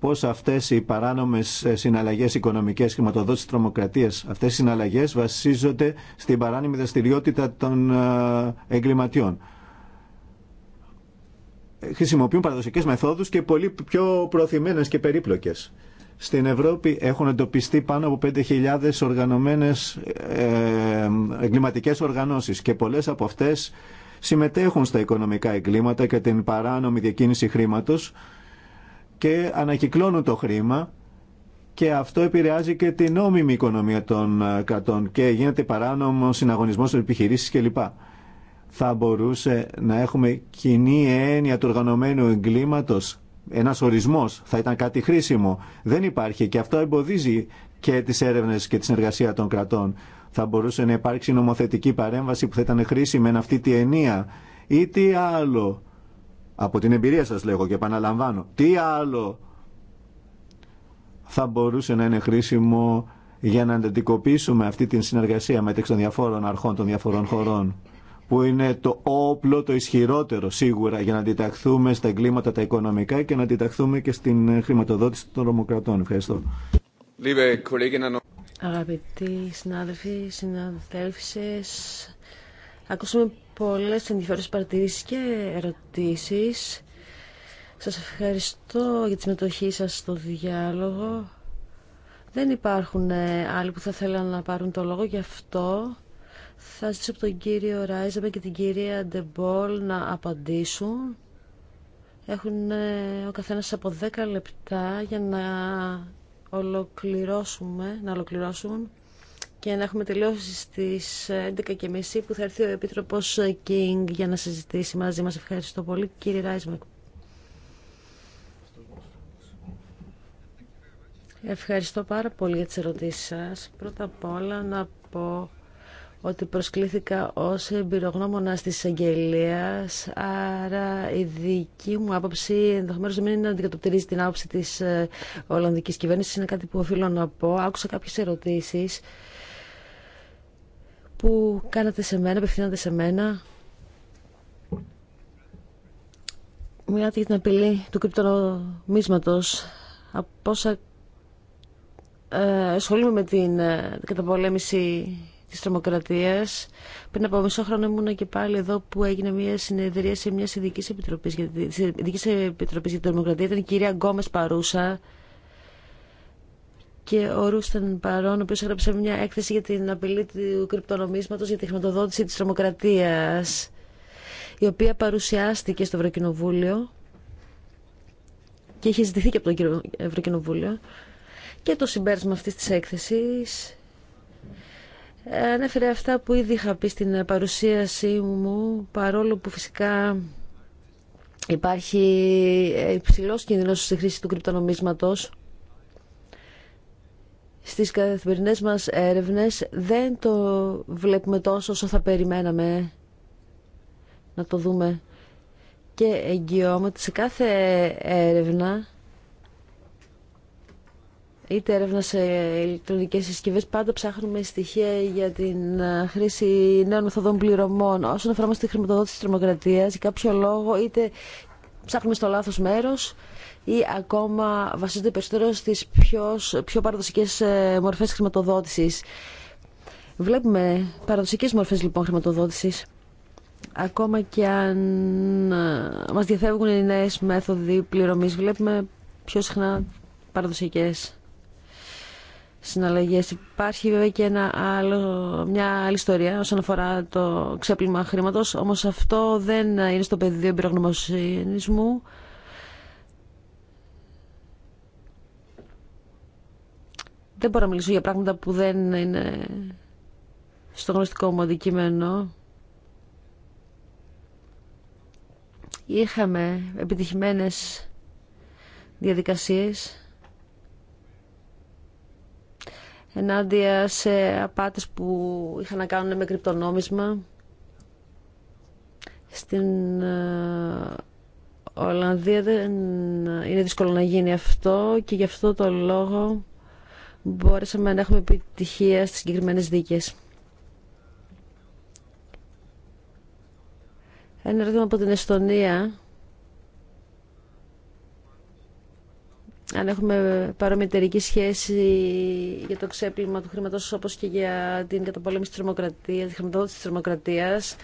Speaker 4: πώ αυτέ οι παράνομε συναλλαγέ οικονομικέ χρηματοδότηση τρομοκρατία, αυτέ οι συναλλαγέ βασίζονται στην παράνομη δραστηριότητα των ε, εγκληματιών. Ε, χρησιμοποιούν παραδοσιακέ μεθόδου και πολύ πιο προωθημένε και περίπλοκες. Στην Ευρώπη έχουν εντοπιστεί πάνω από 5.000 οργανωμένες εγκληματικές οργανώσεις και πολλές από αυτές συμμετέχουν στα οικονομικά εγκλήματα και την παράνομη διακίνηση χρήματος και ανακυκλώνουν το χρήμα και αυτό επηρεάζει και την νόμιμη οικονομία των ε, κρατών και γίνεται παράνομο συναγωνισμό των επιχειρήσει κλπ. Θα μπορούσε να έχουμε κοινή έννοια του οργανωμένου εγκλήματο, ένα ορισμό, θα ήταν κάτι χρήσιμο. Δεν υπάρχει και αυτό εμποδίζει και τι έρευνε και τη συνεργασία των κρατών. Θα μπορούσε να υπάρξει νομοθετική παρέμβαση που θα ήταν χρήσιμη με αυτή τη ενία ή τι άλλο. Από την εμπειρία σας λέγω και επαναλαμβάνω. Τι άλλο θα μπορούσε να είναι χρήσιμο για να αντικοποιήσουμε αυτή την συνεργασία μεταξύ των διαφόρων αρχών των διαφορών χωρών που είναι το όπλο το ισχυρότερο σίγουρα για να αντιταχθούμε στα εγκλήματα τα οικονομικά και να αντιταχθούμε και στην χρηματοδότηση των ρομοκρατών. Ευχαριστώ.
Speaker 3: Αγαπητοί συνάδελφοι, συναδέλφισες, ακούσαμε πολλές ενδιαφέρουσες παρατηρήσεις και ερωτήσεις. Σας ευχαριστώ για τη συμμετοχή σας στο διάλογο. Δεν υπάρχουν ε, άλλοι που θα θέλουν να πάρουν το λόγο, γι' αυτό θα ζητήσω από τον κύριο Ράιζαμπε και την κυρία Ντεμπόλ να απαντήσουν. Έχουν ε, ο καθένας από 10 λεπτά για να ολοκληρώσουμε, να ολοκληρώσουμε και να έχουμε τελειώσει στις 11.30 που θα έρθει ο Επίτροπος King, για να συζητήσει μαζί μας. Ευχαριστώ πολύ κύριε Ράισμεκ. Ευχαριστώ πάρα πολύ για τις ερωτήσεις σας. Πρώτα απ' όλα να πω ότι προσκλήθηκα ως εμπειρογνώμονα της αγγελίας, άρα η δική μου άποψη ενδεχομένως δεν είναι να αντικατοπτρίζει την άποψη της ε, Ολλανδικής κυβέρνησης, είναι κάτι που οφείλω να πω. Άκουσα κάποιες ερωτήσεις που κάνατε σε μένα, απευθύνατε σε μένα. Μιλάτε για την απειλή του κρυπτονομίσματος. Από όσα ε, ασχολούμαι με την ε, καταπολέμηση Τη τρομοκρατία, Πριν από μισό χρόνο ήμουν και πάλι εδώ που έγινε μια συνεδρία σε μια ειδική επιτροπή για την τρομοκρατία. Ήταν η κυρία Γκόμες παρούσα και ο Ρούσταν Παρόν, ο οποίο έγραψε μια έκθεση για την απειλή του κρυπτονομίσματο για τη χρηματοδότηση τη τρομοκρατία, η οποία παρουσιάστηκε στο Ευρωκοινοβούλιο και είχε ζητηθεί και από το Ευρωκοινοβούλιο και το συμπέρασμα αυτής της έκθεσης Ανέφερε αυτά που ήδη είχα πει στην παρουσίασή μου, παρόλο που φυσικά υπάρχει υψηλός κίνδυνος στη χρήση του κρυπτονομίσματος. Στις καθημερινές μας έρευνες δεν το βλέπουμε τόσο όσο θα περιμέναμε να το δούμε. Και εγγυώμαι ότι σε κάθε έρευνα είτε έρευνα σε ηλεκτρονικέ συσκευέ πάντα ψάχνουμε στοιχεία για την ε, χρήση νέων μεθοδών πληρωμών. Όσον αφορά στη χρηματοδότηση τη τρομοκρατία, για κάποιο λόγο είτε ψάχνουμε στο λάθος μέρος ή ακόμα βασίζονται περισσότερο στις πιο, πιο παραδοσικές ε, μορφές χρηματοδότησης. Βλέπουμε παραδοσικές μορφέ λοιπόν χρηματοδότηση, ακόμα και αν ε, μας διαφεύγουν οι νέες μέθοδοι πληρωμής βλέπουμε πιο συχνά παραδοσιακέ συναλλαγές. Υπάρχει βέβαια και ένα άλλο, μια άλλη ιστορία όσον αφορά το ξέπλυμα χρήματος, όμως αυτό δεν είναι στο πεδίο εμπειρογνωμοσύνης μου. Δεν μπορώ να μιλήσω για πράγματα που δεν είναι στο γνωστικό μου αντικείμενο. Είχαμε επιτυχημένες διαδικασίες ενάντια σε απάτες που είχαν να κάνουν με κρυπτονόμισμα. Στην ε, Ολλανδία δεν ε, είναι δύσκολο να γίνει αυτό και γι' αυτό το λόγο μπόρεσαμε να έχουμε επιτυχία στις συγκεκριμένες δίκες. Ένα ερώτημα από την Εστονία αν έχουμε παρομητερική σχέση για το ξέπλυμα του χρηματο όπω και για την καταπολέμηση τη τρομοκρατία, τη χρηματοδότηση τη τρομοκρατίας.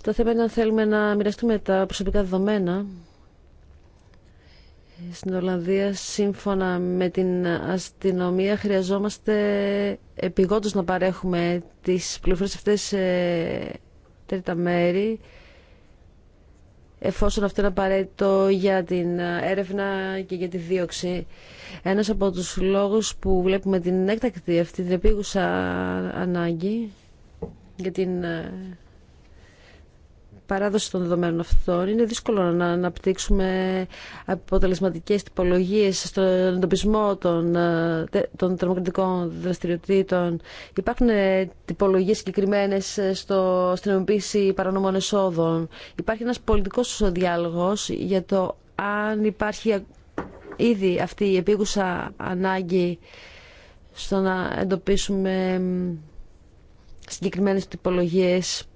Speaker 3: Το θέμα είναι αν θέλουμε να μοιραστούμε τα προσωπικά δεδομένα. Στην Ολλανδία, σύμφωνα με την αστυνομία, χρειαζόμαστε επιγόντως να παρέχουμε τις πληροφορίες αυτές σε τρίτα μέρη εφόσον αυτό είναι απαραίτητο για την έρευνα και για τη δίωξη. Ένας από τους λόγους που βλέπουμε την έκτακτη αυτή την επίγουσα ανάγκη για την ε, παράδοση των δεδομένων αυτών είναι δύσκολο να αναπτύξουμε αποτελεσματικές τυπολογίες στον εντοπισμό των, ε, των τρομοκρατικών δραστηριοτήτων. Υπάρχουν ε, τυπολογίες συγκεκριμένε ε, στο, στην παρανομών εσόδων. Υπάρχει ένας πολιτικός διάλογος για το αν υπάρχει ήδη αυτή η επίγουσα ανάγκη στο να εντοπίσουμε συγκεκριμένες τυπολογίες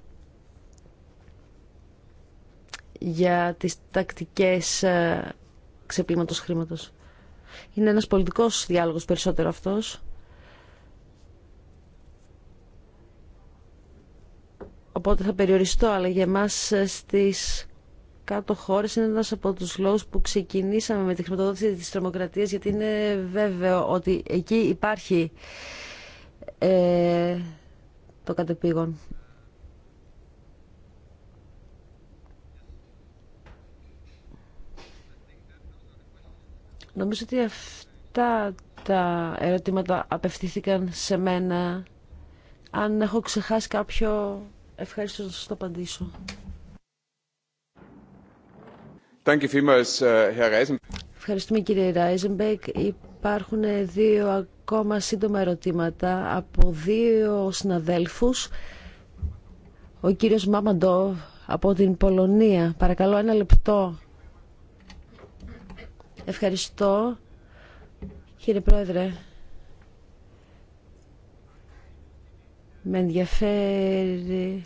Speaker 3: για τις τακτικές ε, ξεπλήματος χρήματος. Είναι ένας πολιτικός διάλογος περισσότερο αυτός. Οπότε θα περιοριστώ, αλλά για εμάς ε, στις κάτω χώρες είναι ένας από τους λόγους που ξεκινήσαμε με τη χρηματοδότηση της τρομοκρατίας, γιατί είναι βέβαιο ότι εκεί υπάρχει ε, το κατεπήγον. Νομίζω ότι αυτά τα ερωτήματα απευθύνθηκαν σε μένα. Αν έχω ξεχάσει κάποιο, ευχαριστώ να σα το απαντήσω.
Speaker 1: Äh,
Speaker 3: Ευχαριστούμε κύριε Ράιζενμπεκ. Υπάρχουν δύο ακόμα σύντομα ερωτήματα από δύο συναδέλφους. Ο κύριος Μάμαντο από την Πολωνία. Παρακαλώ ένα λεπτό. Ευχαριστώ, κύριε Πρόεδρε. Με ενδιαφέρει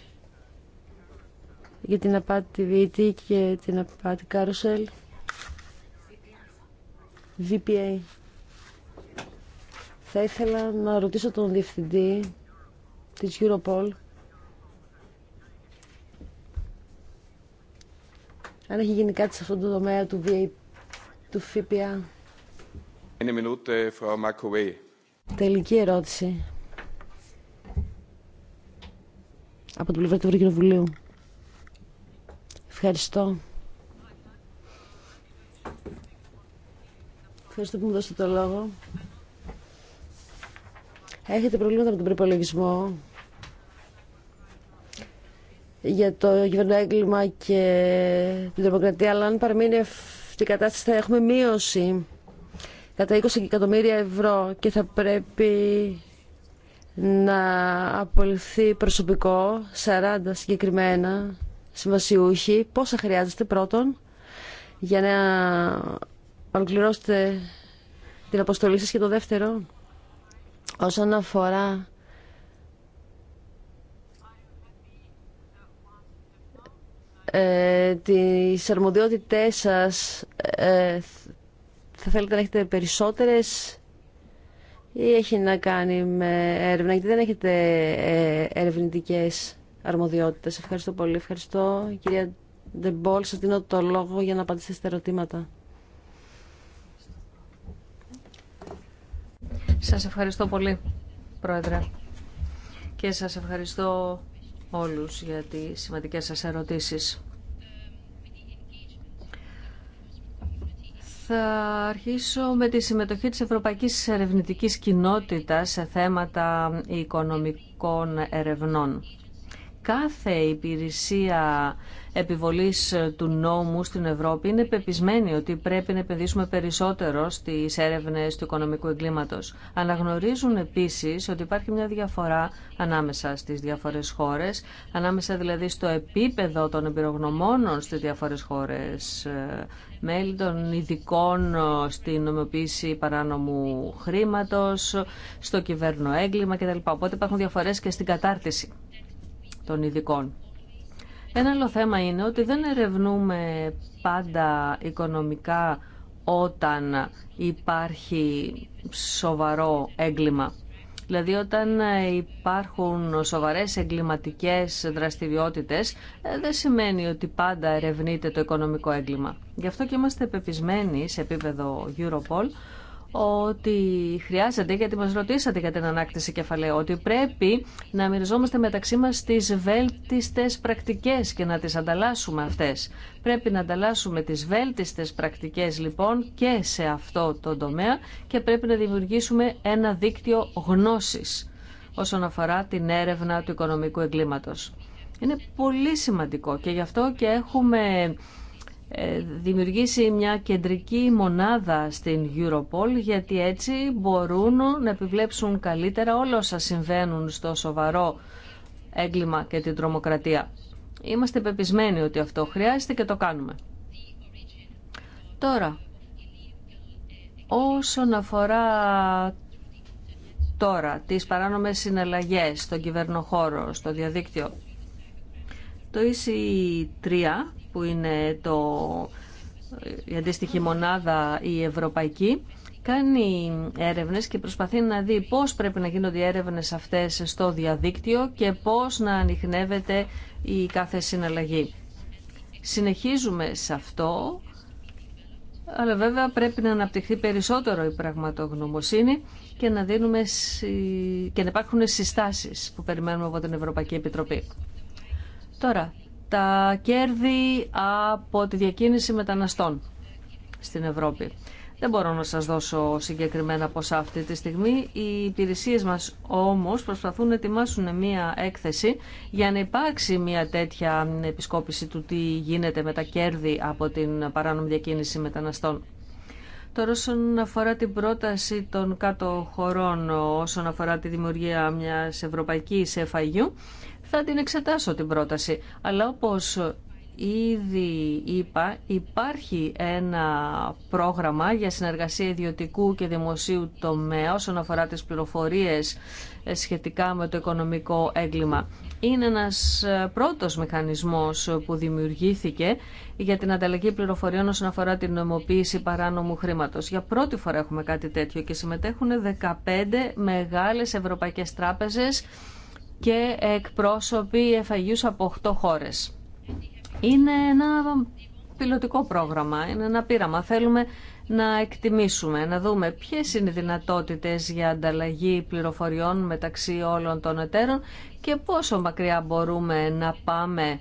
Speaker 3: για την απάτη Βίτη και την απάτη καρουσέλ. VPA. Θα ήθελα να ρωτήσω τον διευθυντή της Europol αν έχει γίνει κάτι σε αυτό το τομέα του VAP του ΦΠΑ. Τελική ερώτηση. Από την πλευρά του Ευρωκοινοβουλίου. Ευχαριστώ. Ευχαριστώ που μου δώσετε το λόγο. Έχετε προβλήματα με τον προπολογισμό για το κυβερνό έγκλημα και την τρομοκρατία, αλλά αν παραμείνει αυτή κατάσταση θα έχουμε μείωση κατά 20 εκατομμύρια ευρώ και θα πρέπει να απολυθεί προσωπικό, 40 συγκεκριμένα συμβασιούχοι. Πόσα χρειάζεστε πρώτον για να ολοκληρώσετε την αποστολή σας και το δεύτερο όσον αφορά ε, τις αρμοδιότητές σας ε, θα θέλετε να έχετε περισσότερες ή έχει να κάνει με έρευνα, γιατί δεν έχετε ε, ερευνητικές αρμοδιότητες. Ευχαριστώ πολύ. Ευχαριστώ, κυρία Ντεμπόλ. Σας δίνω το λόγο για να απαντήσετε στα ερωτήματα.
Speaker 2: Σας ευχαριστώ πολύ, Πρόεδρε. Και σας ευχαριστώ όλους για τις σημαντικές σας ερωτήσεις. Θα αρχίσω με τη συμμετοχή της Ευρωπαϊκής Ερευνητικής Κοινότητας σε θέματα οικονομικών ερευνών κάθε υπηρεσία επιβολής του νόμου στην Ευρώπη είναι πεπισμένη ότι πρέπει να επενδύσουμε περισσότερο στις έρευνες του οικονομικού εγκλήματος. Αναγνωρίζουν επίσης ότι υπάρχει μια διαφορά ανάμεσα στις διάφορες χώρες, ανάμεσα δηλαδή στο επίπεδο των εμπειρογνωμόνων στις διάφορες χώρες ε, μέλη των ειδικών ε, στην νομιμοποίηση παράνομου χρήματος, στο κυβέρνο έγκλημα κτλ. Οπότε υπάρχουν διαφορές και στην κατάρτιση των ειδικών. Ένα άλλο θέμα είναι ότι δεν ερευνούμε πάντα οικονομικά όταν υπάρχει σοβαρό έγκλημα. Δηλαδή όταν υπάρχουν σοβαρές εγκληματικές δραστηριότητες ε, δεν σημαίνει ότι πάντα ερευνείται το οικονομικό έγκλημα. Γι' αυτό και είμαστε πεπισμένοι σε επίπεδο Europol ότι χρειάζεται, γιατί μας ρωτήσατε για την ανάκτηση κεφαλαίου, ότι πρέπει να μοιριζόμαστε μεταξύ μας τις βέλτιστες πρακτικές και να τις ανταλλάσσουμε αυτές. Πρέπει να ανταλλάσσουμε τις βέλτιστες πρακτικές λοιπόν και σε αυτό το τομέα και πρέπει να δημιουργήσουμε ένα δίκτυο γνώσης όσον αφορά την έρευνα του οικονομικού εγκλήματος. Είναι πολύ σημαντικό και γι' αυτό και έχουμε ε, δημιουργήσει μια κεντρική μονάδα στην Europol γιατί έτσι μπορούν να επιβλέψουν καλύτερα όλα όσα συμβαίνουν στο σοβαρό έγκλημα και την τρομοκρατία. Είμαστε πεπισμένοι ότι αυτό χρειάζεται και το κάνουμε. Τώρα, όσον αφορά τώρα τις παράνομες συναλλαγές στον κυβερνοχώρο, στο διαδίκτυο, το EC3 που είναι το, η αντίστοιχη μονάδα η ευρωπαϊκή, κάνει έρευνες και προσπαθεί να δει πώς πρέπει να γίνονται οι έρευνες αυτές στο διαδίκτυο και πώς να ανοιχνεύεται η κάθε συναλλαγή. Συνεχίζουμε σε αυτό, αλλά βέβαια πρέπει να αναπτυχθεί περισσότερο η πραγματογνωμοσύνη και να, δίνουμε, και να υπάρχουν συστάσεις που περιμένουμε από την Ευρωπαϊκή Επιτροπή. Τώρα, τα κέρδη από τη διακίνηση μεταναστών στην Ευρώπη. Δεν μπορώ να σας δώσω συγκεκριμένα ποσά αυτή τη στιγμή. Οι υπηρεσίες μας όμως προσπαθούν να ετοιμάσουν μια έκθεση για να υπάρξει μια τέτοια επισκόπηση του τι γίνεται με τα κέρδη από την παράνομη διακίνηση μεταναστών. Τώρα όσον αφορά την πρόταση των κάτω χωρών όσον αφορά τη δημιουργία μιας ευρωπαϊκής FIU, θα την εξετάσω την πρόταση. Αλλά όπως ήδη είπα, υπάρχει ένα πρόγραμμα για συνεργασία ιδιωτικού και δημοσίου τομέα όσον αφορά τις πληροφορίες ε, σχετικά με το οικονομικό έγκλημα. Είναι ένας ε, πρώτος μηχανισμός που δημιουργήθηκε για την ανταλλαγή πληροφοριών όσον αφορά την νομοποίηση παράνομου χρήματος. Για πρώτη φορά έχουμε κάτι τέτοιο και συμμετέχουν 15 μεγάλες ευρωπαϊκές τράπεζες και εκπρόσωποι εφαγίου από 8 χώρες. Είναι ένα πιλωτικό πρόγραμμα, είναι ένα πείραμα. Θέλουμε να εκτιμήσουμε, να δούμε ποιες είναι οι δυνατότητες για ανταλλαγή πληροφοριών μεταξύ όλων των εταίρων και πόσο μακριά μπορούμε να πάμε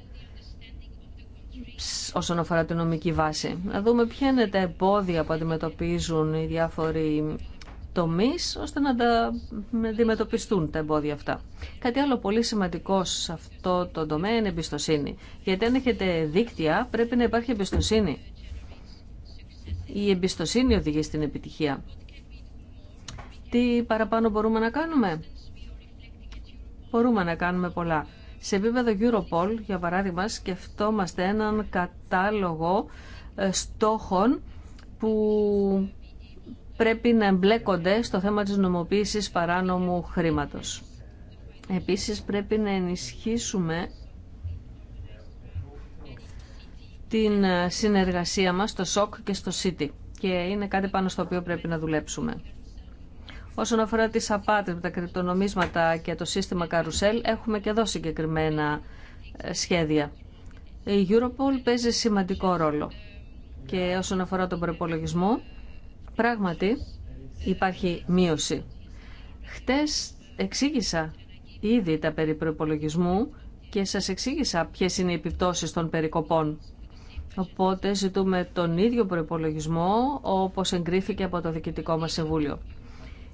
Speaker 2: όσον αφορά την νομική βάση. Να δούμε ποια είναι τα εμπόδια που αντιμετωπίζουν οι διάφοροι ώστε να τα αντιμετωπιστούν τα εμπόδια αυτά. Κάτι άλλο πολύ σημαντικό σε αυτό το τομέα είναι εμπιστοσύνη. Γιατί αν έχετε δίκτυα πρέπει να υπάρχει εμπιστοσύνη. Η εμπιστοσύνη οδηγεί στην επιτυχία. Τι παραπάνω μπορούμε να κάνουμε? Μπορούμε να κάνουμε πολλά. Σε επίπεδο Europol, για παράδειγμα, σκεφτόμαστε έναν κατάλογο ε, στόχων που πρέπει να εμπλέκονται στο θέμα της νομοποίησης παράνομου χρήματος. Επίσης πρέπει να ενισχύσουμε την συνεργασία μας στο ΣΟΚ και στο ΣΥΤΙ και είναι κάτι πάνω στο οποίο πρέπει να δουλέψουμε. Όσον αφορά τις απάτες με τα κρυπτονομίσματα και το σύστημα καρουσέλ, έχουμε και εδώ συγκεκριμένα ε, σχέδια. Η Europol παίζει σημαντικό ρόλο. Και όσον αφορά τον προπολογισμό, Πράγματι υπάρχει μείωση. Χτες εξήγησα ήδη τα περί προπολογισμού και σας εξήγησα ποιες είναι οι επιπτώσεις των περικοπών. Οπότε ζητούμε τον ίδιο προπολογισμό όπως εγκρίθηκε από το Διοικητικό μας Συμβούλιο.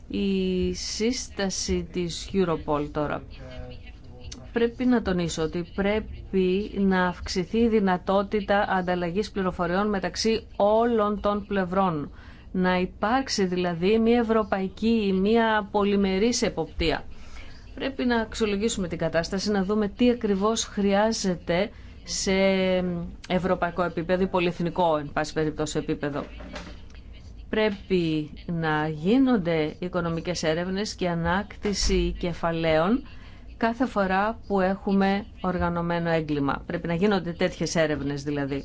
Speaker 2: Η σύσταση της Europol τώρα. Πρέπει να τονίσω ότι πρέπει να αυξηθεί η δυνατότητα ανταλλαγής πληροφοριών μεταξύ όλων των πλευρών να υπάρξει δηλαδή μια ευρωπαϊκή, μια πολυμερής εποπτεία. Πρέπει να αξιολογήσουμε την κατάσταση, να δούμε τι ακριβώς χρειάζεται σε ευρωπαϊκό επίπεδο ή πολυεθνικό, εν πάση περιπτώσει, επίπεδο. Πρέπει να γίνονται οικονομικές έρευνες και ανάκτηση κεφαλαίων κάθε φορά που έχουμε οργανωμένο έγκλημα. Πρέπει να γίνονται τέτοιες έρευνες δηλαδή.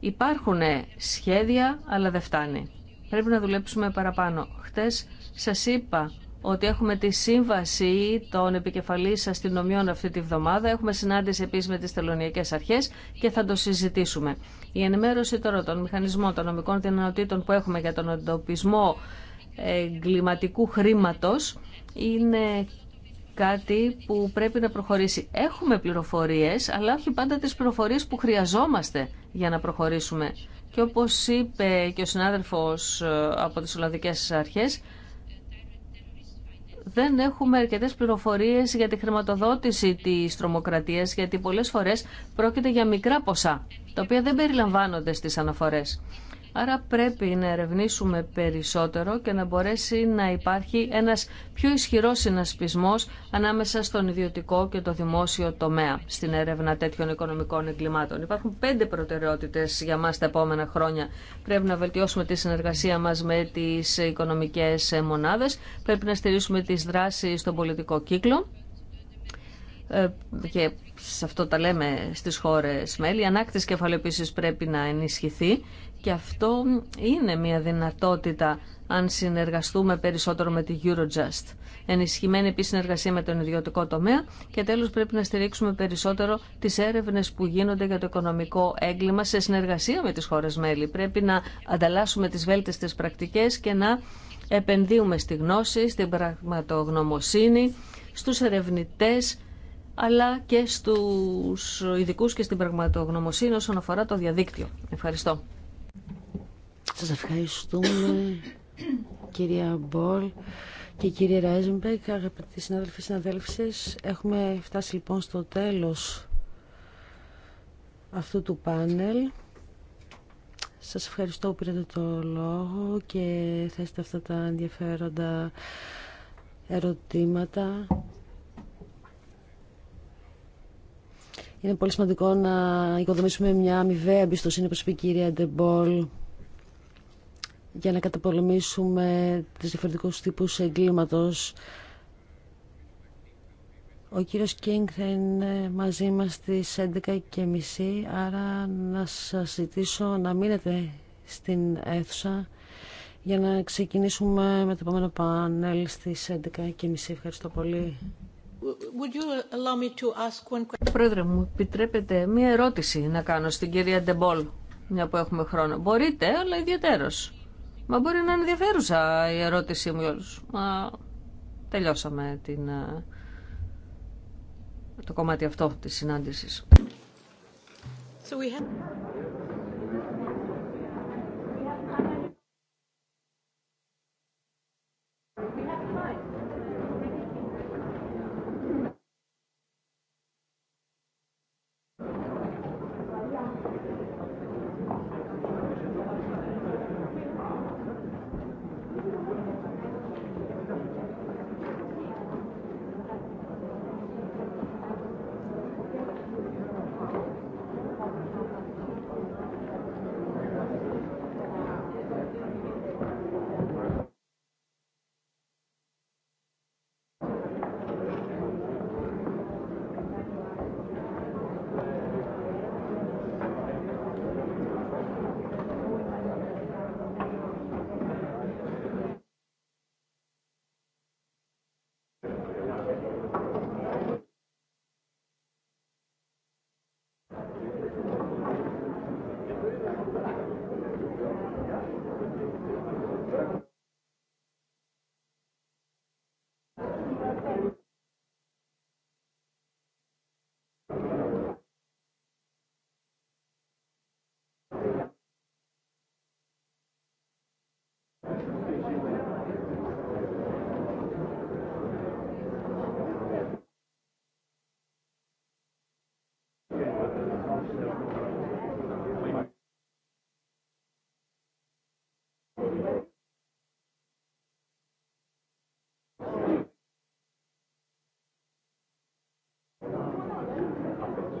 Speaker 2: Υπάρχουν σχέδια, αλλά δεν φτάνει. Πρέπει να δουλέψουμε παραπάνω. Χτες σας είπα ότι έχουμε τη σύμβαση των επικεφαλής αστυνομιών αυτή τη βδομάδα. Έχουμε συνάντηση επίσης με τις τελωνιακές αρχές και θα το συζητήσουμε. Η ενημέρωση τώρα των μηχανισμών των νομικών δυνατοτήτων που έχουμε για τον εντοπισμό εγκληματικού χρήματος είναι κάτι που πρέπει να προχωρήσει. Έχουμε πληροφορίες, αλλά όχι πάντα τις πληροφορίες που χρειαζόμαστε για να προχωρήσουμε. Και όπως είπε και ο συνάδελφος ε, από τις Ολλανδικές Αρχές, δεν έχουμε αρκετέ πληροφορίε για τη χρηματοδότηση τη τρομοκρατία, γιατί πολλέ φορέ πρόκειται για μικρά ποσά, τα οποία δεν περιλαμβάνονται στι αναφορέ. Άρα πρέπει να ερευνήσουμε περισσότερο και να μπορέσει να υπάρχει ένας πιο ισχυρός συνασπισμός ανάμεσα στον ιδιωτικό και το δημόσιο τομέα στην έρευνα τέτοιων οικονομικών εγκλημάτων. Υπάρχουν πέντε προτεραιότητες για μας τα επόμενα χρόνια. Πρέπει να βελτιώσουμε τη συνεργασία μας με τις οικονομικές μονάδες, πρέπει να στηρίσουμε τις δράσεις στον πολιτικό κύκλο, ε, και σε αυτό τα λέμε στις χώρες μέλη. Η ανάκτηση κεφαλαιοποίησης πρέπει να ενισχυθεί και αυτό είναι μια δυνατότητα αν συνεργαστούμε περισσότερο με τη Eurojust. Ενισχυμένη επίση συνεργασία με τον ιδιωτικό τομέα και τέλο πρέπει να στηρίξουμε περισσότερο τι έρευνε που γίνονται για το οικονομικό έγκλημα σε συνεργασία με τι χώρε μέλη. Πρέπει να ανταλλάσσουμε τις βέλτιστες πρακτικές και να επενδύουμε στη γνώση, στην πραγματογνωμοσύνη, στου ερευνητέ, αλλά και στους ειδικού και στην πραγματογνωμοσύνη όσον αφορά το διαδίκτυο. Ευχαριστώ.
Speaker 3: Σας ευχαριστούμε κυρία Μπόλ και κύριε Ράιζενμπεκ, αγαπητοί συνάδελφοι, συναδέλφισες. Έχουμε φτάσει λοιπόν στο τέλος αυτού του πάνελ. Σας ευχαριστώ που πήρατε το λόγο και θέσετε αυτά τα ενδιαφέροντα ερωτήματα. Είναι πολύ σημαντικό να οικοδομήσουμε μια αμοιβαία εμπιστοσύνη προς την κυρία Ντεμπόλ για να καταπολεμήσουμε τις διαφορετικούς τύπους εγκλήματος. Ο κύριος Κίνγκ θα είναι μαζί μας στις 11.30, άρα να σας ζητήσω να μείνετε στην αίθουσα για να ξεκινήσουμε με το επόμενο πάνελ στις 11.30. Ευχαριστώ πολύ.
Speaker 2: Would Πρόεδρε, μου επιτρέπετε μία ερώτηση να κάνω στην κυρία Ντεμπόλ, μια που έχουμε χρόνο. Μπορείτε, αλλά ιδιαίτερος. Μα μπορεί να είναι ενδιαφέρουσα η ερώτησή μου όλους. Μα τελειώσαμε την, ε, το κομμάτι αυτό της συνάντησης.
Speaker 6: So we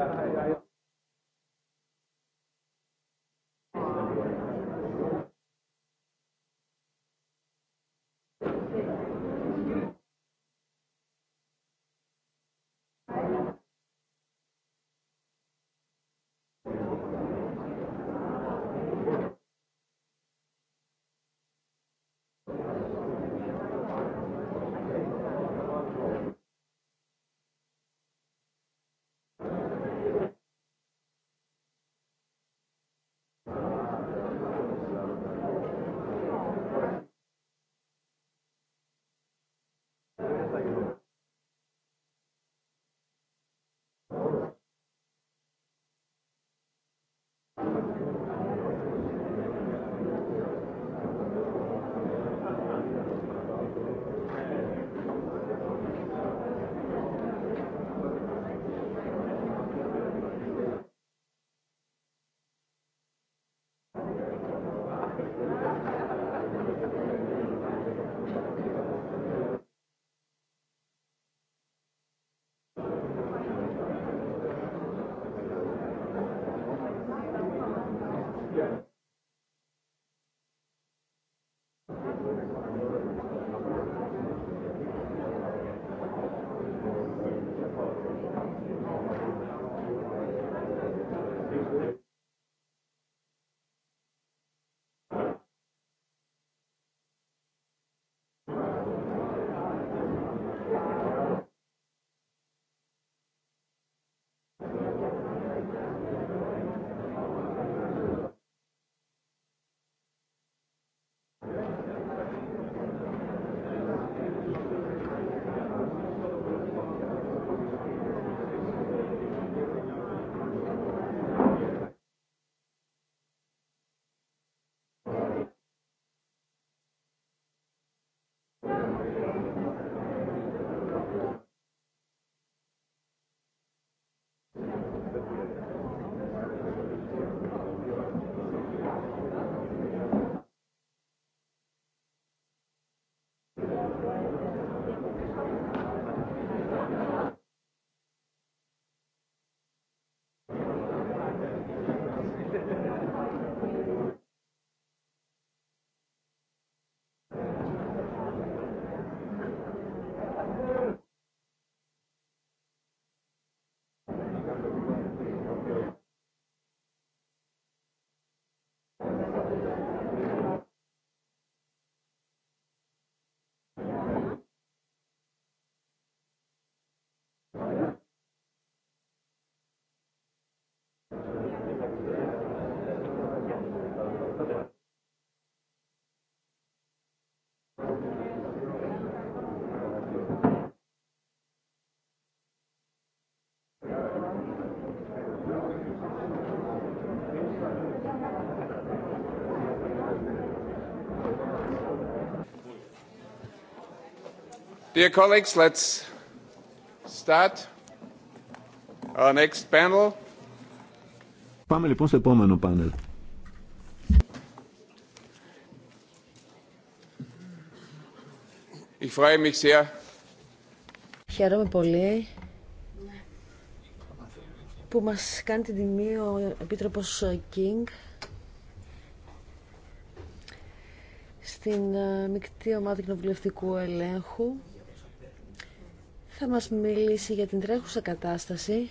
Speaker 6: Yeah, I, I... Thank you.
Speaker 1: Dear colleagues, let's start our next panel.
Speaker 4: Πάμε λοιπόν στο επόμενο πάνελ.
Speaker 1: Ich freue mich sehr.
Speaker 3: Χαίρομαι πολύ που μας κάνει την τιμή ο Επίτροπος Κίνγκ στην ε, μικτή ομάδα κοινοβουλευτικού ελέγχου. Θα μας μιλήσει για την τρέχουσα κατάσταση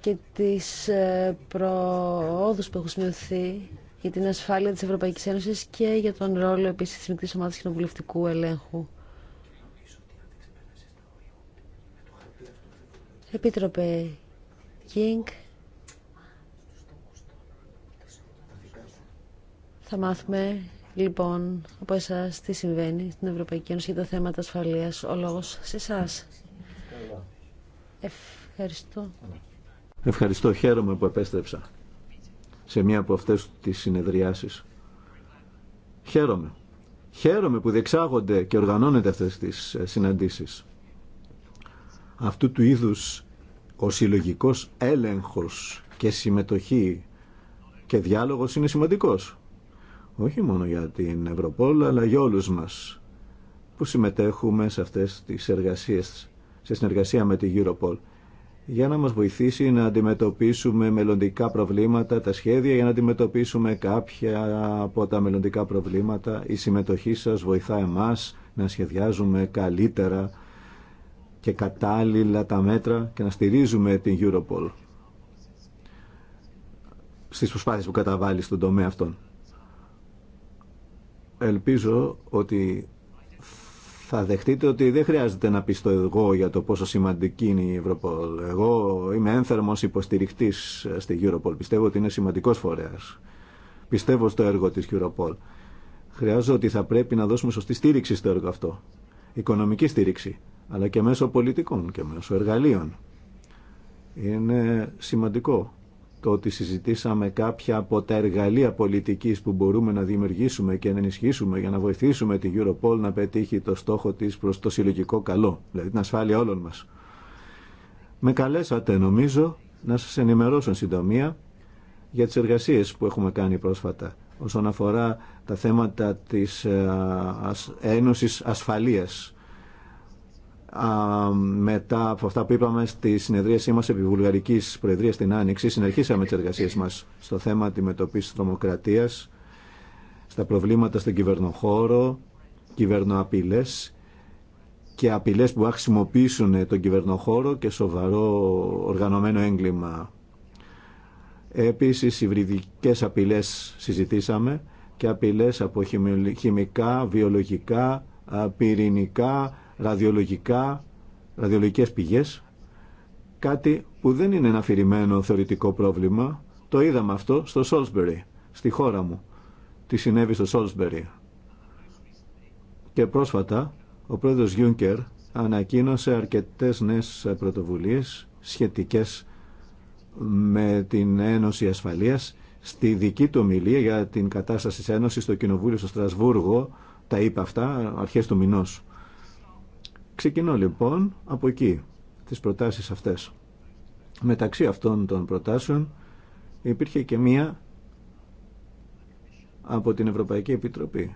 Speaker 3: και τις ε, προόδους που έχουν σημειωθεί για την ασφάλεια της Ευρωπαϊκής Ένωσης και για τον ρόλο επίσης της Μικτής Ομάδας Κοινοβουλευτικού Ελέγχου. Επίτροπε Κίνγκ, θα μάθουμε λοιπόν από εσά τι συμβαίνει στην Ευρωπαϊκή Ένωση για τα θέματα ασφαλείας. Ο λόγο σε εσά. Ευχαριστώ.
Speaker 4: Ευχαριστώ. Χαίρομαι που επέστρεψα σε μία από αυτές τις συνεδριάσεις. Χαίρομαι. Χαίρομαι που διεξάγονται και οργανώνεται αυτές τις συναντήσεις. Αυτού του είδους ο συλλογικός έλεγχος και συμμετοχή και διάλογος είναι σημαντικός. Όχι μόνο για την Ευρωπόλ, αλλά για όλους μας που συμμετέχουμε σε αυτές τις εργασίες, σε συνεργασία με την Europol, για να μας βοηθήσει να αντιμετωπίσουμε μελλοντικά προβλήματα, τα σχέδια για να αντιμετωπίσουμε κάποια από τα μελλοντικά προβλήματα. Η συμμετοχή σας βοηθά εμάς να σχεδιάζουμε καλύτερα και κατάλληλα τα μέτρα και να στηρίζουμε την Europol στις προσπάθειες που καταβάλει στον τομέα αυτόν. Ελπίζω ότι θα δεχτείτε ότι δεν χρειάζεται να πιστώ εγώ για το πόσο σημαντική είναι η Europol. Εγώ είμαι ένθερμος υποστηριχτής στη Europol. Πιστεύω ότι είναι σημαντικός φορέας. Πιστεύω στο έργο της Europol. Χρειάζομαι ότι θα πρέπει να δώσουμε σωστή στήριξη στο έργο αυτό. Οικονομική στήριξη αλλά και μέσω πολιτικών και μέσω εργαλείων. Είναι σημαντικό το ότι συζητήσαμε κάποια από τα εργαλεία πολιτικής που μπορούμε να δημιουργήσουμε και να ενισχύσουμε για να βοηθήσουμε την Europol να πετύχει το στόχο της προς το συλλογικό καλό, δηλαδή την ασφάλεια όλων μας. Με καλέσατε νομίζω να σας ενημερώσω συντομία για τις εργασίες που έχουμε κάνει πρόσφατα όσον αφορά τα θέματα της ε, Ένωσης Ασφαλείας μετά από αυτά που είπαμε στη συνεδρίασή μας επί Βουλγαρικής Προεδρίας στην Άνοιξη, συνεχίσαμε τις εργασίες μας στο θέμα αντιμετωπίσης τρομοκρατίας, στα προβλήματα στον κυβερνοχώρο, κυβερνοαπειλές και απειλές που θα χρησιμοποιήσουν τον κυβερνοχώρο και σοβαρό οργανωμένο έγκλημα. Επίσης, υβριδικές απειλές συζητήσαμε και απειλές από χημικά, βιολογικά, πυρηνικά, ραδιολογικά, ραδιολογικές πηγές, κάτι που δεν είναι ένα αφηρημένο θεωρητικό πρόβλημα. Το είδαμε αυτό στο Σόλσμπερι, στη χώρα μου. Τι συνέβη στο Σόλσμπερι. Και πρόσφατα ο πρόεδρος Γιούνκερ ανακοίνωσε αρκετές νέες πρωτοβουλίες σχετικές με την Ένωση Ασφαλείας στη δική του ομιλία για την κατάσταση της Ένωσης στο Κοινοβούλιο στο Στρασβούργο τα είπε αυτά αρχές του μηνός Ξεκινώ λοιπόν από εκεί, τις προτάσεις αυτές. Μεταξύ αυτών των προτάσεων υπήρχε και μία από την Ευρωπαϊκή Επιτροπή.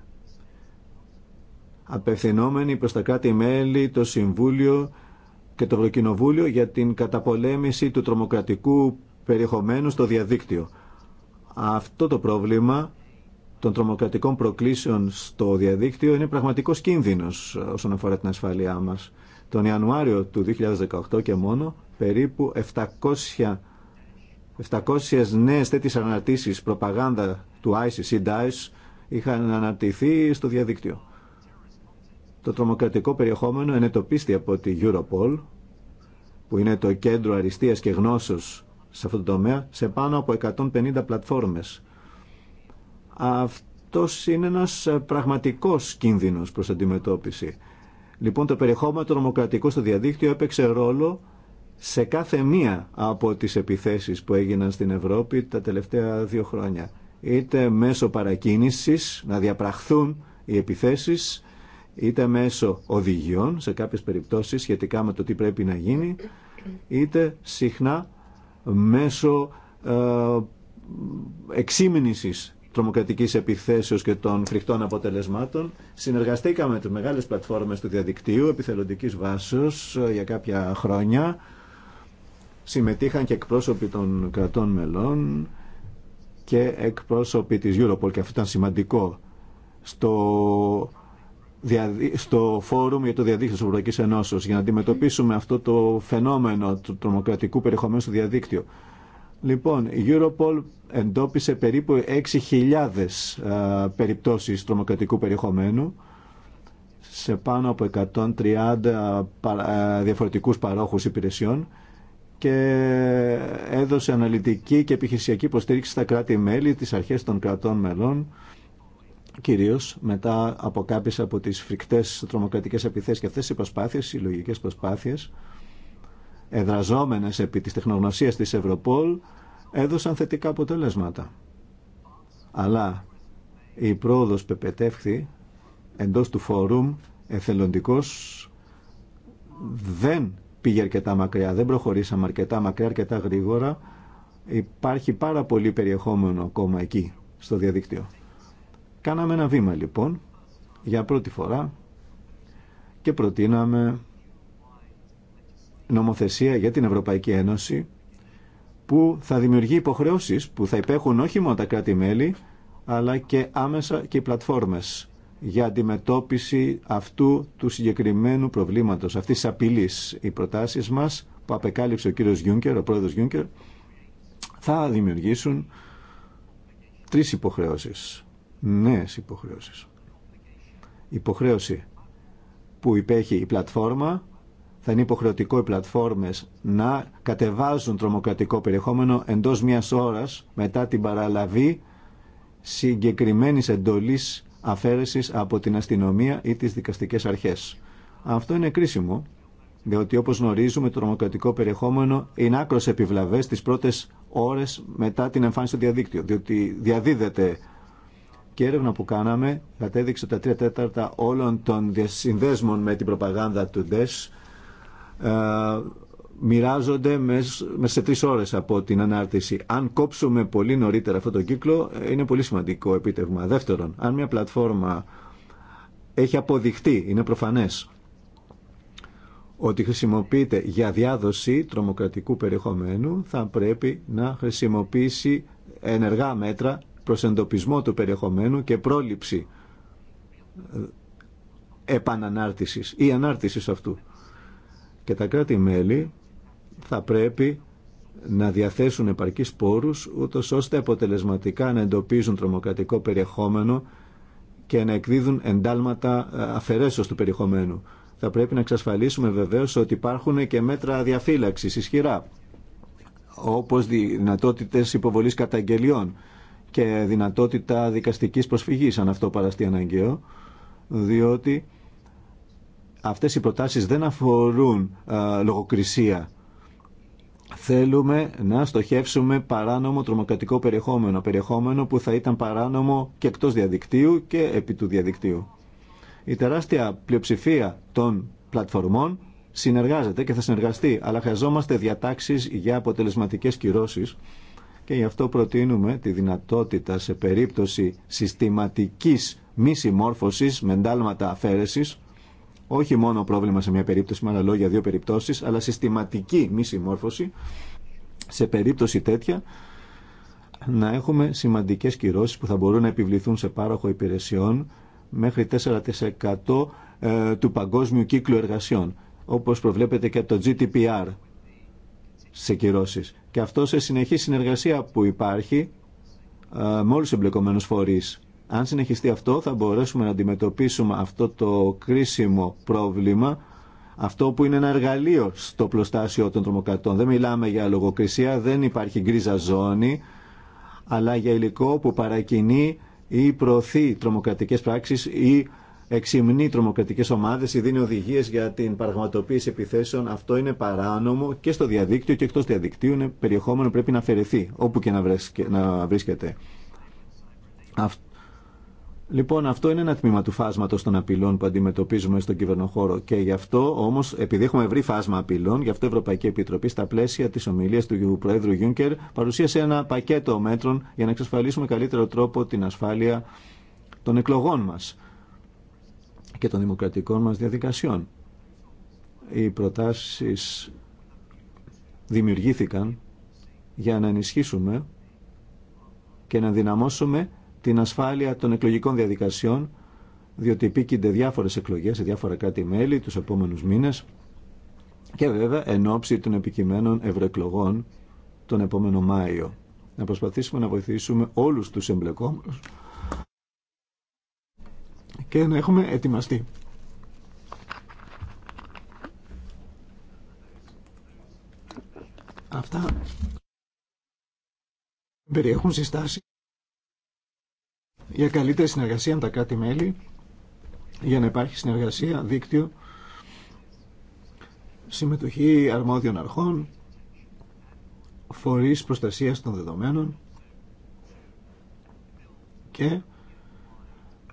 Speaker 4: απευθυνόμενη προς τα κράτη-μέλη, το Συμβούλιο και το Ευρωκοινοβούλιο για την καταπολέμηση του τρομοκρατικού περιεχομένου στο διαδίκτυο. Αυτό το πρόβλημα των τρομοκρατικών προκλήσεων στο διαδίκτυο είναι πραγματικό κίνδυνο ε, όσον αφορά την ασφαλειά μας. Τον Ιανουάριο του 2018 και μόνο περίπου 700, 700 νέες τέτοιες αναρτήσεις προπαγάνδα του ISIS ή DICE είχαν αναρτηθεί στο διαδίκτυο. Το τρομοκρατικό περιεχόμενο ενετοπίστη από τη Europol, που είναι το κέντρο αριστείας και γνώσεως σε αυτό το τομέα, σε πάνω από 150 πλατφόρμες αυτός είναι ένας ε, πραγματικός κίνδυνος προς αντιμετώπιση. Λοιπόν, το περιεχόμενο το νομοκρατικό στο διαδίκτυο έπαιξε ρόλο σε κάθε μία από τις επιθέσεις που έγιναν στην Ευρώπη τα τελευταία δύο χρόνια. Είτε μέσω παρακίνησης να διαπραχθούν οι επιθέσεις, είτε μέσω οδηγιών σε κάποιες περιπτώσεις σχετικά με το τι πρέπει να γίνει, είτε συχνά μέσω ε, τρομοκρατικής επιθέσεως και των φρικτών αποτελεσμάτων. Συνεργαστήκαμε με τις μεγάλες πλατφόρμες του διαδικτύου επιθελοντικής βάσεως ε, για κάποια χρόνια. Συμμετείχαν και εκπρόσωποι των κρατών μελών και εκπρόσωποι της Europol και αυτό ήταν σημαντικό στο, στο φόρουμ για το διαδίκτυο της Ευρωπαϊκής Ενώσεως για να αντιμετωπίσουμε αυτό το φαινόμενο του τρομοκρατικού περιεχομένου στο διαδίκτυο. Λοιπόν, η Europol εντόπισε περίπου 6.000 ε, περιπτώσεις τρομοκρατικού περιεχομένου σε πάνω από 130 ε, διαφορετικούς παρόχους υπηρεσιών και έδωσε αναλυτική και επιχειρησιακή υποστήριξη στα κράτη-μέλη, τις αρχές των κρατών μελών, κυρίως μετά από κάποιες από τις φρικτές τρομοκρατικές επιθέσεις και αυτές οι προσπάθειες, οι λογικές προσπάθειες, εδραζόμενες επί της τεχνογνωσίας της Ευρωπόλ έδωσαν θετικά αποτελέσματα. Αλλά η πρόοδος πεπετεύχθη εντός του φόρουμ εθελοντικός δεν πήγε αρκετά μακριά, δεν προχωρήσαμε αρκετά μακριά, αρκετά γρήγορα. Υπάρχει πάρα πολύ περιεχόμενο ακόμα εκεί, στο διαδίκτυο. Κάναμε ένα βήμα λοιπόν, για πρώτη φορά, και προτείναμε νομοθεσία για την Ευρωπαϊκή Ένωση που θα δημιουργεί υποχρεώσεις που θα υπέχουν όχι μόνο τα κράτη-μέλη αλλά και άμεσα και οι πλατφόρμες για αντιμετώπιση αυτού του συγκεκριμένου προβλήματος, αυτής της απειλής. Οι προτάσεις μας που απεκάλυψε ο κύριος Γιούνκερ, ο πρόεδρος Γιούνκερ, θα δημιουργήσουν τρεις υποχρεώσεις, νέες υποχρεώσεις. Υποχρέωση που υπέχει η πλατφόρμα θα είναι υποχρεωτικό οι πλατφόρμες να κατεβάζουν τρομοκρατικό περιεχόμενο εντός μιας ώρας μετά την παραλαβή συγκεκριμένης εντολής αφαίρεσης από την αστυνομία ή τις δικαστικές αρχές. Αυτό είναι κρίσιμο, διότι όπως γνωρίζουμε το τρομοκρατικό περιεχόμενο είναι άκρος επιβλαβές τις πρώτες ώρες μετά την εμφάνιση στο διαδίκτυο, διότι διαδίδεται και έρευνα που κάναμε κατέδειξε τα τρία τέταρτα όλων των διασυνδέσμων με την προπαγάνδα του ΝΤΕΣ ε, μοιράζονται μέσα σε τρει ώρε από την ανάρτηση. Αν κόψουμε πολύ νωρίτερα αυτό το κύκλο, ε, είναι πολύ σημαντικό επίτευγμα. Δεύτερον, αν μια πλατφόρμα έχει αποδειχτεί, είναι προφανές, ότι χρησιμοποιείται για διάδοση τρομοκρατικού περιεχομένου, θα πρέπει να χρησιμοποιήσει ενεργά μέτρα προς εντοπισμό του περιεχομένου και πρόληψη ε, επανανάρτησης ή ανάρτησης αυτού και τα κράτη-μέλη θα πρέπει να διαθέσουν επαρκείς πόρους ούτως ώστε αποτελεσματικά να εντοπίζουν τρομοκρατικό περιεχόμενο και να εκδίδουν εντάλματα ε, αφαιρέσεως του περιεχομένου. Θα πρέπει να εξασφαλίσουμε βεβαίως ότι υπάρχουν και μέτρα διαφύλαξης ισχυρά όπως δυνατότητες υποβολής καταγγελιών και δυνατότητα δικαστικής προσφυγής αν αυτό παραστεί αναγκαίο διότι Αυτές οι προτάσεις δεν αφορούν λογοκρισία. Θέλουμε να στοχεύσουμε παράνομο τρομοκρατικό περιεχόμενο, περιεχόμενο που θα ήταν παράνομο και εκτός διαδικτύου και επί του διαδικτύου. Η τεράστια πλειοψηφία των πλατφορμών συνεργάζεται και θα συνεργαστεί, αλλά χρειαζόμαστε διατάξεις για αποτελεσματικές κυρώσεις και γι' αυτό προτείνουμε τη δυνατότητα σε περίπτωση συστηματικής μη συμμόρφωσης με εντάλματα αφαίρεσης όχι μόνο πρόβλημα σε μια περίπτωση, με άλλα λόγια δύο περιπτώσεις, αλλά συστηματική μη συμμόρφωση σε περίπτωση τέτοια να έχουμε σημαντικές κυρώσεις που θα μπορούν να επιβληθούν σε πάροχο υπηρεσιών μέχρι 4% ε, του παγκόσμιου κύκλου εργασιών, όπως προβλέπεται και από το GDPR σε κυρώσεις. Και αυτό σε συνεχή συνεργασία που υπάρχει ε, με όλους τους εμπλεκομένους φορείς αν συνεχιστεί αυτό θα μπορέσουμε να αντιμετωπίσουμε αυτό το κρίσιμο πρόβλημα αυτό που είναι ένα εργαλείο στο πλωστάσιο των τρομοκρατών. Δεν μιλάμε για λογοκρισία, δεν υπάρχει γκρίζα ζώνη, αλλά για υλικό που παρακινεί ή προωθεί τρομοκρατικές πράξεις ή εξυμνεί τρομοκρατικές ομάδες ή δίνει οδηγίες για την παραγματοποίηση επιθέσεων. Αυτό είναι παράνομο και στο διαδίκτυο και εκτός διαδικτύου είναι περιεχόμενο πρέπει να αφαιρεθεί όπου και να βρίσκεται. Λοιπόν, αυτό είναι ένα τμήμα του φάσματος των απειλών που αντιμετωπίζουμε στον κυβερνοχώρο και γι' αυτό όμως, επειδή έχουμε βρει φάσμα απειλών, γι' αυτό η Ευρωπαϊκή Επιτροπή στα πλαίσια της ομιλίας του Προέδρου Γιούνκερ παρουσίασε ένα πακέτο μέτρων για να εξασφαλίσουμε καλύτερο τρόπο την ασφάλεια των εκλογών μα και των δημοκρατικών μα διαδικασιών. Οι προτάσει δημιουργήθηκαν για να ενισχύσουμε και να δυναμώσουμε την ασφάλεια των εκλογικών διαδικασιών, διότι επίκυνται διάφορες εκλογές σε διάφορα κράτη-μέλη τους επόμενου μήνες και βέβαια εν ώψη των επικειμένων ευρωεκλογών τον επόμενο Μάιο. Να προσπαθήσουμε να βοηθήσουμε όλους τους εμπλεκόμενους και να έχουμε ετοιμαστεί. Αυτά περιέχουν συστάσεις για καλύτερη συνεργασία με τα κράτη-μέλη, για να υπάρχει συνεργασία, δίκτυο, συμμετοχή αρμόδιων αρχών, φορείς προστασίας των δεδομένων και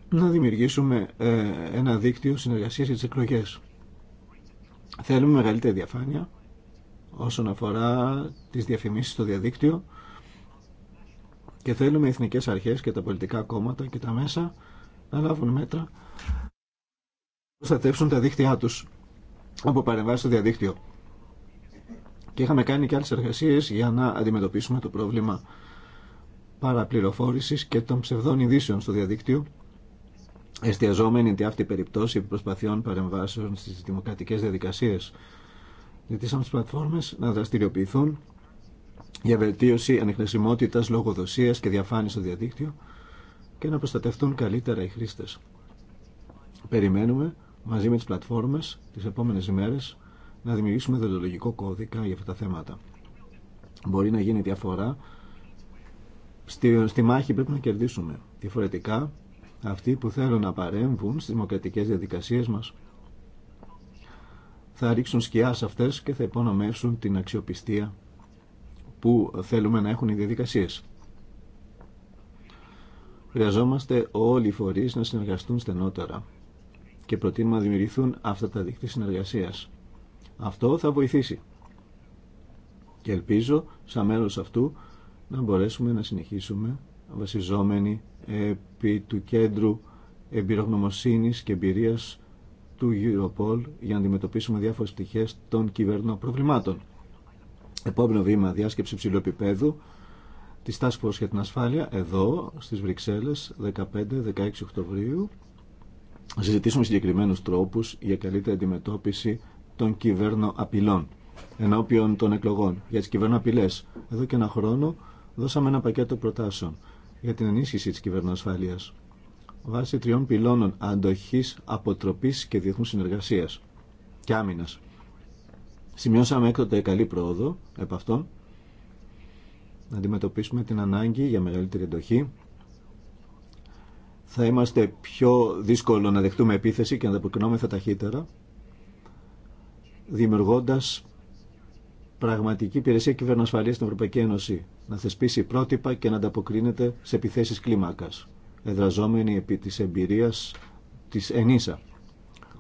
Speaker 4: να δημιουργήσουμε ε, ένα δίκτυο συνεργασίας για τις εκλογές. Θέλουμε μεγαλύτερη διαφάνεια όσον αφορά τις διαφημίσεις στο διαδίκτυο και θέλουμε οι εθνικές αρχές και τα πολιτικά κόμματα και τα μέσα να λάβουν μέτρα να προστατεύσουν τα δίκτυά τους από παρεμβάσεις στο διαδίκτυο. Και είχαμε κάνει και άλλες εργασίες για να αντιμετωπίσουμε το πρόβλημα παραπληροφόρησης και των ψευδών ειδήσεων στο διαδίκτυο εστιαζόμενη τη αυτή περιπτώση προσπαθειών παρεμβάσεων στις δημοκρατικές διαδικασίες. Ζητήσαμε τις πλατφόρμες να δραστηριοποιηθούν για βελτίωση ανεχνεσιμότητα, λογοδοσία και διαφάνεια στο διαδίκτυο και να προστατευτούν καλύτερα οι χρήστε. Περιμένουμε μαζί με τι πλατφόρμες τι επόμενε ημέρε να δημιουργήσουμε δεδολογικό κώδικα για αυτά τα θέματα. Μπορεί να γίνει διαφορά. Στη, στη μάχη πρέπει να κερδίσουμε. Διαφορετικά, αυτοί που θέλουν να παρέμβουν στι δημοκρατικέ διαδικασίε μα θα ρίξουν σκιά σε αυτές και θα υπονομεύσουν την αξιοπιστία που θέλουμε να έχουν οι διαδικασίες. Χρειαζόμαστε όλοι οι φορείς να συνεργαστούν στενότερα και προτείνουμε να δημιουργηθούν αυτά τα δίκτυα συνεργασίας. Αυτό θα βοηθήσει. Και ελπίζω, σαν αυτού, να μπορέσουμε να συνεχίσουμε βασιζόμενοι επί του κέντρου εμπειρογνωμοσύνης και εμπειρίας του Europol για να αντιμετωπίσουμε διάφορες πτυχές των κυβερνών προβλημάτων επόμενο βήμα διάσκεψη ψηλού επίπεδου της Task Force για την Ασφάλεια εδώ στις Βρυξέλλες 15-16 Οκτωβρίου συζητήσουμε συγκεκριμένους τρόπους για καλύτερη αντιμετώπιση των κυβερνοαπειλών, απειλών ενώπιον των εκλογών για τις κυβέρνο Εδώ και ένα χρόνο δώσαμε ένα πακέτο προτάσεων για την ενίσχυση της κυβέρνων βάσει τριών πυλώνων αντοχής, αποτροπής και διεθνούς συνεργασίας και άμυνας. Σημειώσαμε έκτοτε καλή πρόοδο επ' αυτό. Να αντιμετωπίσουμε την ανάγκη για μεγαλύτερη εντοχή. Θα είμαστε πιο δύσκολο να δεχτούμε επίθεση και να τα ταχύτερα, δημιουργώντας πραγματική υπηρεσία κυβερνοασφαλείας στην Ευρωπαϊκή Ένωση, να θεσπίσει πρότυπα και να ανταποκρίνεται σε επιθέσεις κλίμακας, εδραζόμενη επί της εμπειρίας της ΕΝΙΣΑ.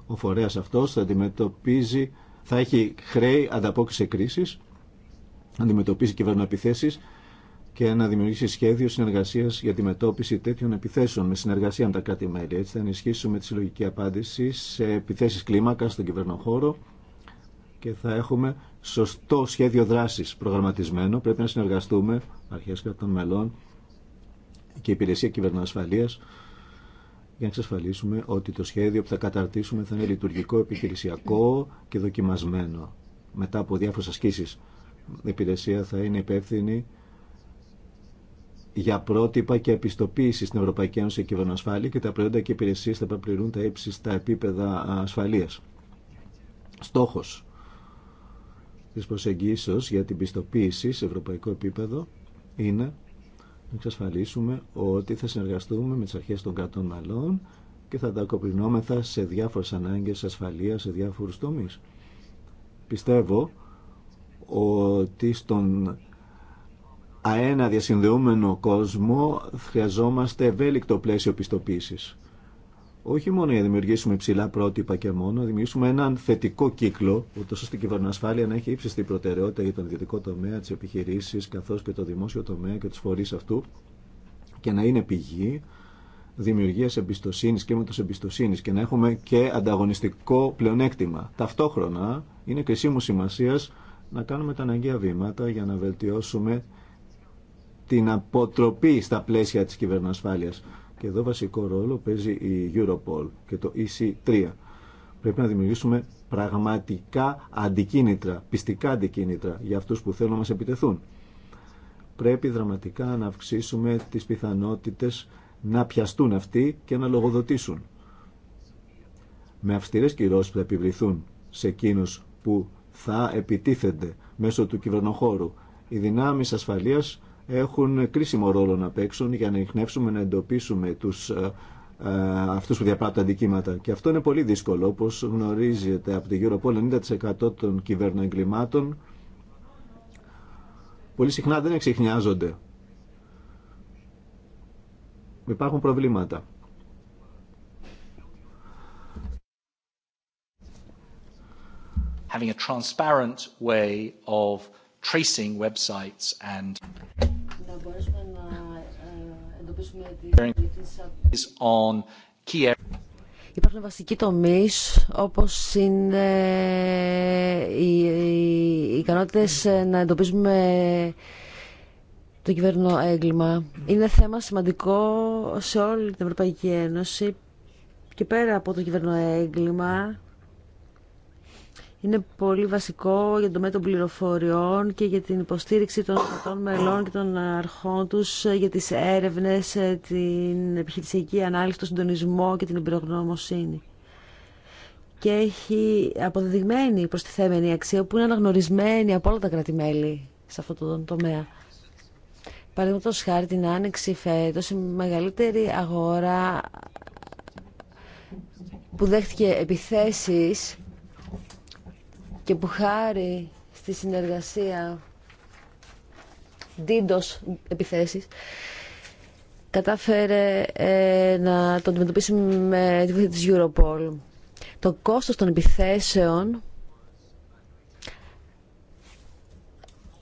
Speaker 4: Ο φορέας αυτός θα αντιμετωπίζει θα έχει χρέη ανταπόκριση κρίση, να αντιμετωπίσει κυβερνοεπιθέσει και να δημιουργήσει σχέδιο συνεργασία για τη μετώπιση τέτοιων επιθέσεων με συνεργασία με τα κράτη-μέλη. Έτσι θα ενισχύσουμε τη συλλογική απάντηση σε επιθέσει κλίμακα στον κυβερνοχώρο και θα έχουμε σωστό σχέδιο δράση προγραμματισμένο. Πρέπει να συνεργαστούμε αρχέ κρατών μελών και υπηρεσία κυβερνοασφαλεία για να εξασφαλίσουμε ότι το σχέδιο που θα καταρτήσουμε θα είναι λειτουργικό, επιχειρησιακό και δοκιμασμένο. Μετά από διάφορες ασκήσεις, η υπηρεσία θα είναι υπεύθυνη για πρότυπα και επιστοποίηση στην Ευρωπαϊκή Ένωση Κυβερνοασφάλεια και τα προϊόντα και υπηρεσίε θα πληρούν τα στα επίπεδα ασφαλεία. Στόχο τη προσεγγίσεω για την πιστοποίηση σε ευρωπαϊκό επίπεδο είναι να εξασφαλίσουμε ότι θα συνεργαστούμε με τις αρχές των κρατών μελών και θα τα κοπρινόμεθα σε διάφορες ανάγκες ασφαλείας, σε διάφορους τομείς. Πιστεύω ότι στον αένα διασυνδεούμενο κόσμο χρειαζόμαστε ευέλικτο πλαίσιο πιστοποίησης όχι μόνο για να δημιουργήσουμε ψηλά πρότυπα και μόνο, να δημιουργήσουμε έναν θετικό κύκλο, ούτω ώστε η κυβερνοασφάλεια να έχει ύψιστη προτεραιότητα για τον ιδιωτικό τομέα, τι επιχειρήσει, καθώ και το δημόσιο τομέα και του φορεί αυτού και να είναι πηγή δημιουργία εμπιστοσύνη και με εμπιστοσύνη και να έχουμε και ανταγωνιστικό πλεονέκτημα. Ταυτόχρονα είναι κρισίμου σημασία να κάνουμε τα αναγκαία βήματα για να βελτιώσουμε την αποτροπή στα πλαίσια της κυβερνοασφάλειας και εδώ βασικό ρόλο παίζει η Europol και το EC3. Πρέπει να δημιουργήσουμε πραγματικά αντικίνητρα, πιστικά αντικίνητρα για αυτούς που θέλουν να μας επιτεθούν. Πρέπει δραματικά να αυξήσουμε τις πιθανότητες να πιαστούν αυτοί και να λογοδοτήσουν. Με αυστηρές κυρώσεις που θα επιβληθούν σε εκείνους που θα επιτίθενται μέσω του κυβερνοχώρου. Οι δυνάμεις ασφαλείας έχουν κρίσιμο ρόλο να παίξουν για να ειχνεύσουμε να εντοπίσουμε τους ε, ε, αυτούς που διαπράττουν αντικείμενα. Και αυτό είναι πολύ δύσκολο. Όπως γνωρίζετε από την πόλη 90% των κυβερνοεγκλημάτων πολύ συχνά δεν εξηχνιάζονται. Υπάρχουν προβλήματα. Having a transparent way of tracing
Speaker 3: websites and Υπάρχουν βασικοί τομεί όπω είναι οι, ικανότητε να εντοπίζουμε το κυβερνό έγκλημα. Είναι θέμα σημαντικό σε όλη την Ευρωπαϊκή Ένωση και πέρα από το κυβερνό έγκλημα είναι πολύ βασικό για το μέτωπο πληροφοριών και για την υποστήριξη των κρατών μελών και των αρχών τους ε, για τις έρευνες, ε, την επιχειρησιακή ανάλυση, τον συντονισμό και την εμπειρογνωμοσύνη. Και έχει αποδεδειγμένη προστιθέμενη αξία που είναι αναγνωρισμένη από όλα τα κράτη-μέλη σε αυτό το τομέα. Παραδείγματο χάρη την άνοιξη φέτος, η μεγαλύτερη αγορά που δέχτηκε επιθέσεις και που χάρη στη συνεργασία δίντος επιθέσεις κατάφερε ε, να το αντιμετωπίσει με τη βοήθεια της Europol. Το κόστος των επιθέσεων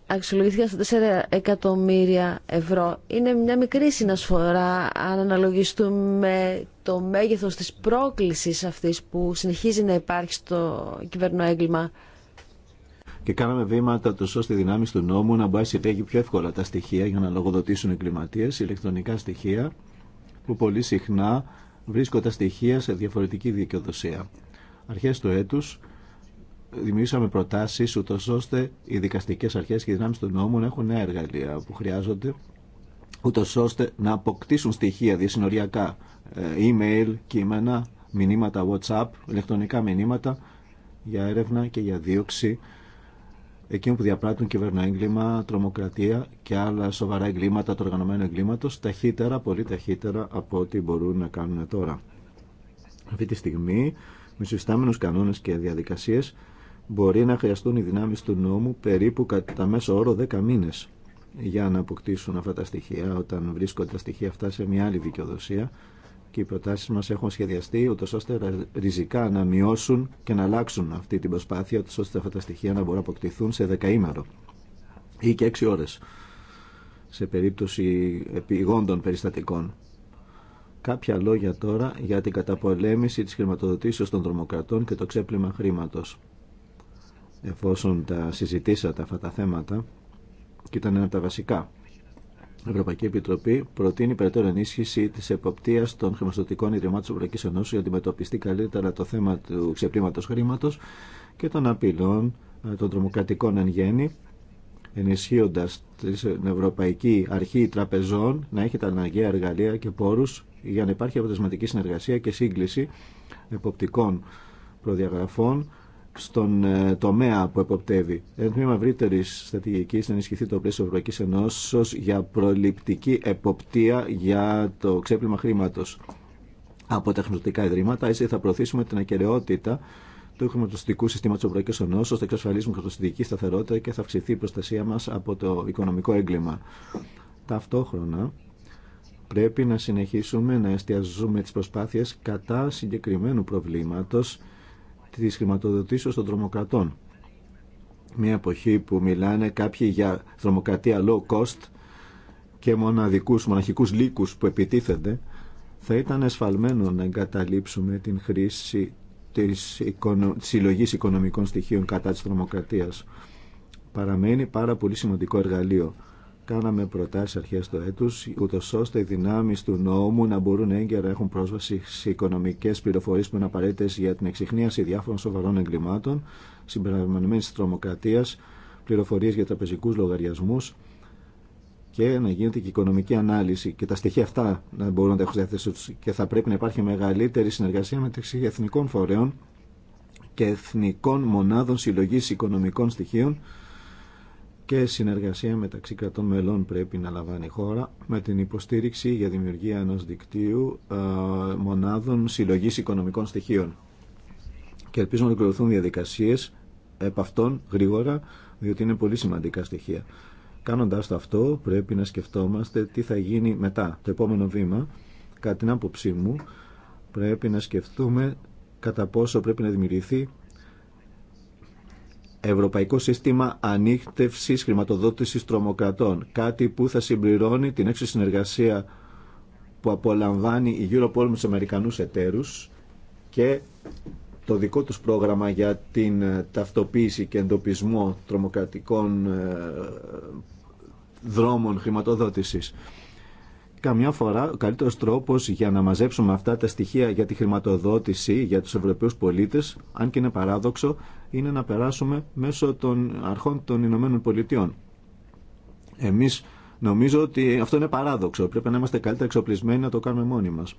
Speaker 3: αξιολογήθηκε στα 4 εκατομμύρια ευρώ. Είναι μια μικρή συνασφορά αν αναλογιστούμε το μέγεθος της πρόκλησης αυτής που συνεχίζει να υπάρχει στο κυβερνό έγκλημα
Speaker 4: και κάναμε βήματα του ώστε οι δυνάμει του νόμου να μπορεί συλλέγει πιο εύκολα τα στοιχεία για να λογοδοτήσουν οι εγκληματίε, ηλεκτρονικά στοιχεία που πολύ συχνά βρίσκονται στοιχεία σε διαφορετική δικαιοδοσία. Αρχέ του έτου δημιουργήσαμε προτάσει ούτω ώστε οι δικαστικέ αρχέ και οι δυνάμει του νόμου να έχουν νέα εργαλεία που χρειάζονται ούτω ώστε να αποκτήσουν στοιχεία διασυνοριακά, ε, email, κείμενα, μηνύματα WhatsApp, ηλεκτρονικά μηνύματα για έρευνα και για δίωξη εκείνων που διαπράττουν εγκλήμα, τρομοκρατία και άλλα σοβαρά εγκλήματα του οργανωμένου εγκλήματος ταχύτερα, πολύ ταχύτερα από ό,τι μπορούν να κάνουν τώρα. Αυτή τη στιγμή, με συστάμενους κανόνες και διαδικασίες, μπορεί να χρειαστούν οι δυνάμει του νόμου περίπου κατά μέσο όρο 10 μήνε για να αποκτήσουν αυτά τα στοιχεία όταν βρίσκονται τα στοιχεία αυτά σε μια άλλη δικαιοδοσία και οι προτάσεις μας έχουν σχεδιαστεί ούτω ώστε ριζικά να μειώσουν και να αλλάξουν αυτή την προσπάθεια ώστε αυτά τα στοιχεία να μπορούν να αποκτηθούν σε δεκαήμερο ή και έξι ώρες σε περίπτωση επιγόντων περιστατικών. Κάποια λόγια τώρα για την καταπολέμηση της χρηματοδοτήσεως των δρομοκρατών και το ξέπλυμα χρήματος. Εφόσον τα συζητήσατε αυτά τα θέματα, και ήταν ένα από τα βασικά η Ευρωπαϊκή Επιτροπή προτείνει περαιτέρω ενίσχυση τη εποπτεία των χρηματοδοτικών ιδρυμάτων τη Ευρωπαϊκή Ενώση για να αντιμετωπιστεί καλύτερα το θέμα του ξεπλήματο χρήματο και των απειλών ε, των τρομοκρατικών εν γέννη, ενισχύοντα ε, την Ευρωπαϊκή Αρχή Τραπεζών να έχει τα αναγκαία εργαλεία και πόρου για να υπάρχει αποτελεσματική συνεργασία και σύγκληση εποπτικών προδιαγραφών στον ε, τομέα που εποπτεύει. Ένα τμήμα ευρύτερη στρατηγική να ενισχυθεί το πλαίσιο Ευρωπαϊκή Ενώσεω για προληπτική εποπτεία για το ξέπλυμα χρήματο από τα χρηματοδοτικά ιδρύματα. Έτσι θα προωθήσουμε την ακαιρεότητα του χρηματοστικού συστήματο Ευρωπαϊκή Ενώσεω, θα εξασφαλίσουμε χρηματοστική σταθερότητα και θα αυξηθεί η προστασία μα από το οικονομικό έγκλημα. Ταυτόχρονα, πρέπει να συνεχίσουμε να εστιαζούμε τις προσπάθειες κατά συγκεκριμένου προβλήματος της χρηματοδοτήσεως των τρομοκρατών. Μια εποχή που μιλάνε κάποιοι για τρομοκρατία low cost και μοναδικούς, μοναχικούς λύκους που επιτίθενται, θα ήταν εσφαλμένο να εγκαταλείψουμε την χρήση της συλλογή οικονομικών στοιχείων κατά της τρομοκρατίας. Παραμένει πάρα πολύ σημαντικό εργαλείο Κάναμε προτάσει αρχέ του έτου, ούτω ώστε οι δυνάμει του νόμου να μπορούν έγκαιρα έχουν πρόσβαση σε οικονομικέ πληροφορίε που είναι απαραίτητε για την εξυχνίαση διάφορων σοβαρών εγκλημάτων, συμπεριλαμβανομένης τη τρομοκρατία, πληροφορίε για τραπεζικού λογαριασμού και να γίνεται και οικονομική ανάλυση και τα στοιχεία αυτά να μπορούν να τα έχουν διαθέσει του. και θα πρέπει να υπάρχει μεγαλύτερη συνεργασία μεταξύ εθνικών φορέων και εθνικών μονάδων συλλογή οικονομικών στοιχείων και συνεργασία μεταξύ κρατών μελών πρέπει να λαμβάνει η χώρα με την υποστήριξη για δημιουργία ενός δικτύου ε, μονάδων συλλογής οικονομικών στοιχείων. Και ελπίζουμε να ολοκληρωθούν διαδικασίες επ' αυτών γρήγορα, διότι είναι πολύ σημαντικά στοιχεία. Κάνοντας αυτό, πρέπει να σκεφτόμαστε τι θα γίνει μετά, το επόμενο βήμα. Κατά την άποψή μου, πρέπει να σκεφτούμε κατά πόσο πρέπει να δημιουργηθεί Ευρωπαϊκό Σύστημα ανίχτευση Χρηματοδότηση Τρομοκρατών. Κάτι που θα συμπληρώνει την έξω συνεργασία που απολαμβάνει η Europol με του Αμερικανού εταίρου και το δικό τους πρόγραμμα για την ε, ταυτοποίηση και εντοπισμό τρομοκρατικών ε, δρόμων χρηματοδότησης. Καμιά φορά ο καλύτερος τρόπος για να μαζέψουμε αυτά τα στοιχεία για τη χρηματοδότηση για τους Ευρωπαίους πολίτες, αν και είναι παράδοξο, είναι να περάσουμε μέσω των αρχών των Ηνωμένων Πολιτειών. Εμείς νομίζω ότι αυτό είναι παράδοξο. Πρέπει να είμαστε καλύτερα εξοπλισμένοι να το κάνουμε μόνοι μας,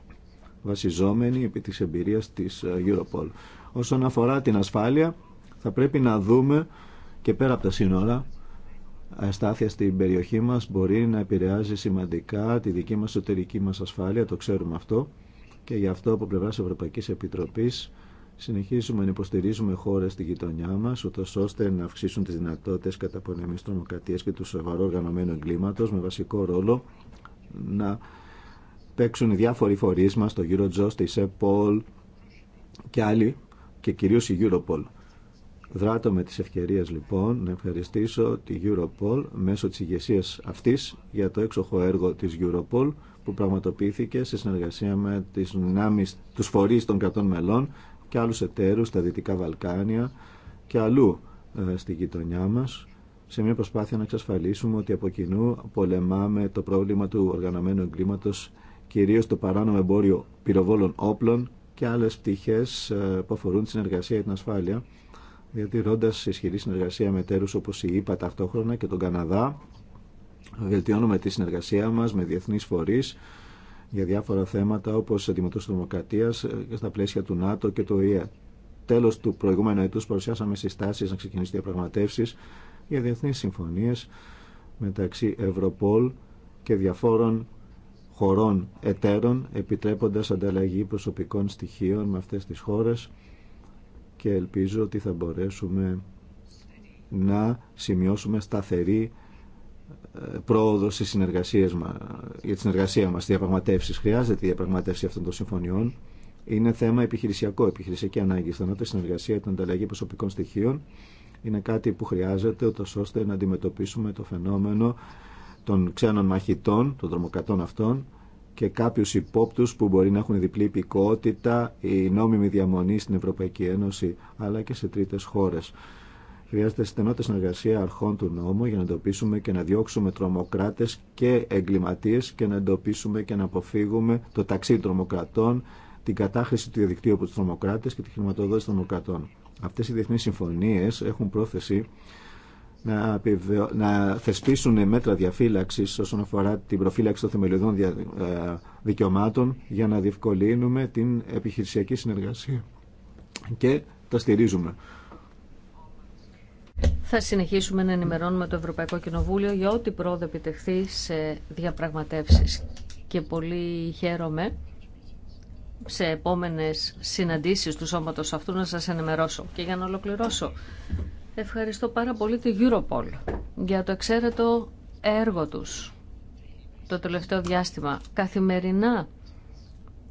Speaker 4: βασιζόμενοι επί της εμπειρίας της ε, Europol. Όσον αφορά την ασφάλεια, θα πρέπει να δούμε και πέρα από τα σύνορα αστάθεια στην περιοχή μας μπορεί να επηρεάζει σημαντικά τη δική μας εσωτερική μας ασφάλεια, το ξέρουμε αυτό και γι' αυτό από πλευράς Ευρωπαϊκής Επιτροπής συνεχίζουμε να υποστηρίζουμε χώρες στη γειτονιά μας ούτως ώστε να αυξήσουν τις δυνατότητες πονεμής τρομοκρατίας και του σοβαρού οργανωμένου εγκλήματος με βασικό ρόλο να παίξουν οι διάφοροι φορείς μας, το Eurojust, η Σεπόλ και άλλοι και κυρίως η Europol Δράτω με τις ευκαιρίες λοιπόν να ευχαριστήσω τη Europol μέσω της ηγεσία αυτής για το έξοχο έργο της Europol που πραγματοποιήθηκε σε συνεργασία με τις δυνάμεις, τους φορείς των κρατών μελών και άλλους εταίρους στα Δυτικά Βαλκάνια και αλλού ε, στη γειτονιά μας σε μια προσπάθεια να εξασφαλίσουμε ότι από κοινού πολεμάμε το πρόβλημα του οργανωμένου εγκλήματος κυρίως το παράνομο εμπόριο πυροβόλων όπλων και άλλες πτυχές ε, που αφορούν τη συνεργασία για την ασφάλεια διατηρώντα ισχυρή συνεργασία με τέρου όπω η ΕΠΑ ταυτόχρονα και τον Καναδά. Βελτιώνουμε τη συνεργασία μα με διεθνεί φορεί για διάφορα θέματα όπως αντιμετώπιση ε, και στα πλαίσια του ΝΑΤΟ και του ΟΗΕ. Τέλο του προηγούμενου έτου παρουσιάσαμε συστάσει να ξεκινήσει διαπραγματεύσει για διεθνεί συμφωνίε μεταξύ Ευρωπόλ και διαφόρων χωρών εταίρων επιτρέποντας ανταλλαγή προσωπικών στοιχείων με αυτές τις χώρες και ελπίζω ότι θα μπορέσουμε να σημειώσουμε σταθερή ε, πρόοδο στις συνεργασίες μας, για τη συνεργασία μας, διαπραγματεύσεις. Χρειάζεται η διαπραγματεύση αυτών των συμφωνιών. Είναι θέμα επιχειρησιακό, επιχειρησιακή ανάγκη. η συνεργασία των ανταλλαγή προσωπικών στοιχείων είναι κάτι που χρειάζεται ούτως ώστε να αντιμετωπίσουμε το φαινόμενο των ξένων μαχητών, των δρομοκατών αυτών, και κάποιου υπόπτου που μπορεί να έχουν διπλή υπηκότητα η νόμιμη διαμονή στην Ευρωπαϊκή Ένωση αλλά και σε τρίτες χώρες. Χρειάζεται στενότητα συνεργασία αρχών του νόμου για να εντοπίσουμε και να διώξουμε τρομοκράτε και εγκληματίες και να εντοπίσουμε και να αποφύγουμε το ταξίδι τρομοκρατών, την κατάχρηση του διαδικτύου από του τρομοκράτε και τη χρηματοδότηση των τρομοκρατών. Αυτέ οι διεθνεί συμφωνίε έχουν πρόθεση να θεσπίσουν μέτρα διαφύλαξης όσον αφορά την προφύλαξη των θεμελιωδών ε, δικαιωμάτων για να διευκολύνουμε την επιχειρησιακή συνεργασία. Και τα στηρίζουμε.
Speaker 2: Θα συνεχίσουμε να ενημερώνουμε το Ευρωπαϊκό Κοινοβούλιο για ό,τι πρόοδο επιτευχθεί σε διαπραγματεύσεις. Και πολύ χαίρομαι σε επόμενες συναντήσεις του σώματος αυτού να σας ενημερώσω. Και για να ολοκληρώσω, Ευχαριστώ πάρα πολύ τη Europol για το εξαίρετο έργο τους το τελευταίο διάστημα. Καθημερινά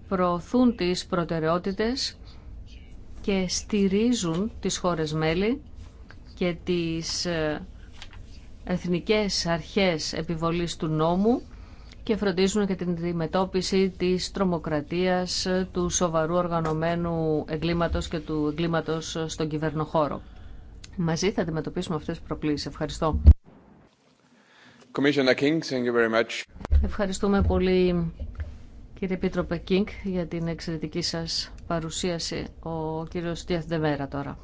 Speaker 2: προωθούν τις προτεραιότητες και στηρίζουν τις χώρες μέλη και τις ε, εθνικές αρχές επιβολής του νόμου και φροντίζουν και την αντιμετώπιση της τρομοκρατίας, ε, του σοβαρού οργανωμένου εγκλήματος και του εγκλήματος στον κυβερνοχώρο. Μαζί θα αντιμετωπίσουμε αυτές τις προκλήσεις. Ευχαριστώ.
Speaker 1: King, thank you very much.
Speaker 2: Ευχαριστούμε πολύ κύριε Επίτροπε Κίνγκ για την εξαιρετική σας παρουσίαση. Ο κύριος Διαθ τώρα.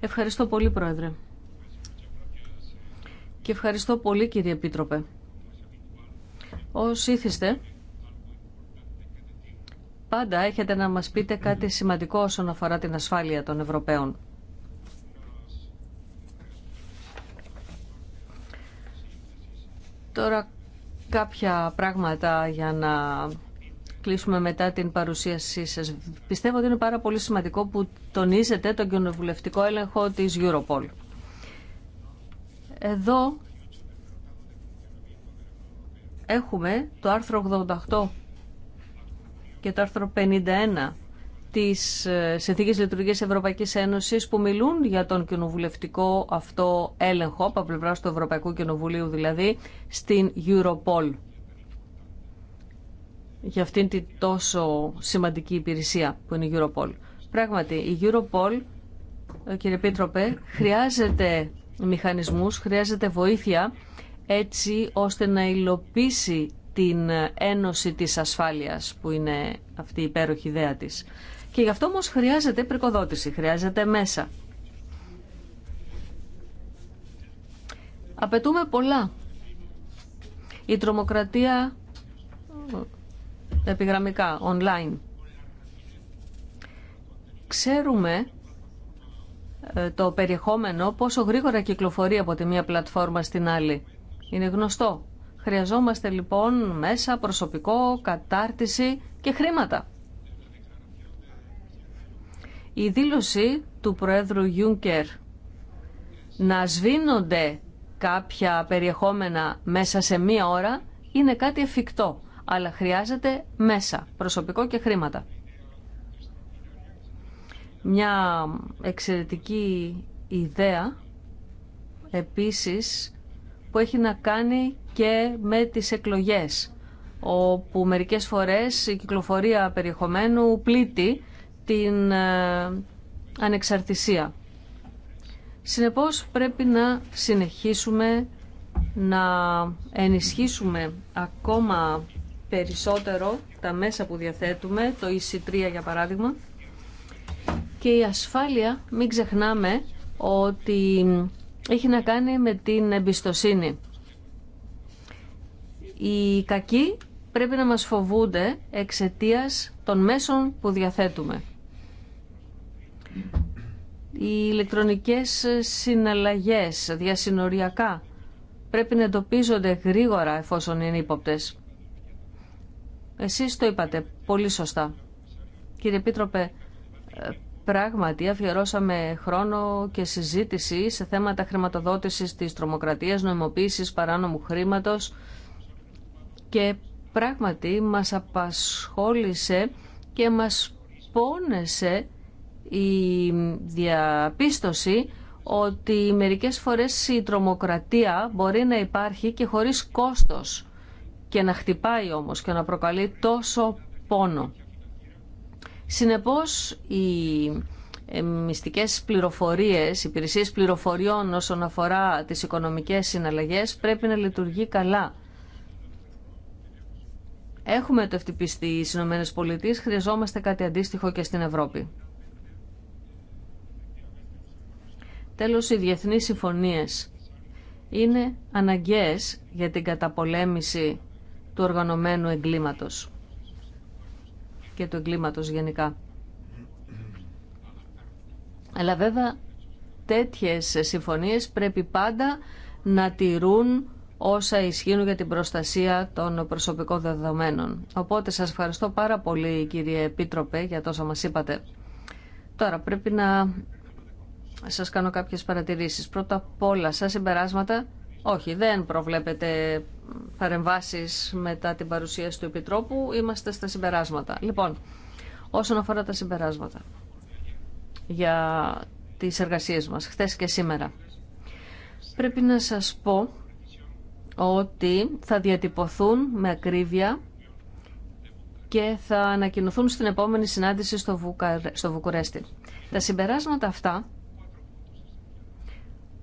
Speaker 2: Ευχαριστώ πολύ Πρόεδρε. Και ευχαριστώ πολύ κύριε Επίτροπε. Ως ήθιστε, πάντα έχετε να μας πείτε κάτι σημαντικό όσον αφορά την ασφάλεια των Ευρωπαίων. Τώρα κάποια πράγματα για να κλείσουμε μετά την παρουσίασή σας. Πιστεύω ότι είναι πάρα πολύ σημαντικό που τονίζετε τον κοινοβουλευτικό έλεγχο της Europol. Εδώ έχουμε το άρθρο 88 και το άρθρο 51 της ε, Συνθήκης Λειτουργίας Ευρωπαϊκής Ένωσης που μιλούν για τον κοινοβουλευτικό αυτό έλεγχο από πλευρά του Ευρωπαϊκού Κοινοβουλίου δηλαδή στην Europol για αυτήν την τόσο σημαντική υπηρεσία που είναι η Europol. Πράγματι, η Europol, ε, κύριε Πίτροπε, χρειάζεται μηχανισμούς, χρειάζεται βοήθεια έτσι ώστε να υλοποιήσει την Ένωση της Ασφάλειας που είναι αυτή η υπέροχη ιδέα της. Και γι' αυτό όμως χρειάζεται πρικοδότηση, χρειάζεται μέσα. Απαιτούμε πολλά. Η τρομοκρατία ε, επιγραμμικά, online. Ξέρουμε ε, το περιεχόμενο πόσο γρήγορα κυκλοφορεί από τη μία πλατφόρμα στην άλλη. Είναι γνωστό Χρειαζόμαστε λοιπόν μέσα, προσωπικό, κατάρτιση και χρήματα. Η δήλωση του Προέδρου Γιούνκερ να σβήνονται κάποια περιεχόμενα μέσα σε μία ώρα είναι κάτι εφικτό, αλλά χρειάζεται μέσα, προσωπικό και χρήματα. Μια εξαιρετική ιδέα επίσης που έχει να κάνει και με τις εκλογές όπου μερικές φορές η κυκλοφορία περιεχομένου πλήττει την ε, ανεξαρτησία. Συνεπώς πρέπει να συνεχίσουμε να ενισχύσουμε ακόμα περισσότερο τα μέσα που διαθέτουμε, το EC3 για παράδειγμα, και η ασφάλεια, μην ξεχνάμε ότι έχει να κάνει με την εμπιστοσύνη. Οι κακοί πρέπει να μας φοβούνται εξαιτίας των μέσων που διαθέτουμε. Οι ηλεκτρονικές συναλλαγές διασυνοριακά πρέπει να εντοπίζονται γρήγορα εφόσον είναι ύποπτες. Εσείς το είπατε πολύ σωστά. Κύριε Επίτροπε, Πράγματι, αφιερώσαμε χρόνο και συζήτηση σε θέματα χρηματοδότησης της τρομοκρατίας, νομιμοποίησης παράνομου χρήματος και πράγματι μας απασχόλησε και μας πόνεσε η διαπίστωση ότι μερικές φορές η τρομοκρατία μπορεί να υπάρχει και χωρίς κόστος και να χτυπάει όμως και να προκαλεί τόσο πόνο. Συνεπώς, οι ε, μυστικές πληροφορίες, υπηρεσίες πληροφοριών όσον αφορά τις οικονομικές συναλλαγές πρέπει να λειτουργεί καλά. Έχουμε το ευτυπιστή οι Ηνωμένες Πολιτείες, χρειαζόμαστε κάτι αντίστοιχο και στην Ευρώπη. Τέλος, οι διεθνείς συμφωνίες είναι αναγκαίες για την καταπολέμηση του οργανωμένου εγκλήματος και του εγκλήματος γενικά. Αλλά βέβαια τέτοιες συμφωνίες πρέπει πάντα να τηρούν όσα ισχύουν για την προστασία των προσωπικών δεδομένων. Οπότε σας ευχαριστώ πάρα πολύ κύριε Επίτροπε για τόσα μας είπατε. Τώρα πρέπει να σας κάνω κάποιες παρατηρήσεις. Πρώτα απ' όλα, σαν συμπεράσματα, όχι, δεν προβλέπετε παρεμβάσει μετά την παρουσίαση του Επιτρόπου. Είμαστε στα συμπεράσματα. Λοιπόν, όσον αφορά τα συμπεράσματα για τις εργασίες μας, χθες και σήμερα, πρέπει να σας πω ότι θα διατυπωθούν με ακρίβεια και θα ανακοινωθούν στην επόμενη συνάντηση στο, στο Βουκουρέστι. Τα συμπεράσματα αυτά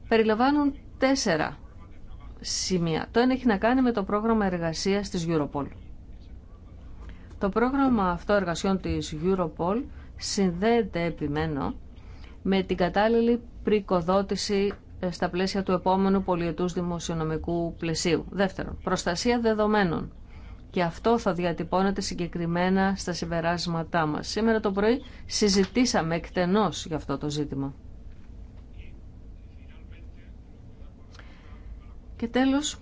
Speaker 2: περιλαμβάνουν τέσσερα σημεία. Το ένα έχει να κάνει με το πρόγραμμα εργασίας της Europol. Το πρόγραμμα αυτό εργασιών της Europol συνδέεται επιμένω με την κατάλληλη πρικοδότηση ε, στα πλαίσια του επόμενου πολιετούς δημοσιονομικού πλαισίου. Δεύτερον, προστασία δεδομένων. Και αυτό θα διατυπώνεται συγκεκριμένα στα συμπεράσματά μας. Σήμερα το πρωί συζητήσαμε εκτενώς για αυτό το ζήτημα. Και τέλος,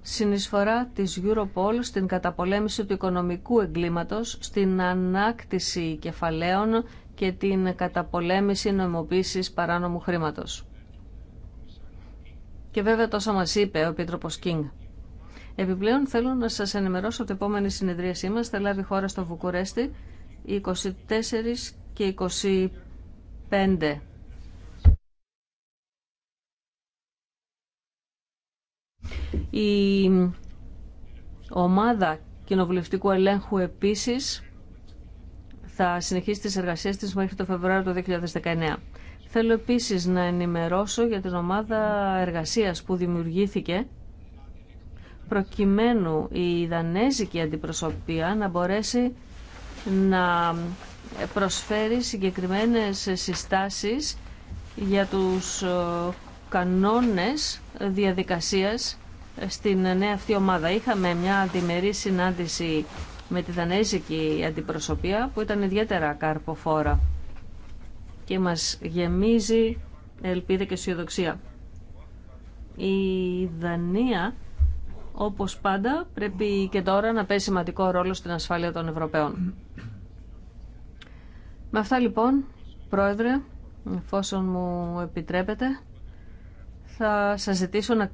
Speaker 2: συνεισφορά της Europol στην καταπολέμηση του οικονομικού εγκλήματος, στην ανάκτηση κεφαλαίων και την καταπολέμηση νομιμοποίησης παράνομου χρήματος. Και βέβαια τόσα μας είπε ο Επίτροπος Κίνγκ. Επιπλέον θέλω να σας ενημερώσω ότι η επόμενη συνεδρίασή μας θα λάβει χώρα στο Βουκουρέστι 24 και 25 Η ομάδα κοινοβουλευτικού ελέγχου επίσης θα συνεχίσει τις εργασίες της μέχρι το Φεβρουάριο του 2019. Θέλω επίσης να ενημερώσω για την ομάδα εργασίας που δημιουργήθηκε προκειμένου η Δανέζικη αντιπροσωπεία να μπορέσει να προσφέρει συγκεκριμένες συστάσεις για τους ε, κανόνες διαδικασίας στην νέα αυτή ομάδα. Είχαμε μια διμερή συνάντηση με τη δανέζικη αντιπροσωπεία που ήταν ιδιαίτερα καρποφόρα και μας γεμίζει ελπίδα και αισιοδοξία. Η Δανία, όπως πάντα, πρέπει και τώρα να παίζει σημαντικό ρόλο στην ασφάλεια των Ευρωπαίων. Με αυτά λοιπόν, Πρόεδρε, εφόσον μου επιτρέπετε, θα σας ζητήσω να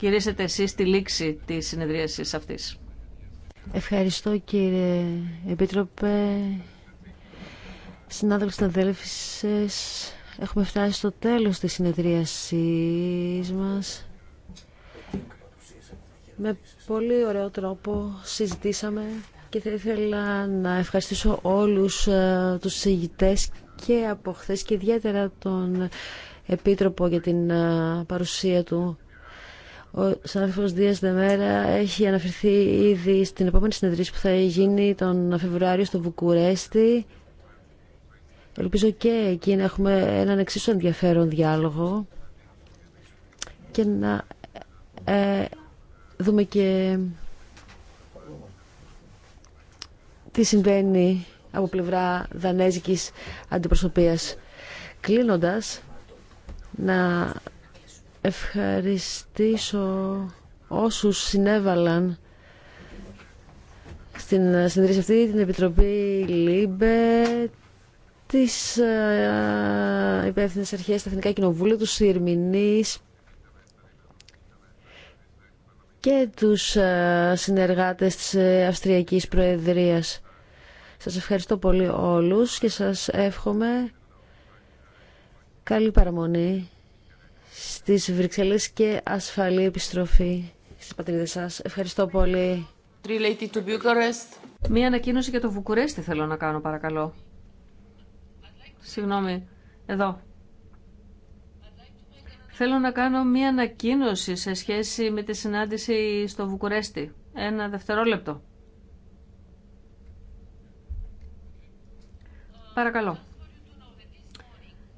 Speaker 2: Κυρίσετε εσεί τη λήξη τη συνεδρίασης αυτής.
Speaker 3: Ευχαριστώ κύριε Επίτροπε. Συνάδελφοι, σα έχουμε φτάσει στο τέλος της συνεδρίασής μας. Με πολύ ωραίο τρόπο συζητήσαμε και θα ήθελα να ευχαριστήσω όλους ε, τους συζητητές και από χθε και ιδιαίτερα τον Επίτροπο για την ε, παρουσία του ο Σάρφος Διά Δεμέρα έχει αναφερθεί ήδη στην επόμενη συνεδρίαση που θα γίνει τον Φεβρουάριο στο Βουκουρέστι. Ελπίζω και εκεί να έχουμε έναν εξίσου ενδιαφέρον διάλογο και να ε, δούμε και τι συμβαίνει από πλευρά δανέζικης αντιπροσωπείας. Κλείνοντας, να ευχαριστήσω όσους συνέβαλαν στην συνεδρίαση αυτή την Επιτροπή ΛΥΜΠΕ, τις ε, υπεύθυνε αρχές, τα Εθνικά Κοινοβούλια, τους Ιερμηνείς και τους ε, συνεργάτες της ε, Αυστριακής Προεδρίας. Σας ευχαριστώ πολύ όλους και σας εύχομαι καλή παραμονή στις Βρυξέλλες και ασφαλή επιστροφή στι πατρίδα σας. Ευχαριστώ πολύ.
Speaker 2: To Μία ανακοίνωση για το Βουκουρέστι θέλω να κάνω παρακαλώ. Συγγνώμη, εδώ. Θέλω να κάνω μία ανακοίνωση σε σχέση με τη συνάντηση στο Βουκουρέστι. Ένα δευτερόλεπτο. Παρακαλώ.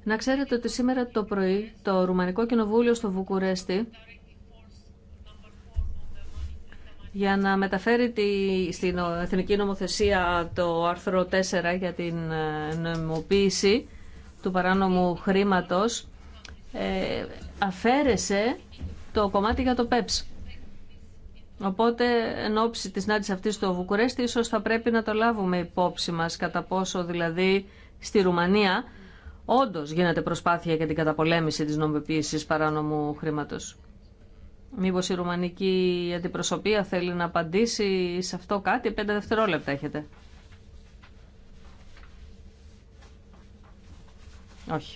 Speaker 2: Να ξέρετε ότι σήμερα το πρωί το Ρουμανικό Κοινοβούλιο στο Βουκουρέστι για να μεταφέρει τη, στην Εθνική Νομοθεσία το άρθρο 4 για την ε, νομιμοποίηση του παράνομου χρήματος ε, αφαίρεσε το κομμάτι για το ΠΕΠΣ. Οπότε, εν ώψη της συνάντησης αυτής στο Βουκουρέστι, ίσως θα πρέπει να το λάβουμε υπόψη μας κατά πόσο δηλαδή στη Ρουμανία Όντω γίνεται προσπάθεια για την καταπολέμηση της νομιμοποίηση παράνομου χρήματος. Μήπω η ρουμανική αντιπροσωπεία θέλει να απαντήσει σε αυτό κάτι, πέντε δευτερόλεπτα έχετε. Όχι.